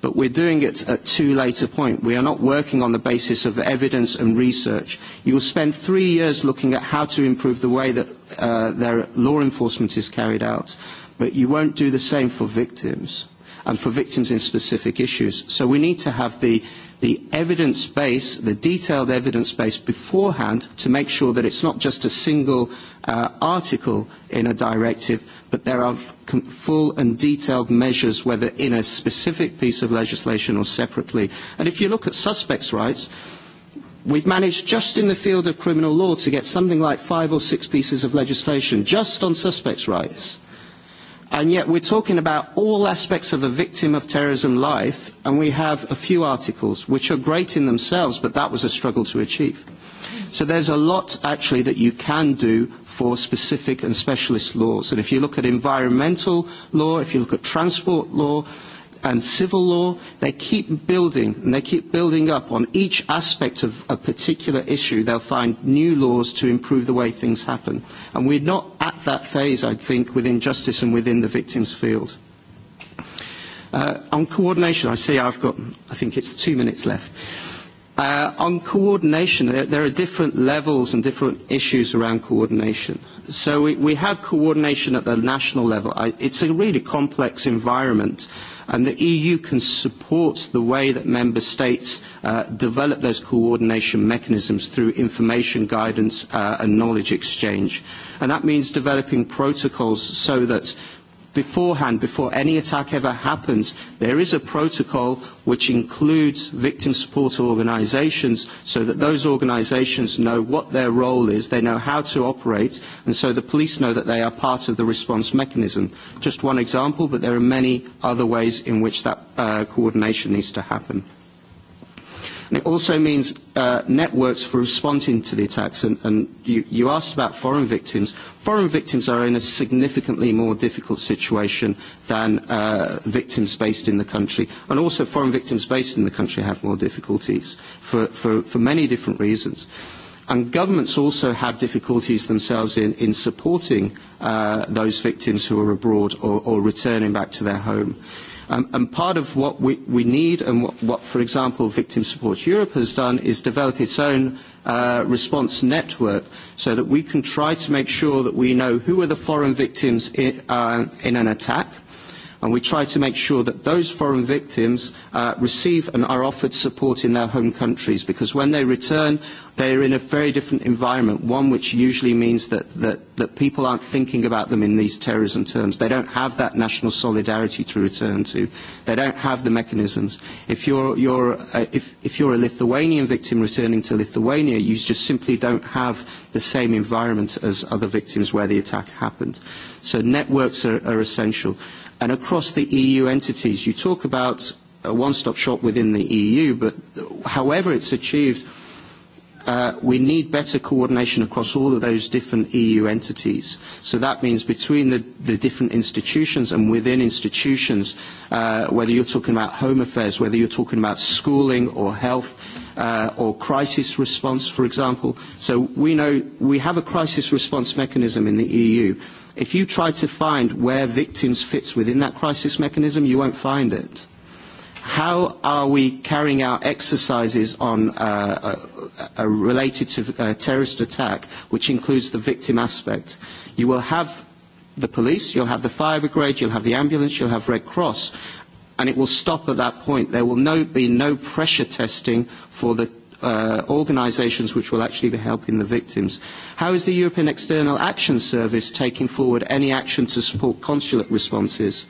But we're doing it at too late a point. We are not working on the basis of evidence and research. You will spend three years looking at how to improve the way that uh, their law enforcement is carried out, but you won't do the same for victims and for victims in specific issues. So we need to have the the evidence base, the detailed evidence base beforehand to make sure that it's not just a single uh, article in a directive, but there are full and detailed measures, whether in a specific piece of legislation or separately. And if you look at suspects' rights, We've managed just in the field of criminal law to get something like five or six pieces of legislation just on suspects' rights. And yet we're talking about all aspects of a victim of terrorism life, and we have a few articles which are great in themselves, but that was a struggle to achieve. So there's a lot actually that you can do for specific and specialist laws. And if you look at environmental law, if you look at transport law, and civil law, they keep building and they keep building up on each aspect of a particular issue. They'll find new laws to improve the way things happen. And we're not at that phase, I think, within justice and within the victims field. Uh, on coordination, I see I've got, I think it's two minutes left. Uh, on coordination, there, there are different levels and different issues around coordination. So we, we have coordination at the national level. I, it's a really complex environment, and the EU can support the way that member states uh, develop those coordination mechanisms through information guidance uh, and knowledge exchange. And that means developing protocols so that beforehand, before any attack ever happens, there is a protocol which includes victim support organisations so that those organisations know what their role is, they know how to operate, and so the police know that they are part of the response mechanism. Just one example, but there are many other ways in which that uh, coordination needs to happen. And it also means uh, networks for responding to the attacks. And, and you, you asked about foreign victims. Foreign victims are in a significantly more difficult situation than uh, victims based in the country. And also foreign victims based in the country have more difficulties for, for, for many different reasons. And governments also have difficulties themselves in, in supporting uh, those victims who are abroad or, or returning back to their home. Uh, Um, and part of what we, we need and what, what, for example, Victim Support Europe has done is develop its own uh, response network so that we can try to make sure that we know who are the foreign victims in, uh, in an attack – and we try to make sure that those foreign victims uh, receive and are offered support in their home countries because when they return they are in a very different environment, one which usually means that, that, that people aren't thinking about them in these terrorism terms. They don't have that national solidarity to return to. They don't have the mechanisms. If you're, you're, uh, if, if you're a Lithuanian victim returning to Lithuania, you just simply don't have the same environment as other victims where the attack happened. So networks are, are essential and across the EU entities. You talk about a one-stop shop within the EU, but however it's achieved, uh, we need better coordination across all of those different EU entities. So that means between the, the different institutions and within institutions, uh, whether you're talking about home affairs, whether you're talking about schooling or health uh, or crisis response, for example. So we know we have a crisis response mechanism in the EU If you try to find where victims fits within that crisis mechanism, you won't find it. How are we carrying out exercises on, uh, uh, uh, related to a uh, terrorist attack, which includes the victim aspect? You will have the police, you'll have the fire brigade, you'll have the ambulance, you'll have Red Cross, and it will stop at that point. There will no, be no pressure testing for the uh, organisations which will actually be helping the victims. How is the European External Action Service taking forward any action to support consulate responses?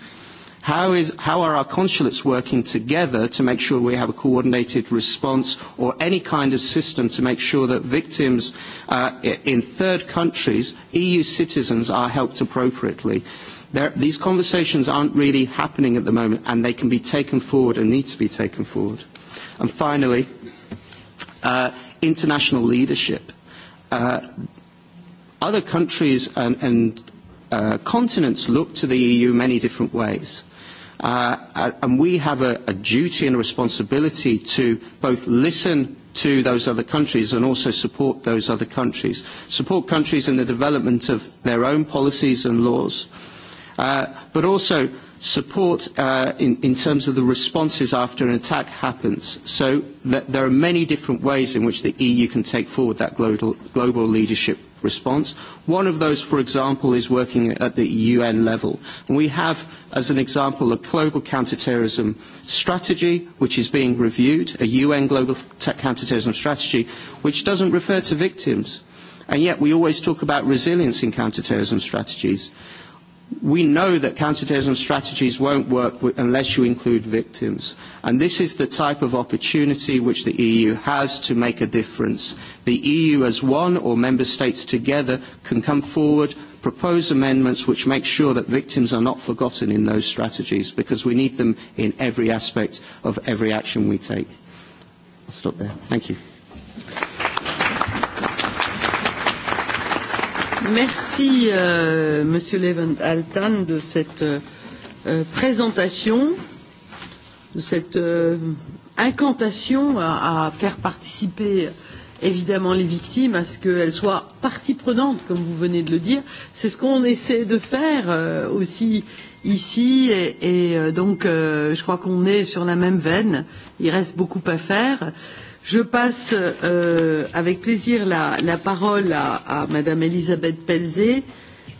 How, is, how are our consulates working together to make sure we have a coordinated response or any kind of system to make sure that victims uh, in third countries, EU citizens, are helped appropriately? There, these conversations aren't really happening at the moment and they can be taken forward and need to be taken forward. And finally, uh, international leadership. Uh, other countries and, and uh, continents look to the EU many different ways. Uh, and we have a, a duty and a responsibility to both listen to those other countries and also support those other countries. Support countries in the development of their own policies and laws, uh, but also support uh, in, in terms of the responses after an attack happens. So that there are many different ways in which the EU can take forward that global, global leadership response. One of those, for example, is working at the UN level. And we have, as an example, a global counterterrorism strategy, which is being reviewed, a UN global counterterrorism strategy, which doesn't refer to victims. And yet we always talk about resilience in counterterrorism strategies we know that counterterrorism strategies won't work unless you include victims. And this is the type of opportunity which the EU has to make a difference. The EU as one or member states together can come forward, propose amendments which make sure that victims are not forgotten in those strategies because we need them in every aspect of every action we take. I'll stop there. Thank you. Merci, euh, Monsieur Levent Altan, de cette euh, euh, présentation, de cette euh, incantation à, à faire participer évidemment les victimes à ce qu'elles soient partie prenante, comme vous venez de le dire. C'est ce qu'on essaie de faire euh, aussi ici, et, et euh, donc euh, je crois qu'on est sur la même veine. Il reste beaucoup à faire. Euh, Je passe euh, avec plaisir la, la parole à, à Madame Elisabeth Pelzé,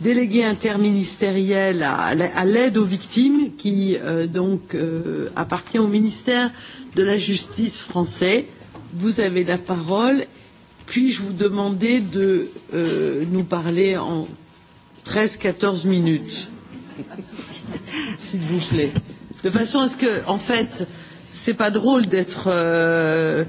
déléguée interministérielle à, à l'aide aux victimes, qui euh, donc euh, appartient au ministère de la Justice français. Vous avez la parole. Puis-je vous demander de euh, nous parler en 13-14 minutes, s'il vous plaît, de façon à ce que, en fait, ce n'est pas drôle d'être euh,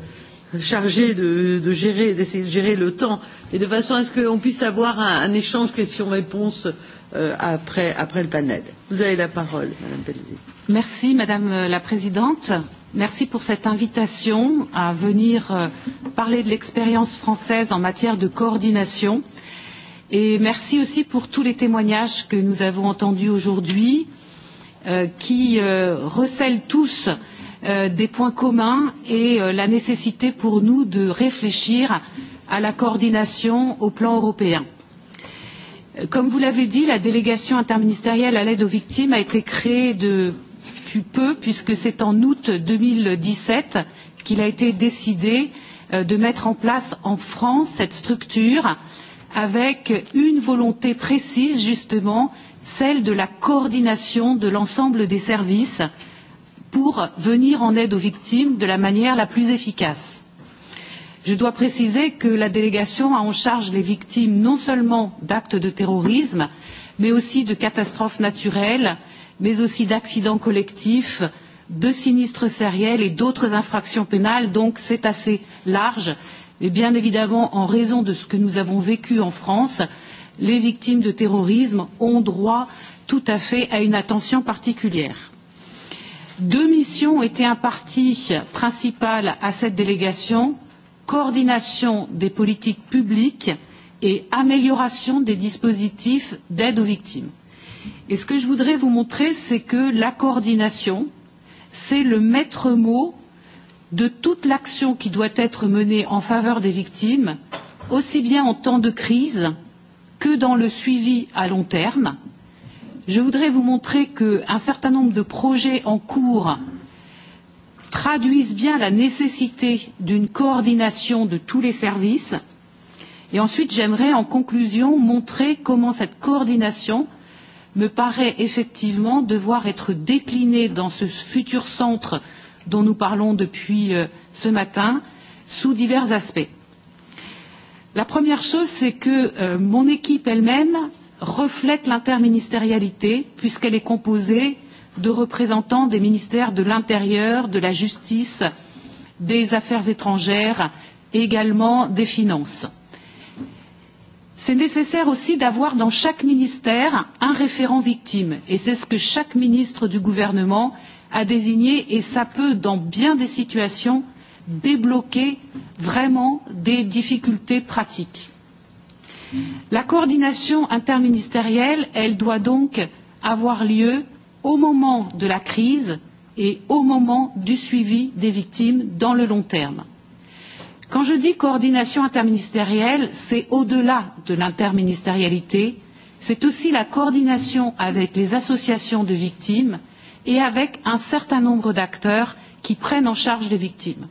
chargé de, de gérer, d'essayer de gérer le temps, et de façon à ce qu'on puisse avoir un, un échange questions-réponses euh, après, après le panel. Vous avez la parole, Madame Pellizi. Merci, Madame la Présidente. Merci pour cette invitation à venir euh, parler de l'expérience française en matière de coordination. Et merci aussi pour tous les témoignages que nous avons entendus aujourd'hui, euh, qui euh, recèlent tous euh, Euh, des points communs et euh, la nécessité pour nous de réfléchir à la coordination au plan européen. Comme vous l'avez dit, la délégation interministérielle à l'aide aux victimes a été créée depuis peu, puisque c'est en août 2017 qu'il a été décidé euh, de mettre en place en France cette structure avec une volonté précise, justement, celle de la coordination de l'ensemble des services euh, pour venir en aide aux victimes de la manière la plus efficace. Je dois préciser que la délégation a en charge les victimes non seulement d'actes de terrorisme, mais aussi de catastrophes naturelles, mais aussi d'accidents collectifs, de sinistres sériels et d'autres infractions pénales, donc c'est assez large. Et bien évidemment, en raison de ce que nous avons vécu en France, les victimes de terrorisme ont droit tout à fait à une attention particulière. Deux missions ont été imparties principales à cette délégation coordination des politiques publiques et amélioration des dispositifs d'aide aux victimes. Et ce que je voudrais vous montrer, c'est que la coordination, c'est le maître mot de toute l'action qui doit être menée en faveur des victimes, aussi bien en temps de crise que dans le suivi à long terme, Je voudrais vous montrer qu'un certain nombre de projets en cours traduisent bien la nécessité d'une coordination de tous les services. Et ensuite, j'aimerais en conclusion montrer comment cette coordination me paraît effectivement devoir être déclinée dans ce futur centre dont nous parlons depuis euh, ce matin sous divers aspects. La première chose, c'est que euh, mon équipe elle-même reflète l'interministérialité puisqu'elle est composée de représentants des ministères de l'Intérieur, de la Justice, des Affaires étrangères et également des Finances. C'est nécessaire aussi d'avoir dans chaque ministère un référent victime et c'est ce que chaque ministre du gouvernement a désigné et ça peut, dans bien des situations, débloquer vraiment des difficultés pratiques La coordination interministérielle, elle doit donc avoir lieu au moment de la crise et au moment du suivi des victimes dans le long terme. Quand je dis coordination interministérielle, c'est au-delà de l'interministérialité, c'est aussi la coordination avec les associations de victimes et avec un certain nombre d'acteurs qui prennent en charge les victimes.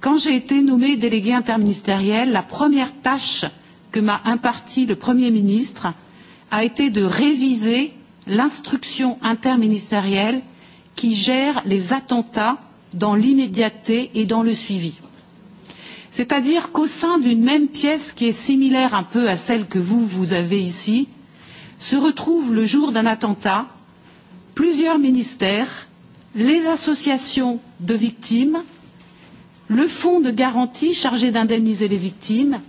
Quand j'ai été nommée déléguée interministérielle, la première tâche que m'a imparti le Premier ministre a été de réviser l'instruction interministérielle qui gère les attentats dans l'immédiateté et dans le suivi. C'est-à-dire qu'au sein d'une même pièce qui est similaire un peu à celle que vous, vous avez ici, se retrouvent le jour d'un attentat plusieurs ministères, les associations de victimes, le fonds de garantie chargé d'indemniser les victimes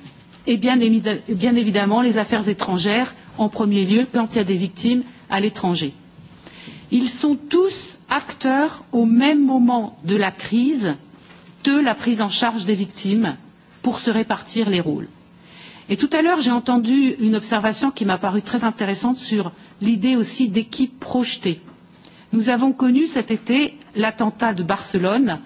et bien, évidemment les affaires étrangères en premier lieu quand il y a des victimes à l'étranger. Ils sont tous acteurs au même moment de la crise de la prise en charge des victimes pour se répartir les rôles. Et tout à l'heure, j'ai entendu une observation qui m'a paru très intéressante sur l'idée aussi d'équipe projetée. Nous avons connu cet été l'attentat de Barcelone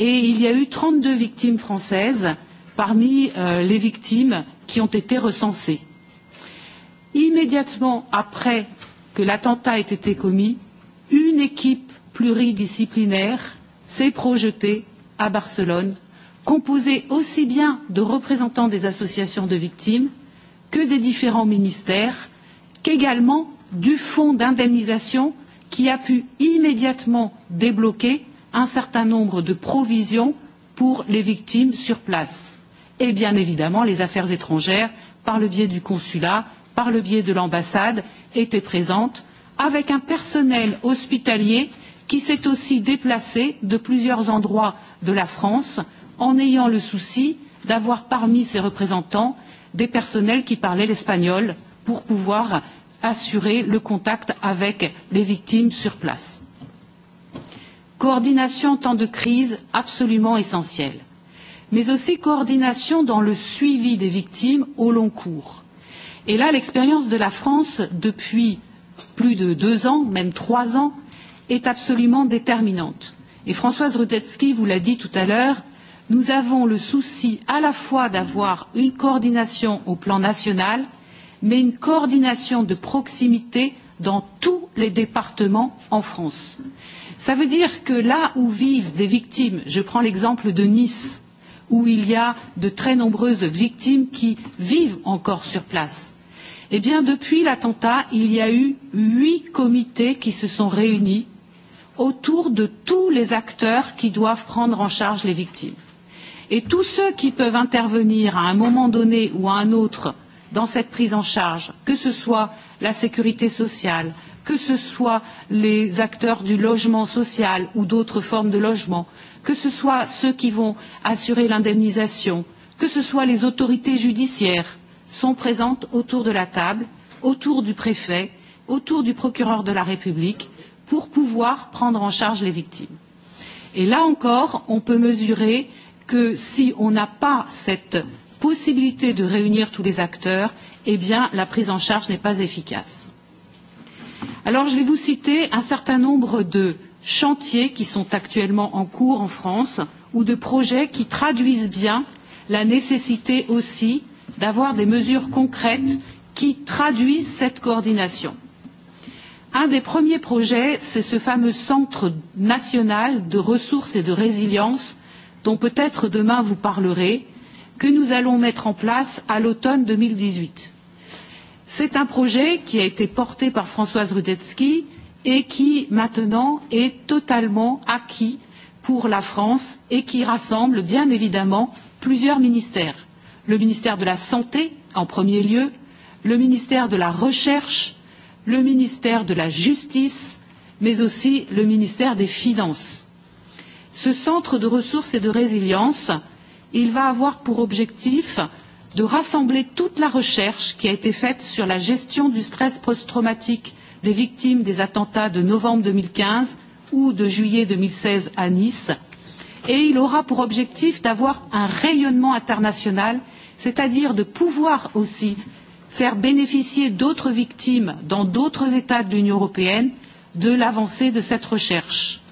et il y a eu 32 victimes françaises parmi euh, les victimes qui ont été recensées. Immédiatement après que l'attentat ait été commis, une équipe pluridisciplinaire s'est projetée à Barcelone, composée aussi bien de représentants des associations de victimes que des différents ministères, qu'également du fonds d'indemnisation qui a pu immédiatement débloquer un certain nombre de provisions pour les victimes sur place et bien évidemment les affaires étrangères par le biais du consulat, par le biais de l'ambassade étaient présentes avec un personnel hospitalier qui s'est aussi déplacé de plusieurs endroits de la France en ayant le souci d'avoir parmi ses représentants des personnels qui parlaient l'espagnol pour pouvoir assurer le contact avec les victimes sur place. Coordination en temps de crise absolument essentielle mais aussi coordination dans le suivi des victimes au long cours. Et là, l'expérience de la France depuis plus de deux ans, même trois ans, est absolument déterminante. Et Françoise Rudetsky vous l'a dit tout à l'heure, nous avons le souci à la fois d'avoir une coordination au plan national, mais une coordination de proximité dans tous les départements en France. Ça veut dire que là où vivent des victimes, je prends l'exemple de Nice, où il y a de très nombreuses victimes qui vivent encore sur place. Eh bien, depuis l'attentat, il y a eu huit comités qui se sont réunis autour de tous les acteurs qui doivent prendre en charge les victimes. Et tous ceux qui peuvent intervenir à un moment donné ou à un autre dans cette prise en charge, que ce soit la sécurité sociale, que ce soit les acteurs du logement social ou d'autres formes de logement, que ce soit ceux qui vont assurer l'indemnisation, que ce soit les autorités judiciaires, sont présentes autour de la table, autour du préfet, autour du procureur de la République, pour pouvoir prendre en charge les victimes. Et là encore, on peut mesurer que si on n'a pas cette possibilité de réunir tous les acteurs, eh bien, la prise en charge n'est pas efficace. Alors, je vais vous citer un certain nombre de chantiers qui sont actuellement en cours en France ou de projets qui traduisent bien la nécessité aussi d'avoir des mesures concrètes qui traduisent cette coordination. Un des premiers projets, c'est ce fameux Centre national de ressources et de résilience dont peut-être demain vous parlerez, que nous allons mettre en place à l'automne 2018. C'est un projet qui a été porté par Françoise Rudetsky, et qui maintenant est totalement acquis pour la France et qui rassemble bien évidemment plusieurs ministères le ministère de la Santé en premier lieu, le ministère de la Recherche, le ministère de la Justice, mais aussi le ministère des Finances. Ce centre de ressources et de résilience, il va avoir pour objectif de rassembler toute la recherche qui a été faite sur la gestion du stress post-traumatique les victimes des attentats de novembre 2015 ou de juillet 2016 à Nice. Et il aura pour objectif d'avoir un rayonnement international, c'est-à-dire de pouvoir aussi faire bénéficier d'autres victimes dans d'autres États de l'Union européenne de l'avancée de cette recherche.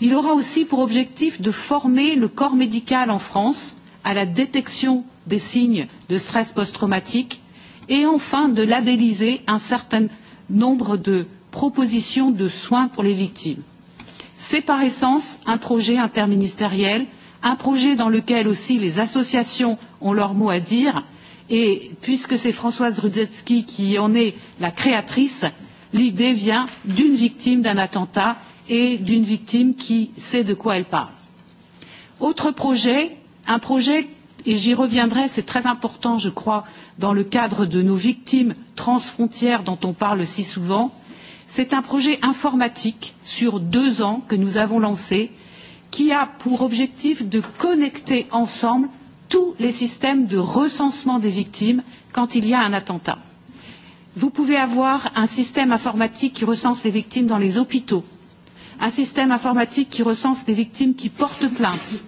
Il aura aussi pour objectif de former le corps médical en France à la détection des signes de stress post-traumatique et enfin de labelliser un certain nombre nombre de propositions de soins pour les victimes. C'est par essence un projet interministériel, un projet dans lequel aussi les associations ont leur mot à dire, et puisque c'est Françoise Rudzetsky qui en est la créatrice, l'idée vient d'une victime d'un attentat et d'une victime qui sait de quoi elle parle. Autre projet, un projet et j'y reviendrai, c'est très important, je crois, dans le cadre de nos victimes transfrontières dont on parle si souvent, c'est un projet informatique sur deux ans que nous avons lancé qui a pour objectif de connecter ensemble tous les systèmes de recensement des victimes quand il y a un attentat. Vous pouvez avoir un système informatique qui recense les victimes dans les hôpitaux, un système informatique qui recense les victimes qui portent plainte,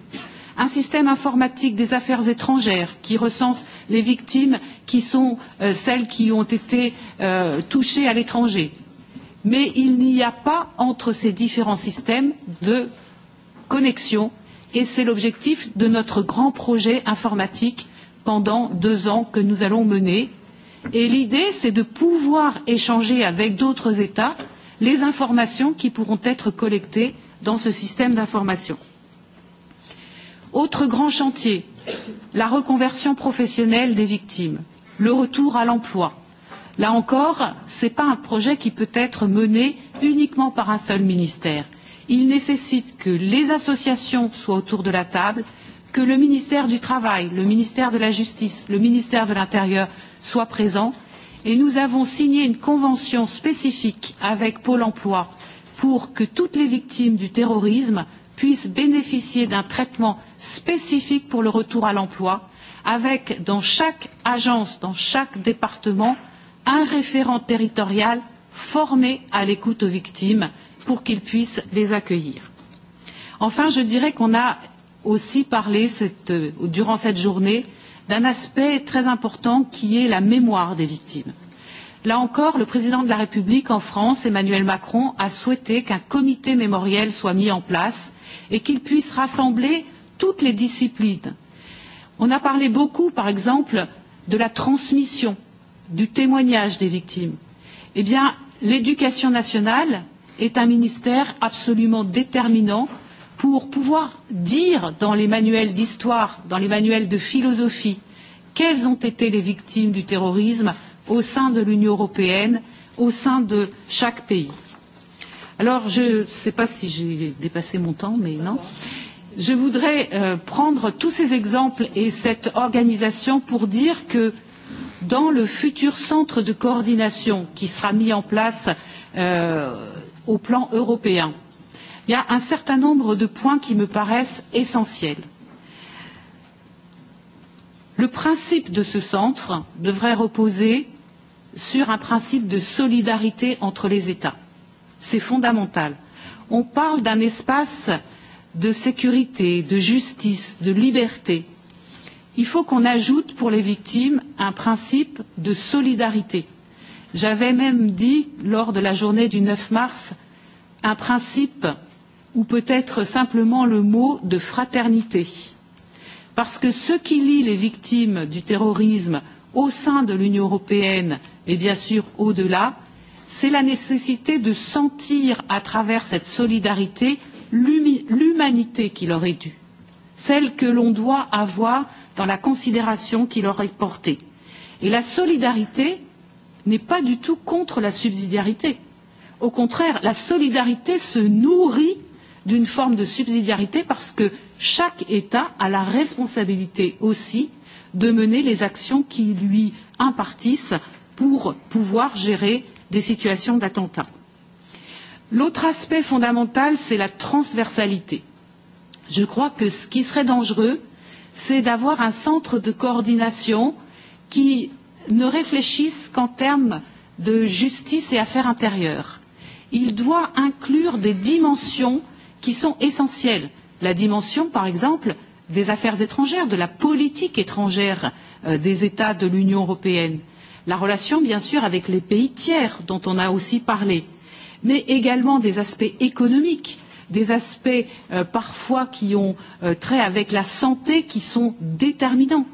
un système informatique des affaires étrangères qui recense les victimes qui sont euh, celles qui ont été euh, touchées à l'étranger. Mais il n'y a pas entre ces différents systèmes de connexion et c'est l'objectif de notre grand projet informatique pendant deux ans que nous allons mener. Et l'idée, c'est de pouvoir échanger avec d'autres États les informations qui pourront être collectées dans ce système d'information. Autre grand chantier, la reconversion professionnelle des victimes, le retour à l'emploi. Là encore, ce n'est pas un projet qui peut être mené uniquement par un seul ministère. Il nécessite que les associations soient autour de la table, que le ministère du Travail, le ministère de la Justice, le ministère de l'Intérieur soient présents et nous avons signé une convention spécifique avec Pôle emploi pour que toutes les victimes du terrorisme puissent bénéficier d'un traitement spécifique pour le retour à l'emploi, avec dans chaque agence, dans chaque département, un référent territorial formé à l'écoute aux victimes pour qu'il puisse les accueillir. Enfin, je dirais qu'on a aussi parlé cette, euh, durant cette journée d'un aspect très important qui est la mémoire des victimes. Là encore, le président de la République en France, Emmanuel Macron, a souhaité qu'un comité mémoriel soit mis en place et qu'il puisse rassembler toutes les disciplines. On a parlé beaucoup, par exemple, de la transmission, du témoignage des victimes. Eh bien, l'éducation nationale est un ministère absolument déterminant pour pouvoir dire dans les manuels d'histoire, dans les manuels de philosophie, quelles ont été les victimes du terrorisme au sein de l'Union européenne, au sein de chaque pays. Alors, je ne sais pas si j'ai dépassé mon temps, mais non. Je voudrais euh, prendre tous ces exemples et cette organisation pour dire que dans le futur centre de coordination qui sera mis en place euh, au plan européen, il y a un certain nombre de points qui me paraissent essentiels. Le principe de ce centre devrait reposer sur un principe de solidarité entre les États. C'est fondamental. On parle d'un espace de sécurité, de justice, de liberté. Il faut qu'on ajoute pour les victimes un principe de solidarité. J'avais même dit, lors de la journée du 9 mars, un principe ou peut-être simplement le mot de fraternité. Parce que ce qui lie les victimes du terrorisme au sein de l'Union européenne et bien sûr au-delà, c'est la nécessité de sentir à travers cette solidarité l'humanité qui leur est due, celle que l'on doit avoir dans la considération qui leur est portée. Et la solidarité n'est pas du tout contre la subsidiarité. Au contraire, la solidarité se nourrit d'une forme de subsidiarité parce que chaque État a la responsabilité aussi de mener les actions qui lui impartissent pour pouvoir gérer des situations d'attentat. L'autre aspect fondamental, c'est la transversalité. Je crois que ce qui serait dangereux, c'est d'avoir un centre de coordination qui ne réfléchisse qu'en termes de justice et affaires intérieures. Il doit inclure des dimensions qui sont essentielles. La dimension, par exemple, des affaires étrangères, de la politique étrangère euh, des États de l'Union européenne, la relation bien sûr avec les pays tiers dont on a aussi parlé, mais également des aspects économiques, des aspects euh, parfois qui ont euh, trait avec la santé qui sont déterminants.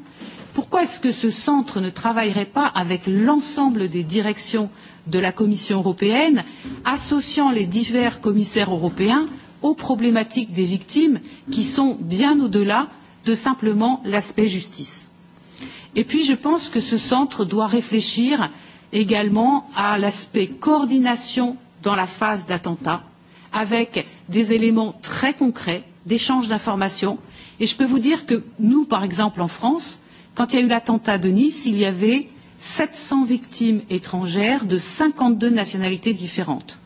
Pourquoi est-ce que ce centre ne travaillerait pas avec l'ensemble des directions de la Commission européenne, associant les divers commissaires européens aux problématiques des victimes qui sont bien au-delà de simplement l'aspect justice et puis, je pense que ce centre doit réfléchir également à l'aspect coordination dans la phase d'attentat, avec des éléments très concrets d'échange d'informations. Et je peux vous dire que nous, par exemple, en France, quand il y a eu l'attentat de Nice, il y avait 700 victimes étrangères de 52 nationalités différentes.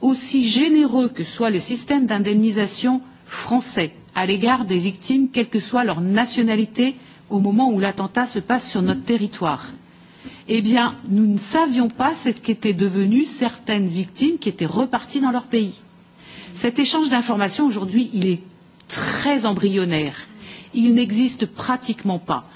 Aussi généreux que soit le système d'indemnisation français à l'égard des victimes, quelle que soit leur nationalité au moment où l'attentat se passe sur notre territoire. Eh bien, nous ne savions pas ce qu'étaient devenues certaines victimes qui étaient reparties dans leur pays. Cet échange d'informations aujourd'hui, il est très embryonnaire. Il n'existe pratiquement pas.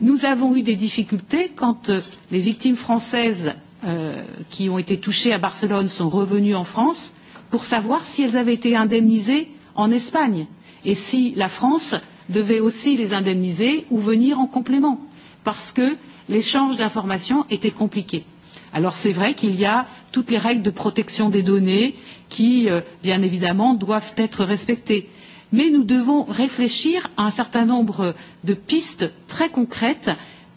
Nous avons eu des difficultés quand euh, les victimes françaises euh, qui ont été touchées à Barcelone sont revenues en France pour savoir si elles avaient été indemnisées en Espagne et si la France euh, devait aussi les indemniser ou venir en complément, parce que l'échange d'informations était compliqué. Alors c'est vrai qu'il y a toutes les règles de protection des données qui, euh, bien évidemment, doivent être respectées. Mais nous devons réfléchir à un certain nombre de pistes très concrètes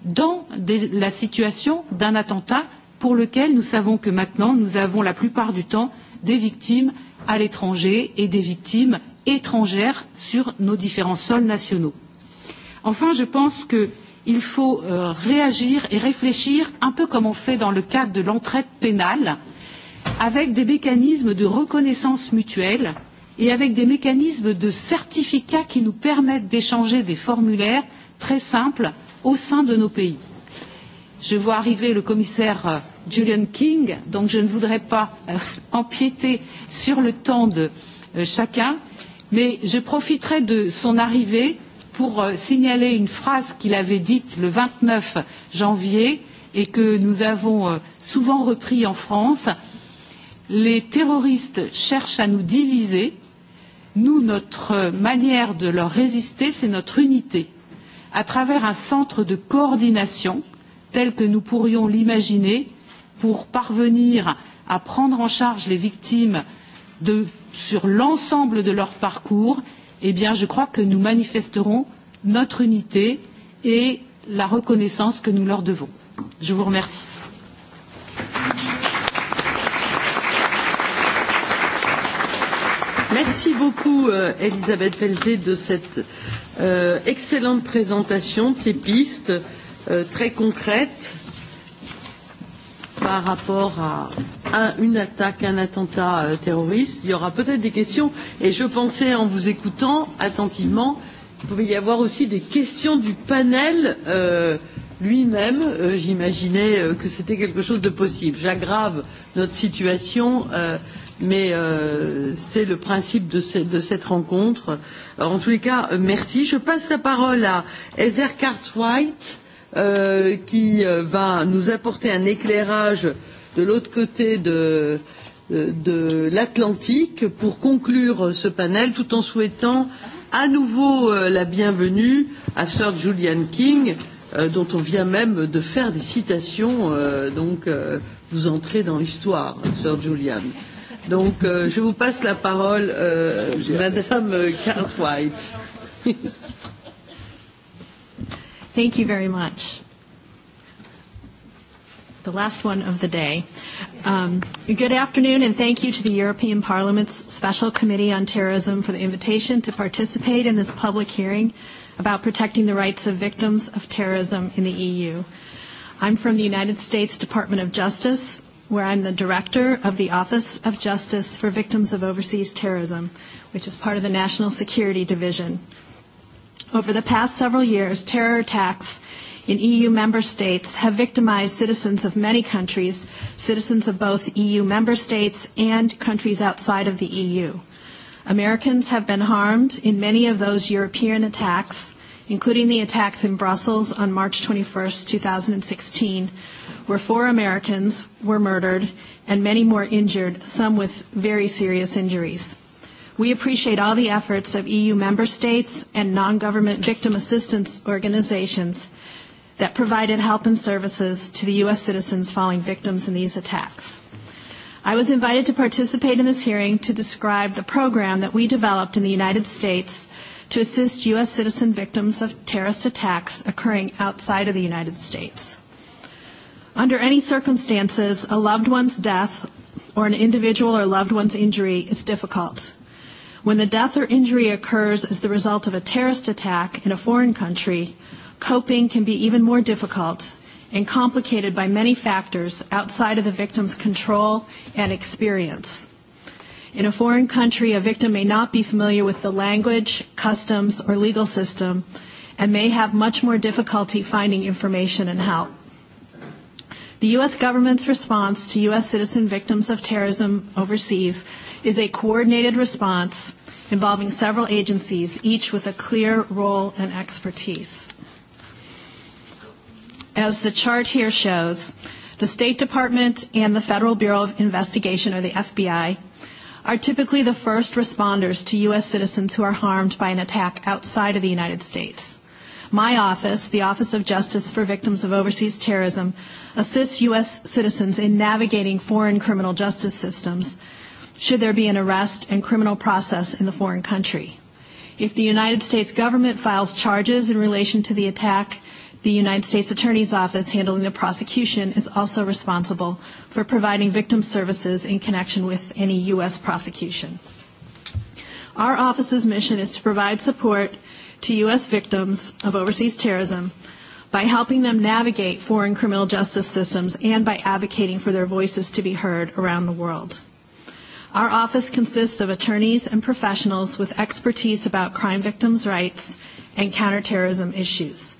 dans des, la situation d'un attentat pour lequel nous savons que maintenant nous avons la plupart du temps des victimes à l'étranger et des victimes étrangères sur nos différents sols nationaux. Enfin, je pense qu'il faut euh, réagir et réfléchir un peu comme on fait dans le cadre de l'entraide pénale, avec des mécanismes de reconnaissance mutuelle et avec des mécanismes de certificats qui nous permettent d'échanger des formulaires très simples au sein de nos pays. Je vois arriver le commissaire euh, Julian King, donc je ne voudrais pas euh, empiéter sur le temps de euh, chacun, mais je profiterai de son arrivée pour euh, signaler une phrase qu'il avait dite le 29 janvier et que nous avons euh, souvent repris en France. Les terroristes cherchent à nous diviser. Nous, notre manière de leur résister, c'est notre unité. À travers un centre de coordination tel que nous pourrions l'imaginer pour parvenir à prendre en charge les victimes de sur l'ensemble de leur parcours, eh bien, je crois que nous manifesterons notre unité et la reconnaissance que nous leur devons. Je vous remercie. Merci beaucoup euh, Elisabeth Pelzé de cette euh, excellente présentation de ces pistes euh, très concrètes par rapport à un, une attaque, un attentat euh, terroriste, il y aura peut-être des questions. Et je pensais, en vous écoutant attentivement, il pouvait y avoir aussi des questions du panel euh, lui-même. Euh, J'imaginais euh, que c'était quelque chose de possible. J'aggrave notre situation. Euh, mais euh, c'est le principe de, ce, de cette rencontre. Alors, en tous les cas, euh, merci. Je passe la parole à Heather Cartwright euh, qui euh, va nous apporter un éclairage de l'autre côté de, euh, de l'Atlantique pour conclure ce panel tout en souhaitant à nouveau euh, la bienvenue à Sir Julian King dont on vient même de faire des citations donc vous entrez dans l'histoire Sir Julian. Donc je vous passe la parole euh, Madame Cartwright. Thank you very much. The last one of the day. Um, good afternoon, and thank you to the European Parliament's Special Committee on Terrorism for the invitation to participate in this public hearing about protecting the rights of victims of terrorism in the EU. I'm from the United States Department of Justice, where I'm the director of the Office of Justice for Victims of Overseas Terrorism, which is part of the National Security Division. Over the past several years, terror attacks in EU member states have victimized citizens of many countries, citizens of both EU member states and countries outside of the EU. Americans have been harmed in many of those European attacks, including the attacks in Brussels on March 21, 2016, where four Americans were murdered and many more injured, some with very serious injuries. We appreciate all the efforts of EU member states and non-government victim assistance organizations that provided help and services to the U.S. citizens falling victims in these attacks. I was invited to participate in this hearing to describe the program that we developed in the United States to assist U.S. citizen victims of terrorist attacks occurring outside of the United States. Under any circumstances, a loved one's death or an individual or loved one's injury is difficult. When the death or injury occurs as the result of a terrorist attack in a foreign country, coping can be even more difficult and complicated by many factors outside of the victim's control and experience. In a foreign country, a victim may not be familiar with the language, customs, or legal system and may have much more difficulty finding information and help. The U.S. government's response to U.S. citizen victims of terrorism overseas is a coordinated response involving several agencies, each with a clear role and expertise. As the chart here shows, the State Department and the Federal Bureau of Investigation, or the FBI, are typically the first responders to U.S. citizens who are harmed by an attack outside of the United States my office, the Office of Justice for Victims of Overseas Terrorism, assists U.S. citizens in navigating foreign criminal justice systems should there be an arrest and criminal process in the foreign country. If the United States government files charges in relation to the attack, the United States Attorney's Office handling the prosecution is also responsible for providing victim services in connection with any U.S. prosecution. Our office's mission is to provide support to U.S. victims of overseas terrorism by helping them navigate foreign criminal justice systems and by advocating for their voices to be heard around the world. Our office consists of attorneys and professionals with expertise about crime victims' rights and counterterrorism issues.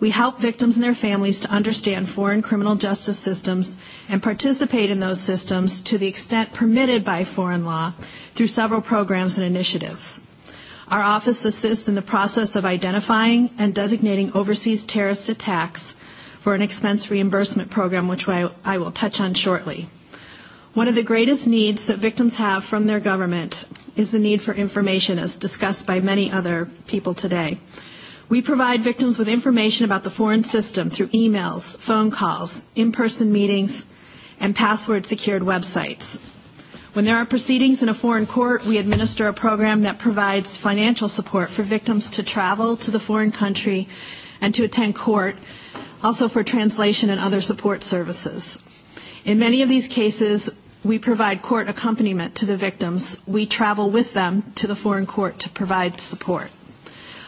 We help victims and their families to understand foreign criminal justice systems and participate in those systems to the extent permitted by foreign law through several programs and initiatives. Our office assists in the process of identifying and designating overseas terrorist attacks for an expense reimbursement program, which I, I will touch on shortly. One of the greatest needs that victims have from their government is the need for information, as discussed by many other people today. We provide victims with information about the foreign system through emails, phone calls, in person meetings, and password secured websites. When there are proceedings in a foreign court, we administer a program that provides financial support for victims to travel to the foreign country and to attend court, also for translation and other support services. In many of these cases, we provide court accompaniment to the victims. We travel with them to the foreign court to provide support.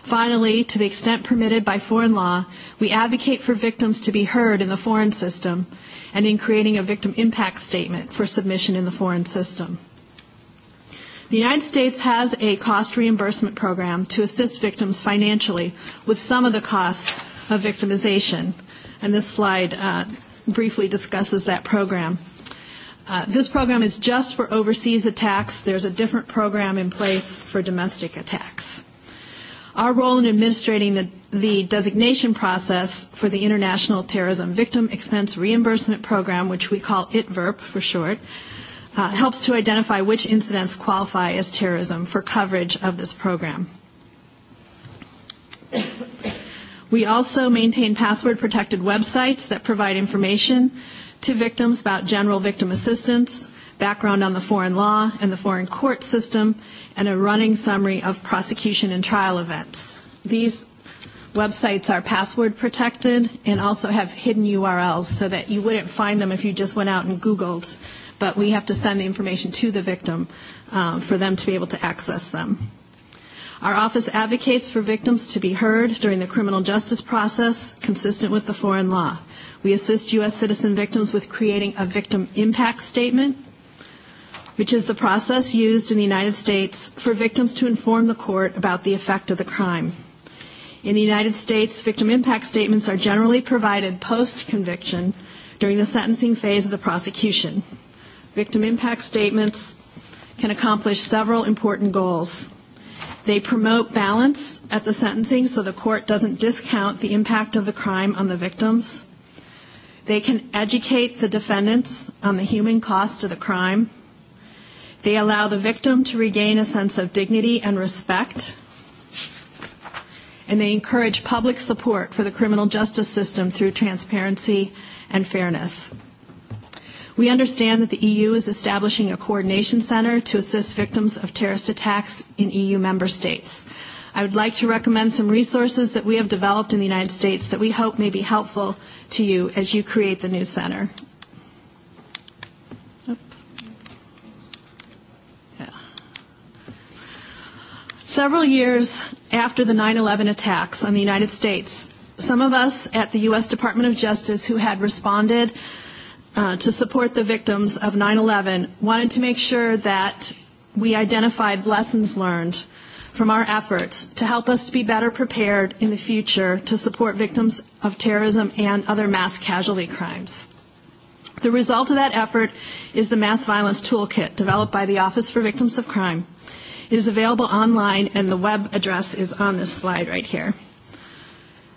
Finally, to the extent permitted by foreign law, we advocate for victims to be heard in the foreign system and in creating a victim impact statement for submission in the foreign system. The United States has a cost reimbursement program to assist victims financially with some of the costs of victimization. And this slide uh, briefly discusses that program. Uh, this program is just for overseas attacks. There's a different program in place for domestic attacks. Our role in administrating the, the designation process for the International Terrorism Victim Expense Reimbursement Program, which we call ITVRP for short, uh, helps to identify which incidents qualify as terrorism for coverage of this program. We also maintain password protected websites that provide information to victims about general victim assistance, background on the foreign law and the foreign court system, and a running summary of prosecution and trial events. These websites are password protected and also have hidden URLs so that you wouldn't find them if you just went out and Googled, but we have to send the information to the victim uh, for them to be able to access them. Our office advocates for victims to be heard during the criminal justice process consistent with the foreign law. We assist U.S. citizen victims with creating a victim impact statement which is the process used in the United States for victims to inform the court about the effect of the crime. In the United States, victim impact statements are generally provided post-conviction during the sentencing phase of the prosecution. Victim impact statements can accomplish several important goals. They promote balance at the sentencing so the court doesn't discount the impact of the crime on the victims. They can educate the defendants on the human cost of the crime. They allow the victim to regain a sense of dignity and respect. And they encourage public support for the criminal justice system through transparency and fairness. We understand that the EU is establishing a coordination center to assist victims of terrorist attacks in EU member states. I would like to recommend some resources that we have developed in the United States that we hope may be helpful to you as you create the new center. Several years after the 9-11 attacks on the United States, some of us at the U.S. Department of Justice who had responded uh, to support the victims of 9-11 wanted to make sure that we identified lessons learned from our efforts to help us to be better prepared in the future to support victims of terrorism and other mass casualty crimes. The result of that effort is the Mass Violence Toolkit developed by the Office for Victims of Crime It is available online, and the web address is on this slide right here.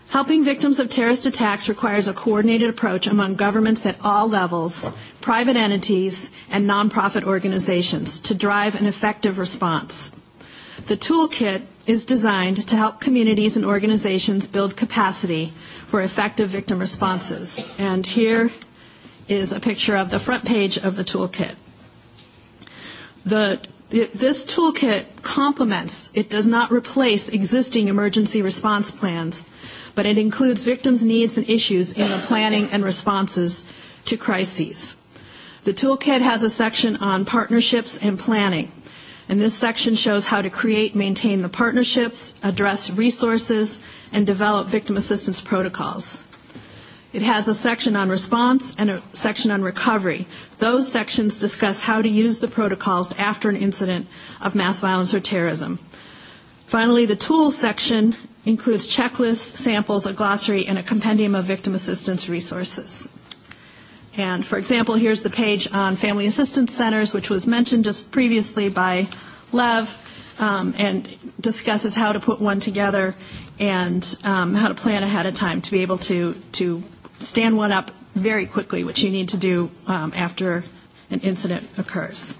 Helping victims of terrorist attacks requires a coordinated approach among governments at all levels, private entities, and nonprofit organizations to drive an effective response. The toolkit is designed to help communities and organizations build capacity for effective victim responses. And here is a picture of the front page of the toolkit. The This toolkit complements, it does not replace existing emergency response plans, but it includes victims' needs and issues in the planning and responses to crises. The toolkit has a section on partnerships and planning, and this section shows how to create, maintain the partnerships, address resources, and develop victim assistance protocols. It has a section on response and a section on recovery. Those sections discuss how to use the protocols after an incident of mass violence or terrorism. Finally, the tools section includes checklists, samples, a glossary, and a compendium of victim assistance resources. And for example, here's the page on family assistance centers, which was mentioned just previously by Lev, um, and discusses how to put one together and um, how to plan ahead of time to be able to, to stand one up very quickly, which you need to do um, after an incident occurs.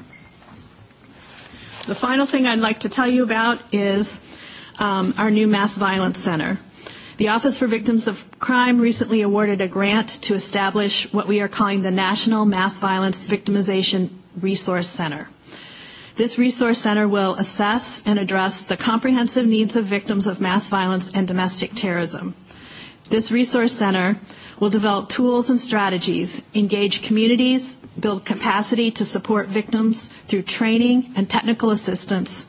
The final thing I'd like to tell you about is um, our new Mass Violence Center. The Office for Victims of Crime recently awarded a grant to establish what we are calling the National Mass Violence Victimization Resource Center. This resource center will assess and address the comprehensive needs of victims of mass violence and domestic terrorism. This resource center will develop tools and strategies, engage communities, build capacity to support victims through training and technical assistance,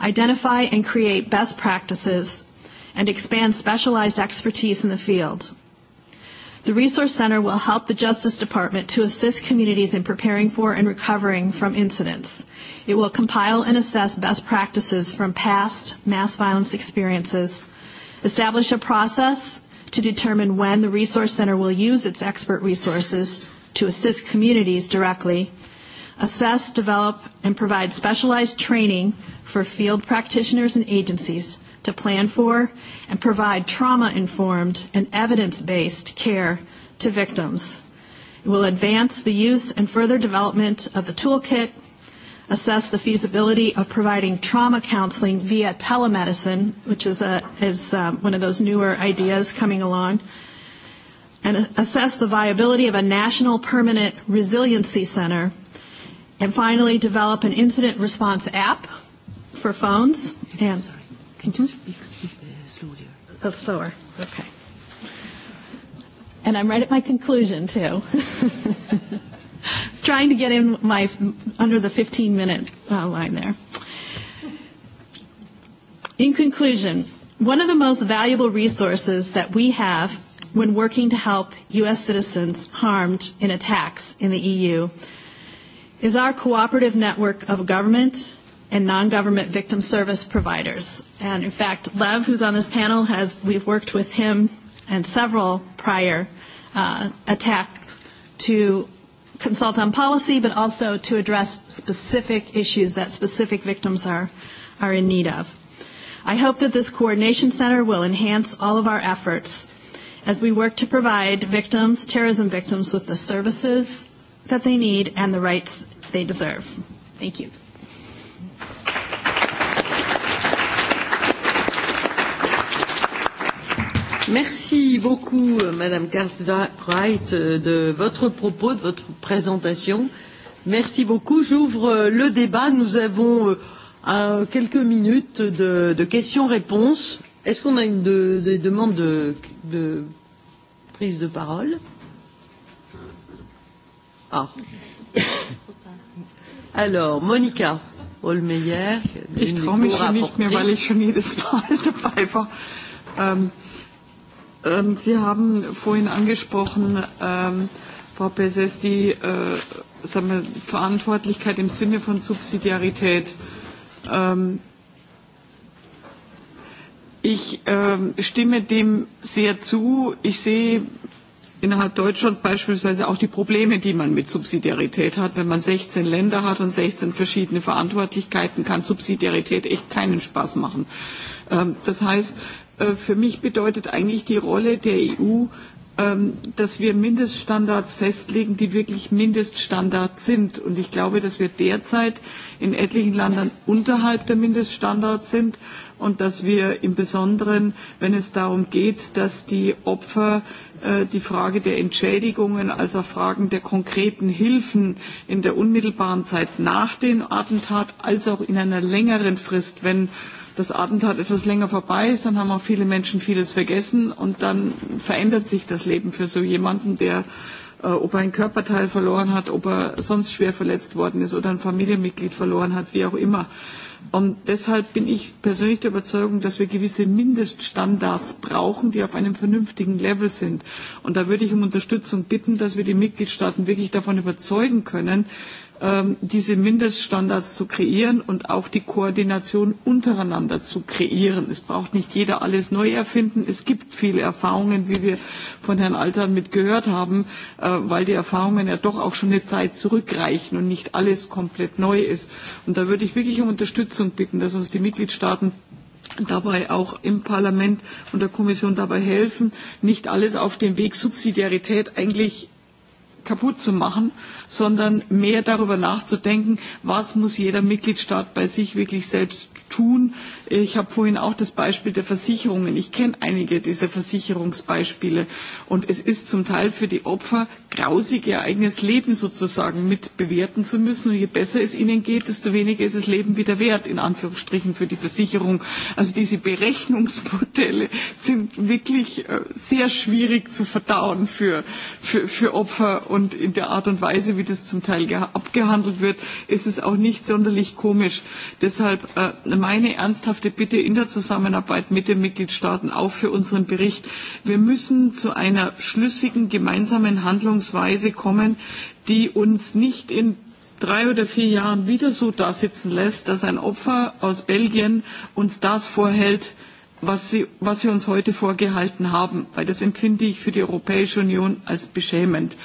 identify and create best practices, and expand specialized expertise in the field. The Resource Center will help the Justice Department to assist communities in preparing for and recovering from incidents. It will compile and assess best practices from past mass violence experiences, establish a process to determine when the Resource Center will use its expert resources to assist communities directly, assess, develop, and provide specialized training for field practitioners and agencies to plan for and provide trauma-informed and evidence-based care to victims. It will advance the use and further development of the toolkit assess the feasibility of providing trauma counseling via telemedicine, which is, a, is um, one of those newer ideas coming along, and assess the viability of a national permanent resiliency center, and finally develop an incident response app for phones. And, Sorry, can you speak, speak uh, slowly? That's slower. Okay. And I'm right at my conclusion, too. trying to get in my under the 15 minute uh, line there. In conclusion, one of the most valuable resources that we have when working to help U.S. citizens harmed in attacks in the EU is our cooperative network of government and non-government victim service providers. And in fact, Lev, who's on this panel, has we've worked with him and several prior uh, attacks to consult on policy, but also to address specific issues that specific victims are, are in need of. I hope that this coordination center will enhance all of our efforts as we work to provide victims, terrorism victims, with the services that they need and the rights they deserve. Thank you. Merci beaucoup, euh, Madame Cartwright, euh, de votre propos, de votre présentation. Merci beaucoup. J'ouvre euh, le débat. Nous avons euh, quelques minutes de, de questions-réponses. Est-ce qu'on a une de, des demandes de, de prise de parole Ah. Alors, Monica Holmeyer. une des Ich traue mich schon nicht mehr, weil ich schon jedes Mal dabei war. Ähm, Ähm, Sie haben vorhin angesprochen, ähm, Frau Pesses, die äh, sagen wir, Verantwortlichkeit im Sinne von Subsidiarität. Ähm, ich äh, stimme dem sehr zu. Ich sehe innerhalb Deutschlands beispielsweise auch die Probleme, die man mit Subsidiarität hat. Wenn man 16 Länder hat und 16 verschiedene Verantwortlichkeiten, kann Subsidiarität echt keinen Spaß machen. Ähm, das heißt, Äh, für mich bedeutet eigentlich die Rolle der EU, ähm, dass wir Mindeststandards festlegen, die wirklich Mindeststandards sind. Und ich glaube, dass wir derzeit in etlichen Ländern unterhalb der Mindeststandards sind und dass wir im Besonderen, wenn es darum geht, dass die Opfer äh, die Frage der Entschädigungen, also Fragen der konkreten Hilfen in der unmittelbaren Zeit nach dem Attentat, als auch in einer längeren Frist, wenn das Attentat etwas länger vorbei ist, dann haben auch viele Menschen vieles vergessen und dann verändert sich das Leben für so jemanden, der äh, ob er einen Körperteil verloren hat, ob er sonst schwer verletzt worden ist oder ein Familienmitglied verloren hat, wie auch immer. Und deshalb bin ich persönlich der Überzeugung, dass wir gewisse Mindeststandards brauchen, die auf einem vernünftigen Level sind. Und da würde ich um Unterstützung bitten, dass wir die Mitgliedstaaten wirklich davon überzeugen können, Ähm, diese Mindeststandards zu kreieren und auch die Koordination untereinander zu kreieren. Es braucht nicht jeder alles neu erfinden. Es gibt viele Erfahrungen, wie wir von Herrn Altern mit gehört haben, äh, weil die Erfahrungen ja doch auch schon eine Zeit zurückreichen und nicht alles komplett neu ist. Und da würde ich wirklich um Unterstützung bitten, dass uns die Mitgliedstaaten dabei auch im Parlament und der Kommission dabei helfen, nicht alles auf dem Weg Subsidiarität eigentlich kaputt zu machen, sondern mehr darüber nachzudenken, was muss jeder Mitgliedstaat bei sich wirklich selbst tun, Äh, ich habe vorhin auch das Beispiel der Versicherungen. Ich kenne einige dieser Versicherungsbeispiele. Und es ist zum Teil für die Opfer grausig, ihr eigenes Leben sozusagen mit bewerten zu müssen. Und je besser es ihnen geht, desto weniger ist das Leben wieder wert, in Anführungsstrichen, für die Versicherung. Also diese Berechnungsmodelle sind wirklich äh, sehr schwierig zu verdauen für, für, für Opfer. Und in der Art und Weise, wie das zum Teil abgehandelt wird, ist es auch nicht sonderlich komisch. Deshalb äh, meine ernsthafte Lehrkräfte bitte in der Zusammenarbeit mit den Mitgliedstaaten auch für unseren Bericht. Wir müssen zu einer schlüssigen gemeinsamen Handlungsweise kommen, die uns nicht in drei oder vier Jahren wieder so dasitzen lässt, dass ein Opfer aus Belgien uns das vorhält, was sie, was sie uns heute vorgehalten haben, weil das empfinde ich für die Europäische Union als beschämend.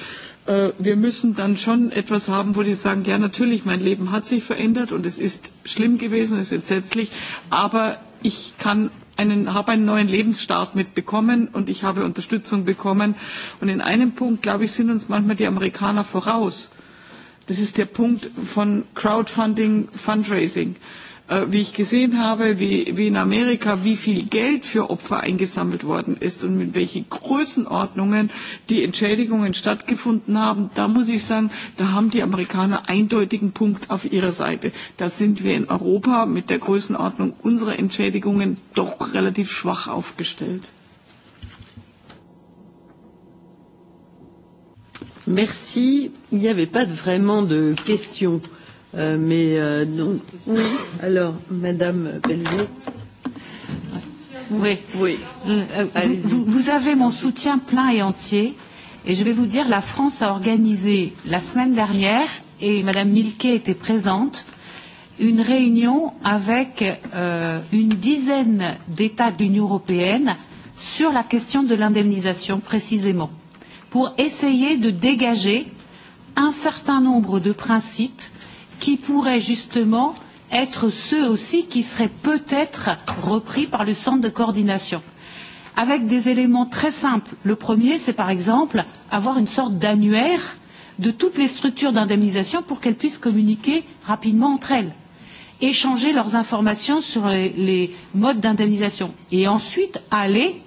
Äh, wir müssen dann schon etwas haben, wo die sagen, ja natürlich, mein Leben hat sich verändert und es ist schlimm gewesen, es ist entsetzlich, aber ich kann einen, habe einen neuen Lebensstart mitbekommen und ich habe Unterstützung bekommen. Und in einem Punkt, glaube ich, sind uns manchmal die Amerikaner voraus. Das ist der Punkt von Crowdfunding, Fundraising. Äh, Äh, wie ich gesehen habe, wie, wie in Amerika, wie viel Geld für Opfer eingesammelt worden ist und mit welchen Größenordnungen die Entschädigungen stattgefunden haben, da muss ich sagen, da haben die Amerikaner eindeutigen Punkt auf ihrer Seite. Da sind wir in Europa mit der Größenordnung unserer Entschädigungen doch relativ schwach aufgestellt. Merci. Il n'y avait pas vraiment de questions Euh, mais euh, donc, oui, alors, Madame Bellevue. Oui, oui. Euh, euh vous, vous avez mon soutien plein et entier. Et je vais vous dire, la France a organisé la semaine dernière, et Madame Milquet était présente, une réunion avec euh, une dizaine d'États de l'Union européenne sur la question de l'indemnisation précisément, pour essayer de dégager un certain nombre de principes qui pourraient justement être ceux aussi qui seraient peut-être repris par le centre de coordination avec des éléments très simples. Le premier, c'est par exemple avoir une sorte d'annuaire de toutes les structures d'indemnisation pour qu'elles puissent communiquer rapidement entre elles, échanger leurs informations sur les, les modes d'indemnisation et ensuite aller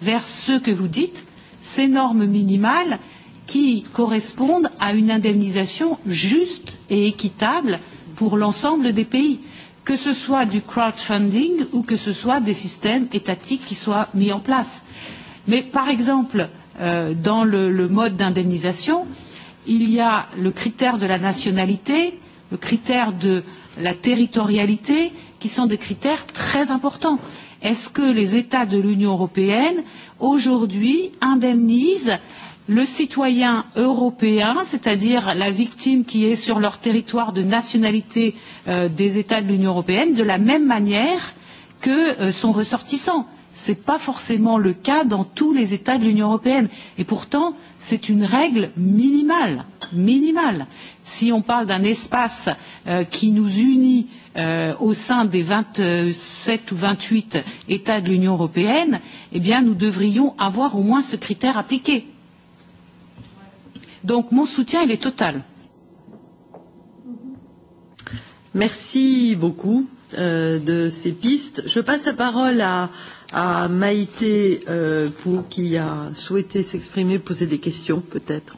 vers ce que vous dites, ces normes minimales qui correspondent à une indemnisation juste et équitable pour l'ensemble des pays, que ce soit du crowdfunding ou que ce soit des systèmes étatiques qui soient mis en place. Mais par exemple, euh, dans le, le mode d'indemnisation, il y a le critère de la nationalité, le critère de la territorialité, qui sont des critères très importants. Est-ce que les États de l'Union européenne, aujourd'hui, indemnisent le citoyen européen, c'est-à-dire la victime qui est sur leur territoire de nationalité euh, des États de l'Union européenne, de la même manière que euh, son ressortissant. Ce n'est pas forcément le cas dans tous les États de l'Union européenne. Et pourtant, c'est une règle minimale. minimale. Si on parle d'un espace euh, qui nous unit euh, au sein des 27 ou 28 États de l'Union européenne, eh bien, nous devrions avoir au moins ce critère appliqué Donc mon soutien, il est total. Merci beaucoup euh, de ces pistes. Je passe la parole à, à Maïté euh, pour, qui a souhaité s'exprimer, poser des questions peut-être.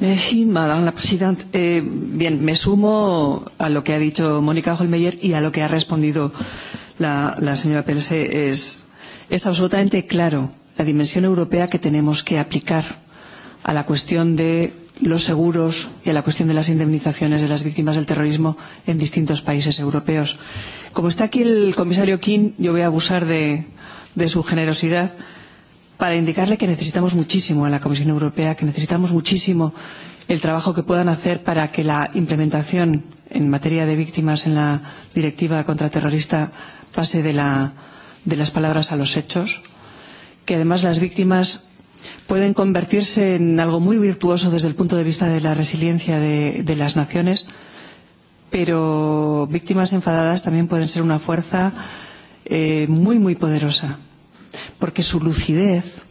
Eh, sí, Madame la présidente. Eh, bien, me sumo a lo que ha dicho Mónica Holmeyer y a lo que ha respondido la, la señora Pérez. Es, es absolutamente claro la dimensión europea que tenemos que aplicar a la cuestión de los seguros y a la cuestión de las indemnizaciones de las víctimas del terrorismo en distintos países europeos. Como está aquí el comisario King, yo voy a abusar de, de su generosidad para indicarle que necesitamos muchísimo a la Comisión Europea, que necesitamos muchísimo el trabajo que puedan hacer para que la implementación en materia de víctimas en la directiva contraterrorista pase de, la, de las palabras a los hechos, que además las víctimas pueden convertirse en algo muy virtuoso desde el punto de vista de la resiliencia de, de las naciones, pero víctimas enfadadas también pueden ser una fuerza eh, muy, muy poderosa, porque su lucidez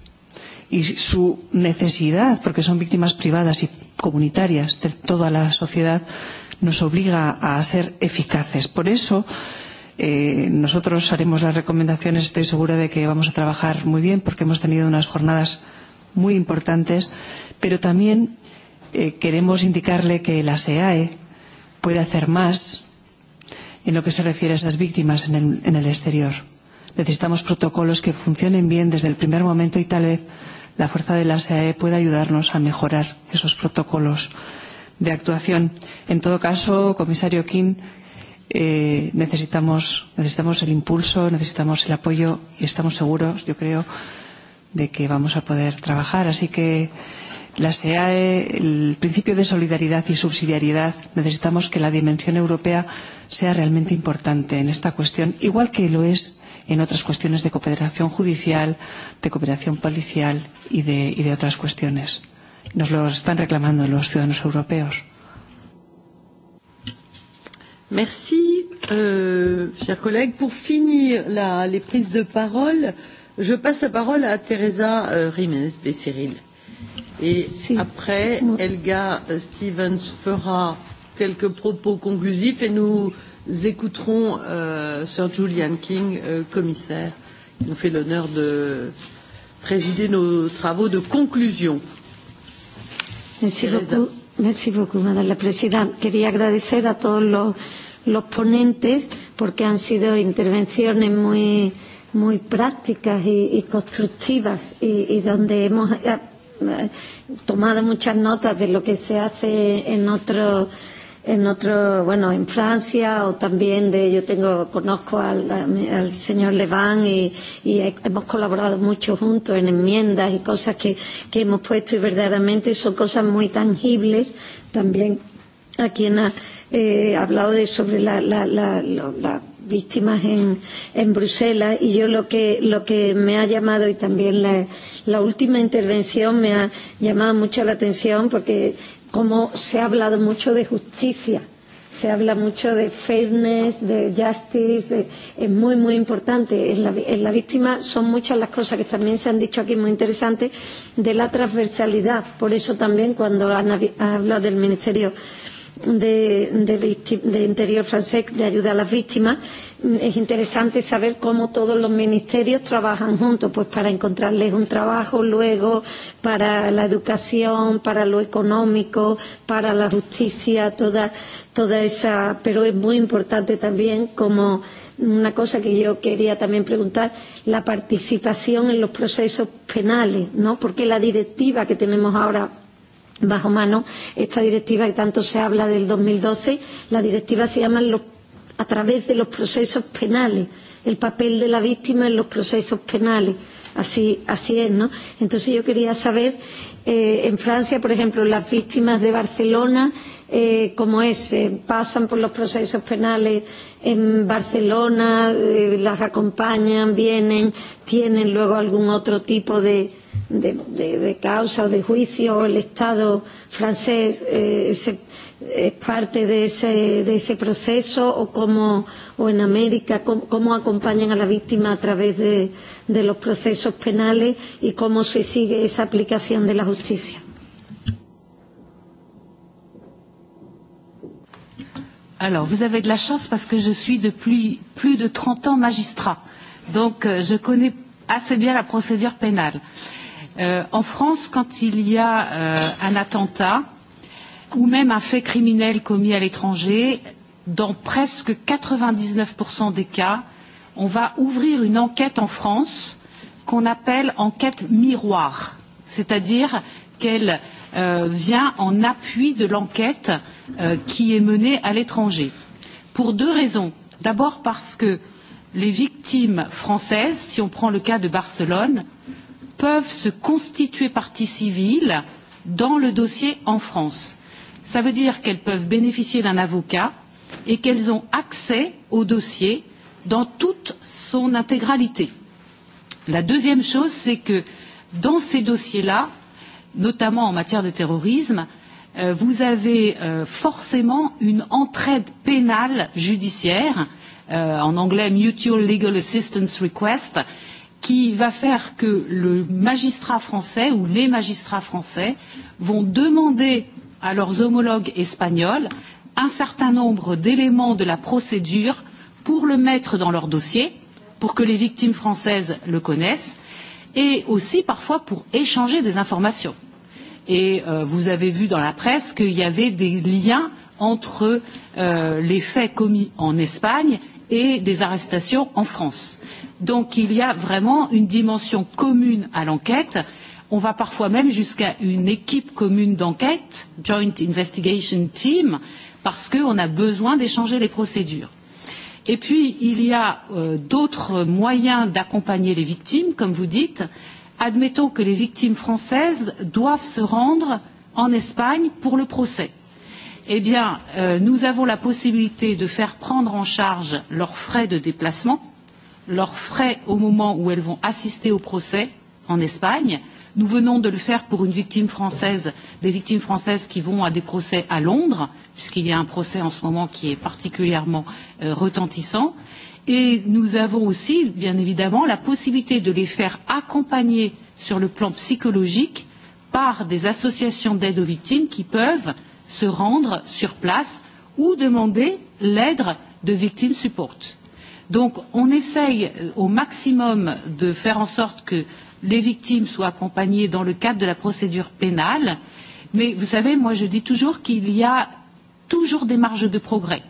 y su necesidad, porque son víctimas privadas y comunitarias de toda la sociedad, nos obliga a ser eficaces. Por eso, Eh, nosotros haremos las recomendaciones, estoy segura de que vamos a trabajar muy bien porque hemos tenido unas jornadas muy importantes, pero también eh, queremos indicarle que la SEAE puede hacer más en lo que se refiere a esas víctimas en el, en el exterior. Necesitamos protocolos que funcionen bien desde el primer momento y tal vez la fuerza de la SEAE pueda ayudarnos a mejorar esos protocolos de actuación. En todo caso, comisario King, eh, necesitamos, necesitamos el impulso, necesitamos el apoyo y estamos seguros, yo creo, de que vamos a poder trabajar. Así que la SEAE, el principio de solidaridad y subsidiariedad, necesitamos que la dimensión europea sea realmente importante en esta cuestión, igual que lo es en otras cuestiones de cooperación judicial, de cooperación policial y de, y de otras cuestiones. Nos lo están reclamando los ciudadanos europeos. Merci, euh, chers collègues. Pour finir la, les prises de parole, je passe la parole à Teresa euh, Rimes et Cyril. Et si. après, Elga euh, Stevens fera quelques propos conclusifs et nous écouterons euh, Sir Julian King, euh, commissaire, qui nous fait l'honneur de présider nos travaux de conclusion. Merci Teresa. beaucoup. Merci beaucoup, Madame la Presidenta. Quería agradecer a todos los, los ponentes porque han sido intervenciones muy, muy prácticas y, y constructivas y, y donde hemos eh, eh, tomado muchas notas de lo que se hace en otros en otro, bueno, en Francia o también de, yo tengo, conozco al, al señor Leván y, y hemos colaborado mucho juntos en enmiendas y cosas que, que hemos puesto y verdaderamente son cosas muy tangibles también a quien ha eh, hablado de sobre la, la, la, la, la víctimas en, en Bruselas y yo lo que, lo que me ha llamado y también la, la última intervención me ha llamado mucho la atención porque como se ha hablado mucho de justicia, se habla mucho de fairness, de justice, de, es muy, muy importante. En la, en la víctima son muchas las cosas que también se han dicho aquí muy interesantes de la transversalidad. Por eso también cuando Ana ha hablado del Ministerio de, de, de Interior francés de ayuda a las víctimas. Es interesante saber cómo todos los ministerios trabajan juntos, pues para encontrarles un trabajo luego, para la educación, para lo económico, para la justicia, toda, toda esa. Pero es muy importante también como una cosa que yo quería también preguntar, la participación en los procesos penales, ¿no? Porque la directiva que tenemos ahora bajo mano esta directiva que tanto se habla del 2012. La directiva se llama los, a través de los procesos penales, el papel de la víctima en los procesos penales. Así, así es, ¿no? Entonces yo quería saber, eh, en Francia, por ejemplo, las víctimas de Barcelona, eh, como es, eh, pasan por los procesos penales en Barcelona, eh, las acompañan, vienen, tienen luego algún otro tipo de, de, de, de causa o de juicio, el Estado francés eh, se, es parte de ese, de ese proceso o, como, o en América, cómo, cómo acompañan a la víctima a través de, de los procesos penales y cómo se sigue esa aplicación de la justicia. Alors, vous avez de la chance parce que je suis depuis plus de 30 ans magistrat. Donc, euh, je connais assez bien la procédure pénale. Euh, Euh, en France, quand il y a euh, un attentat ou même un fait criminel commis à l'étranger, dans presque 99% des cas, on va ouvrir une enquête en France qu'on appelle enquête miroir, c'est-à-dire qu'elle euh, vient en appui de l'enquête euh, qui est menée à l'étranger. Pour deux raisons. D'abord parce que les victimes françaises, si on prend le cas de Barcelone, peuvent se constituer partie civile dans le dossier en France. Ça veut dire qu'elles peuvent bénéficier d'un avocat et qu'elles ont accès au dossier dans toute son intégralité. La deuxième chose, c'est que dans ces dossiers-là, notamment en matière de terrorisme, euh, vous avez euh, forcément une entraide pénale judiciaire, euh, en anglais Mutual Legal Assistance Request, qui va faire que le magistrat français ou les magistrats français vont demander à leurs homologues espagnols un certain nombre d'éléments de la procédure pour le mettre dans leur dossier, pour que les victimes françaises le connaissent, et aussi parfois pour échanger des informations. Et euh, vous avez vu dans la presse qu'il y avait des liens entre euh, les faits commis en Espagne et des arrestations en France. Donc il y a vraiment une dimension commune à l'enquête. On va parfois même jusqu'à une équipe commune d'enquête, Joint Investigation Team, parce qu'on a besoin d'échanger les procédures. Et puis, il y a euh, d'autres moyens d'accompagner les victimes, comme vous dites. Admettons que les victimes françaises doivent se rendre en Espagne pour le procès. Eh bien, euh, nous avons la possibilité de faire prendre en charge leurs frais de déplacement leurs frais au moment où elles vont assister au procès en Espagne. Nous venons de le faire pour une victime française, des victimes françaises qui vont à des procès à Londres, puisqu'il y a un procès en ce moment qui est particulièrement euh, retentissant. Et nous avons aussi, bien évidemment, la possibilité de les faire accompagner sur le plan psychologique par des associations d'aide aux victimes qui peuvent se rendre sur place ou demander l'aide de victimes Support. Donc on essaye euh, au maximum de faire en sorte que les victimes soient accompagnées dans le cadre de la procédure pénale. Mais vous savez, moi je dis toujours qu'il y a toujours des marges de progrès,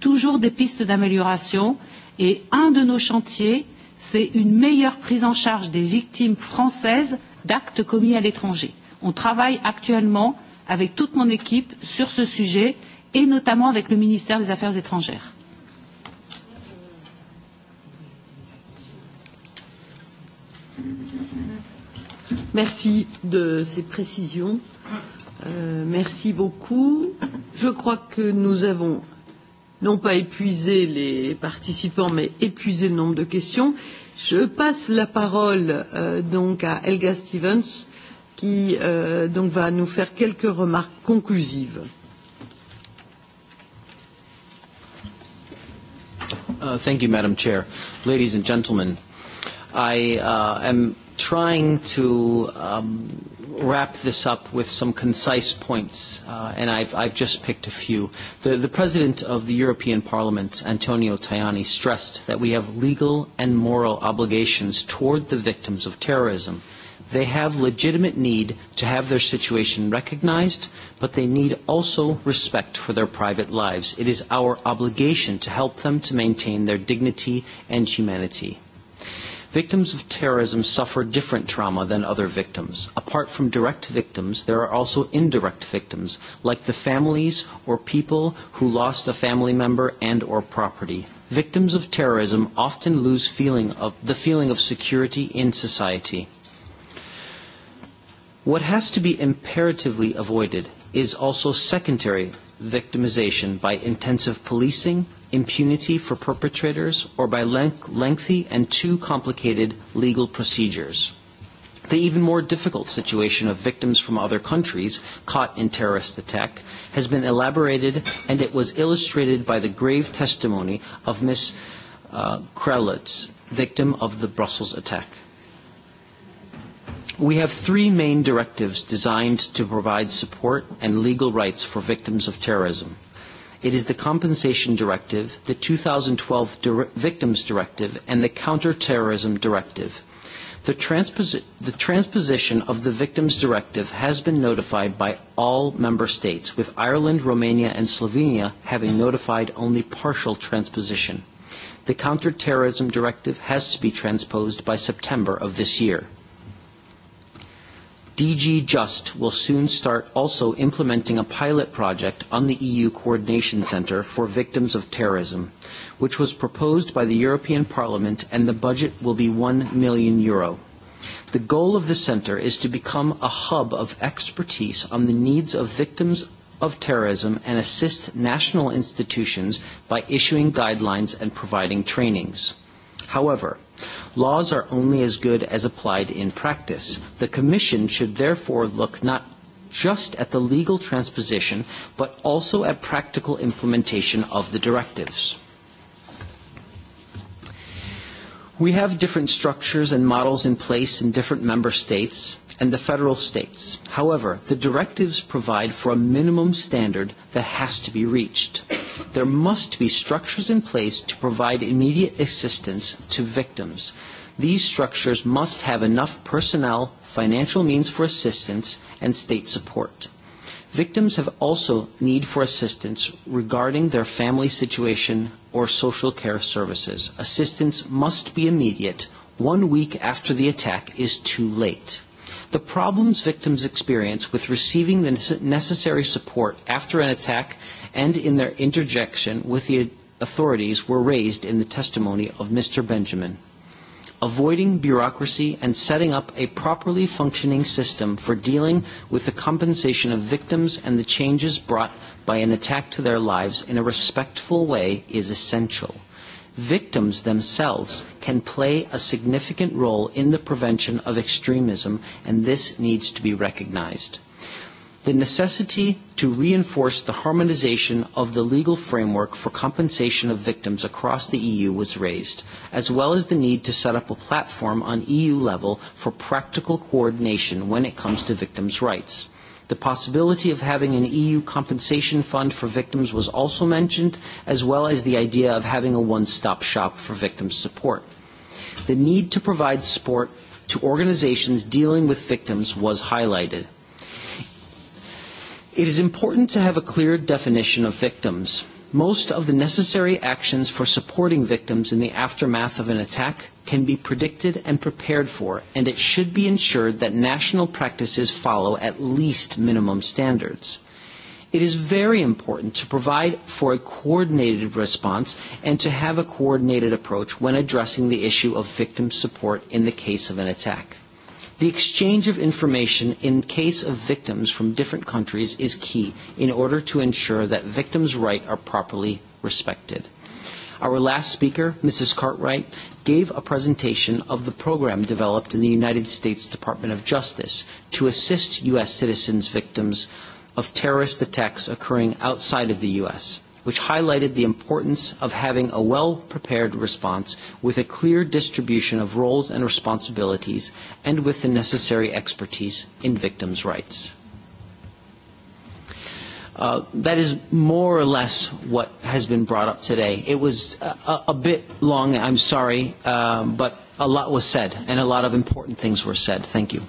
toujours des pistes d'amélioration. Et un de nos chantiers, c'est une meilleure prise en charge des victimes françaises d'actes commis à l'étranger. On travaille actuellement avec toute mon équipe sur ce sujet et notamment avec le ministère des Affaires étrangères. Merci de ces précisions. Euh, merci beaucoup. Je crois que nous avons non pas épuisé les participants, mais épuisé le nombre de questions. Je passe la parole euh, donc à Helga Stevens, qui euh, donc va nous faire quelques remarques conclusives. Uh, thank you, Madam Chair. Ladies and gentlemen, I uh, am trying to um, wrap this up with some concise points, uh, and I've, I've just picked a few. The, the President of the European Parliament, Antonio Tajani, stressed that we have legal and moral obligations toward the victims of terrorism. They have legitimate need to have their situation recognized, but they need also respect for their private lives. It is our obligation to help them to maintain their dignity and humanity. Victims of terrorism suffer different trauma than other victims. Apart from direct victims, there are also indirect victims, like the families or people who lost a family member and or property. Victims of terrorism often lose feeling of, the feeling of security in society. What has to be imperatively avoided is also secondary victimization by intensive policing, impunity for perpetrators or by length lengthy and too complicated legal procedures. The even more difficult situation of victims from other countries caught in terrorist attack has been elaborated and it was illustrated by the grave testimony of Ms. Uh, Krelitz, victim of the Brussels attack. We have three main directives designed to provide support and legal rights for victims of terrorism – It is the Compensation Directive, the 2012 Dir Victims Directive, and the Counterterrorism Directive. The, transposi the transposition of the Victims Directive has been notified by all member states, with Ireland, Romania, and Slovenia having notified only partial transposition. The Counterterrorism Directive has to be transposed by September of this year. DG Just will soon start also implementing a pilot project on the EU Coordination Centre for Victims of Terrorism, which was proposed by the European Parliament and the budget will be 1 million euro. The goal of the centre is to become a hub of expertise on the needs of victims of terrorism and assist national institutions by issuing guidelines and providing trainings. However, Laws are only as good as applied in practice. The Commission should therefore look not just at the legal transposition, but also at practical implementation of the directives. We have different structures and models in place in different member states and the federal states. However, the directives provide for a minimum standard that has to be reached. There must be structures in place to provide immediate assistance to victims. These structures must have enough personnel, financial means for assistance, and state support. Victims have also need for assistance regarding their family situation or social care services. Assistance must be immediate. One week after the attack is too late. The problems victims experience with receiving the necessary support after an attack and in their interjection with the authorities were raised in the testimony of Mr. Benjamin. Avoiding bureaucracy and setting up a properly functioning system for dealing with the compensation of victims and the changes brought by an attack to their lives in a respectful way is essential. Victims themselves can play a significant role in the prevention of extremism, and this needs to be recognized the necessity to reinforce the harmonization of the legal framework for compensation of victims across the EU was raised, as well as the need to set up a platform on EU level for practical coordination when it comes to victims' rights. The possibility of having an EU compensation fund for victims was also mentioned, as well as the idea of having a one-stop shop for victims' support. The need to provide support to organizations dealing with victims was highlighted. It is important to have a clear definition of victims. Most of the necessary actions for supporting victims in the aftermath of an attack can be predicted and prepared for, and it should be ensured that national practices follow at least minimum standards. It is very important to provide for a coordinated response and to have a coordinated approach when addressing the issue of victim support in the case of an attack. The exchange of information in case of victims from different countries is key in order to ensure that victims' rights are properly respected. Our last speaker, Mrs. Cartwright, gave a presentation of the program developed in the United States Department of Justice to assist U.S. citizens victims of terrorist attacks occurring outside of the U.S which highlighted the importance of having a well-prepared response with a clear distribution of roles and responsibilities and with the necessary expertise in victims' rights. Uh, that is more or less what has been brought up today. It was a, a bit long, I'm sorry, um, but a lot was said, and a lot of important things were said. Thank you.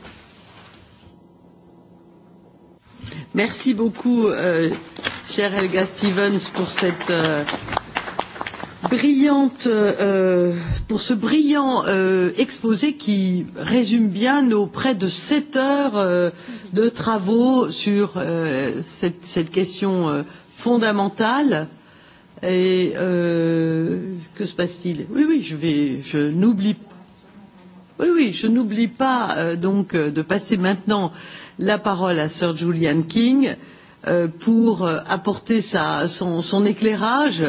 Merci beaucoup. Euh, Pierre Helga Stevens, pour cette euh, brillante, euh, pour ce brillant euh, exposé qui résume bien nos près de sept heures euh, de travaux sur euh, cette, cette question euh, fondamentale. Et euh, que se passe-t-il Oui, oui, je vais, je n'oublie pas. Oui, oui, je n'oublie pas euh, donc euh, de passer maintenant la parole à Sir Julian King Euh, pour euh, apporter sa, son, son éclairage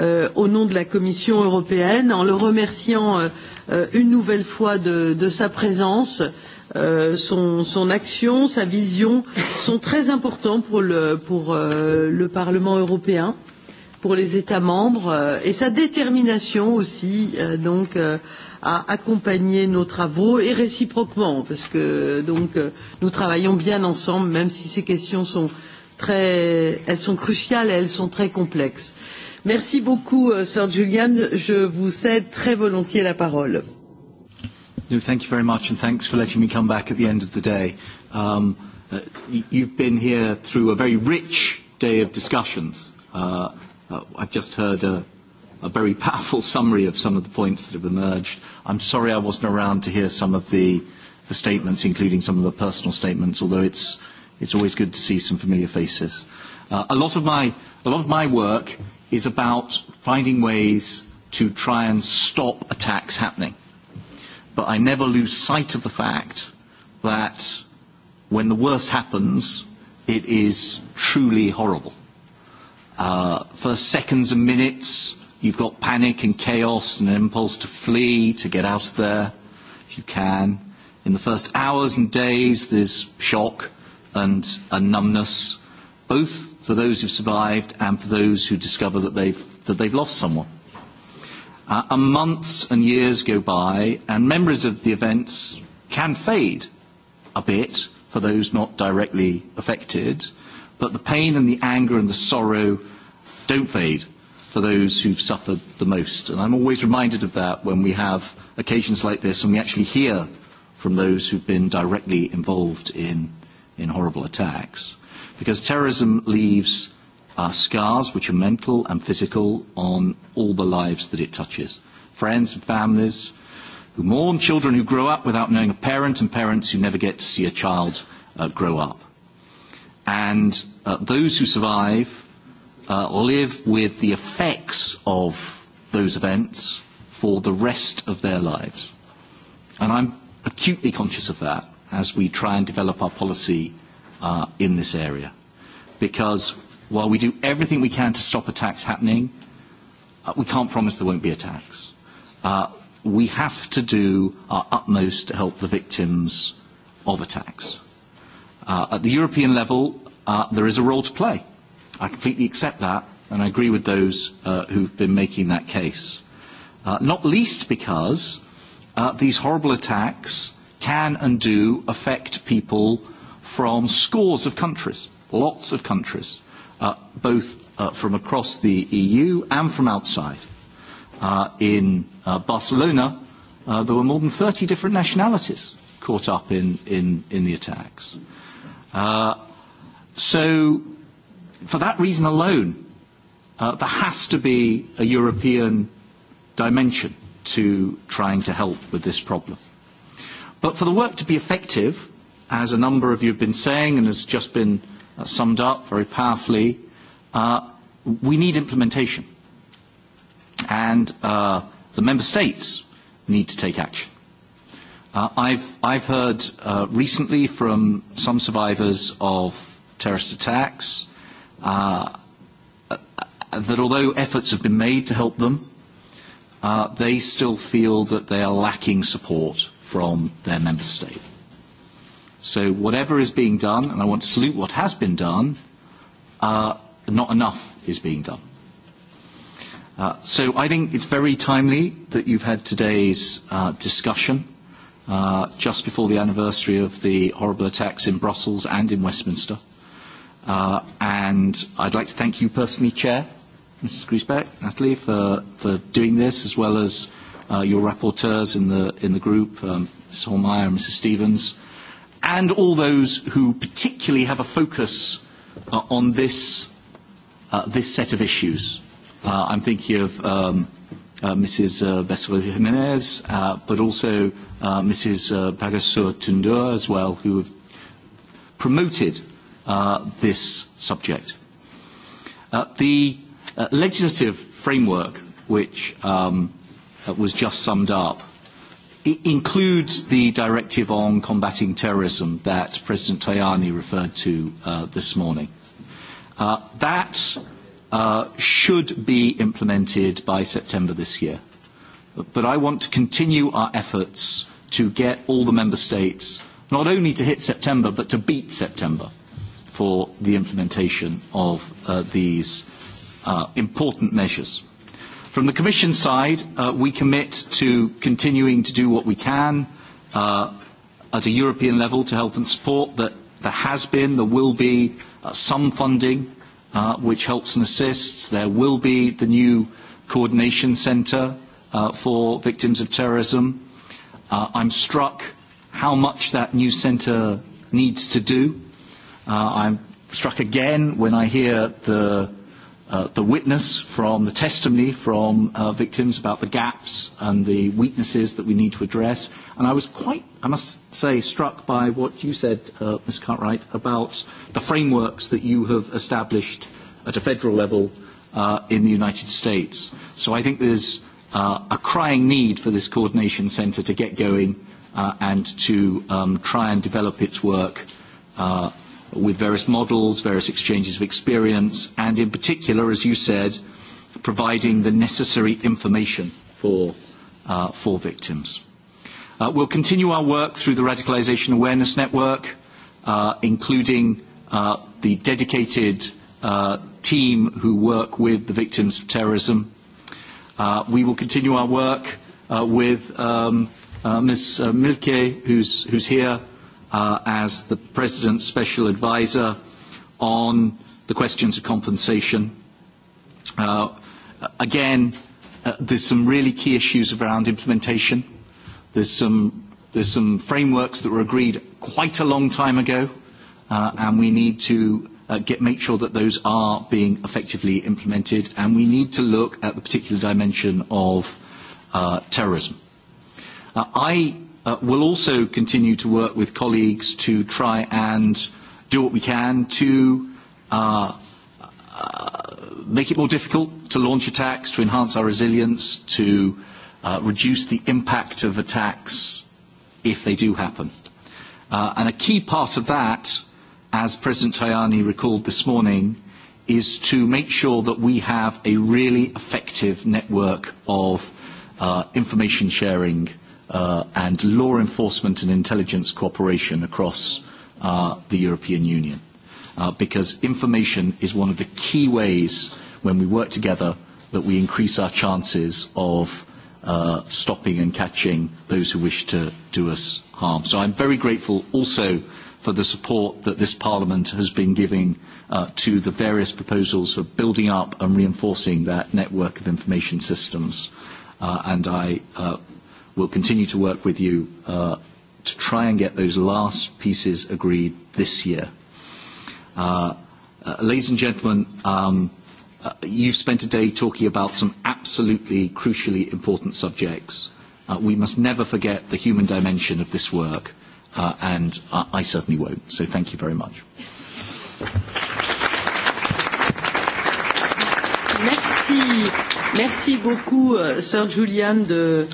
euh, au nom de la Commission européenne, en le remerciant euh, euh, une nouvelle fois de, de sa présence. Euh, son, son action, sa vision sont très importants pour le, pour, euh, le Parlement européen, pour les États membres euh, et sa détermination aussi euh, donc euh, à accompagner nos travaux et réciproquement parce que donc euh, nous travaillons bien ensemble même si ces questions sont euh, très, elles sont cruciales et elles sont très complexes. Merci beaucoup, euh, Sir Julian. Je vous cède très volontiers la parole. No, thank you very much, and thanks for letting me come back at the end of the day. Um, uh, you've been here through a very rich day of discussions. Uh, uh, I've just heard a, a very powerful summary of some of the points that have emerged. I'm sorry I wasn't around to hear some of the, the statements, including some of the personal statements, although it's It's always good to see some familiar faces. Uh, a, lot of my, a lot of my work is about finding ways to try and stop attacks happening. But I never lose sight of the fact that when the worst happens, it is truly horrible. Uh, for seconds and minutes, you've got panic and chaos and an impulse to flee, to get out of there, if you can. In the first hours and days, there's shock Uh, and, a numbness, both for those who've survived and for those who discover that they've, that they've lost someone. Uh, and months and years go by, and memories of the events can fade a bit for those not directly affected, but the pain and the anger and the sorrow don't fade for those who've suffered the most. And I'm always reminded of that when we have occasions like this and we actually hear from those who've been directly involved in in horrible attacks. Because terrorism leaves uh, scars, which are mental and physical, on all the lives that it touches. Friends and families who mourn, children who grow up without knowing a parent, and parents who never get to see a child uh, grow up. And uh, those who survive uh, live with the effects of those events for the rest of their lives. And I'm acutely conscious of that as we try and develop our policy uh, in this area. Because while we do everything we can to stop attacks happening, uh, we can't promise there won't be attacks. Uh, we have to do our utmost to help the victims of attacks. at the European level, there is a role to play. I completely accept that, and I agree with those who who've been making that case. not least because these horrible attacks can and do affect people from scores of countries, lots of countries, uh, both uh, from across the EU and from outside. Uh, in uh, Barcelona, uh, there were more than 30 different nationalities caught up in, in, in the attacks. Uh, so, for that reason alone, uh, there has to be a European dimension to trying to help with this problem. But for the work to be effective, as a number of you have been saying and has just been uh, summed up very powerfully, uh, we need implementation. And uh, the member states need to take action. Uh, I've, I've heard uh, recently from some survivors of terrorist attacks uh, that although efforts have been made to help them, uh, they still feel that they are lacking support from their member state. So whatever is being done, and I want to salute what has been done, uh, not enough is being done. Uh, so I think it's very timely that you've had today's uh, discussion uh, just before the anniversary of the horrible attacks in Brussels and in Westminster. Uh, and I'd like to thank you personally, Chair, Mrs. Griesbeck, Natalie, for, for doing this, as well as uh, your rapporteurs in the, in the group, um, Ms. Holmeyer and Mrs. Stevens, and all those who particularly have a focus uh, on this, uh, this set of issues. Uh, I'm thinking of um, uh, Mrs. Uh, Bessel Jimenez, uh, but also uh, Mrs. Uh, Bagasur Tundur as well, who have promoted uh, this subject. Uh, the uh, legislative framework, which um, was just summed up it includes the directive on combating terrorism that President Tajani referred to uh, this morning. Uh, that uh, should be implemented by September this year. But I want to continue our efforts to get all the member states not only to hit September, but to beat September for the implementation of uh, these uh, important measures. From the Commission side, uh, we commit to continuing to do what we can uh, at a European level to help and support that there has been, there will be uh, some funding uh, which helps and assists. There will be the new coordination centre uh, for victims of terrorism. Uh, I'm struck how much that new centre needs to do. Uh, I'm struck again when I hear the Uh, the witness from the testimony from uh, victims about the gaps and the weaknesses that we need to address. And I was quite, I must say, struck by what you said, uh, Ms. Cartwright, about the frameworks that you have established at a federal level uh, in the United States. So I think there's uh, a crying need for this coordination centre to get going uh, and to um, try and develop its work uh, with various models, various exchanges of experience, and in particular, as you said, providing the necessary information for, uh, for victims. Uh, we'll continue our work through the Radicalisation Awareness Network, uh, including uh, the dedicated uh, team who work with the victims of terrorism. Uh, we will continue our work uh, with um, uh, Ms. Uh, Milke, who's, who's here, uh, as the President's special advisor on the questions of compensation. Uh, again, uh, there's some really key issues around implementation. There's some, there's some frameworks that were agreed quite a long time ago, uh, and we need to uh, get, make sure that those are being effectively implemented, and we need to look at the particular dimension of uh, terrorism. Uh, I We uh, we'll also continue to work with colleagues to try and do what we can to uh, uh, make it more difficult to launch attacks, to enhance our resilience, to uh, reduce the impact of attacks if they do happen. Uh, and a key part of that, as President Tajani recalled this morning, is to make sure that we have a really effective network of uh, information sharing uh, and law enforcement and intelligence cooperation across uh, the European Union. Uh, because information is one of the key ways when we work together that we increase our chances of uh, stopping and catching those who wish to do us harm. So I'm very grateful also for the support that this Parliament has been giving uh, to the various proposals for building up and reinforcing that network of information systems. Uh, and I uh, We'll continue to work with you uh, to try and get those last pieces agreed this year. Uh, uh, ladies and gentlemen, um, you've spent a day talking about some absolutely crucially important subjects. we must never forget the human dimension of this work, and I certainly won't. So thank you very much. Merci. Merci beaucoup, euh, Sir Julian, de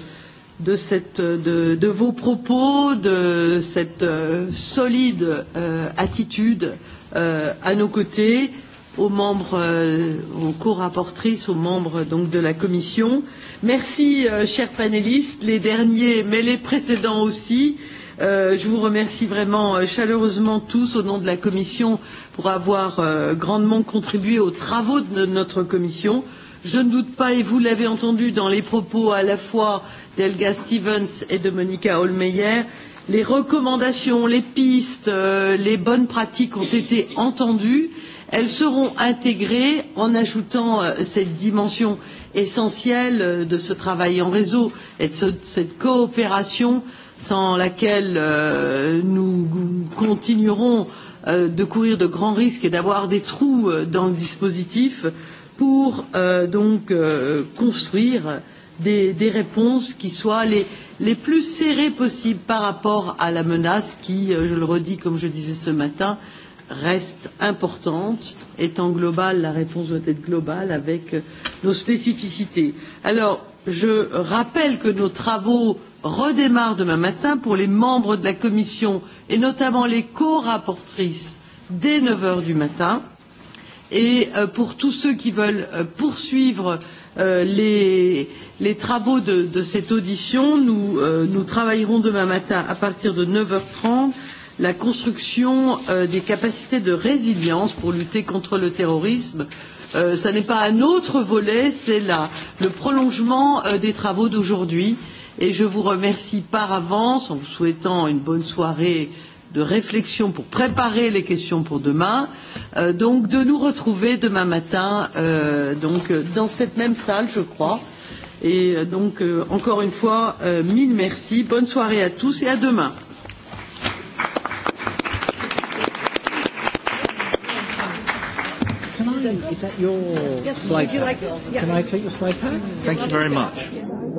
de, cette, de, de vos propos, de cette euh, solide euh, attitude euh, à nos côtés, aux membres, euh, aux co-rapportrices, aux membres donc, de la Commission. Merci, euh, chers panélistes, les derniers, mais les précédents aussi. Euh, je vous remercie vraiment euh, chaleureusement tous au nom de la Commission pour avoir euh, grandement contribué aux travaux de notre Commission. Je ne doute pas, et vous l'avez entendu dans les propos à la fois d'Elga Stevens et de Monica Holmeyer, les recommandations, les pistes, euh, les bonnes pratiques ont été entendues. Elles seront intégrées en ajoutant euh, cette dimension essentielle euh, de ce travail en réseau et de cette coopération sans laquelle nous continuerons de courir de grands risques et d'avoir des trous dans le dispositif. Euh, pour euh, donc euh, construire des, des réponses qui soient les, les plus serrées possibles par rapport à la menace qui, euh, je le redis comme je disais ce matin, reste importante. Étant globale, la réponse doit être globale avec euh, nos spécificités. Alors, je rappelle que nos travaux redémarrent demain matin pour les membres de la Commission et notamment les co-rapportrices dès 9 heures du matin et euh, pour tous ceux qui veulent euh, poursuivre euh, les, travaux de, cette audition, nous, travaillerons demain matin à partir de neuf h 30 la construction des capacités de résilience pour lutter contre le terrorisme. ce n'est pas un autre volet, c'est le prolongement des travaux d'aujourd'hui. Et je vous remercie par avance en vous souhaitant une bonne soirée de réflexion pour préparer les questions pour demain, euh, donc de nous retrouver demain matin euh, donc, dans cette même salle, je crois. Et euh, donc, euh, encore une fois, euh, mille merci, bonne soirée à tous et à demain. is that your yes, slide? Would you like, yes. Can I take your slide back? Thank you very much.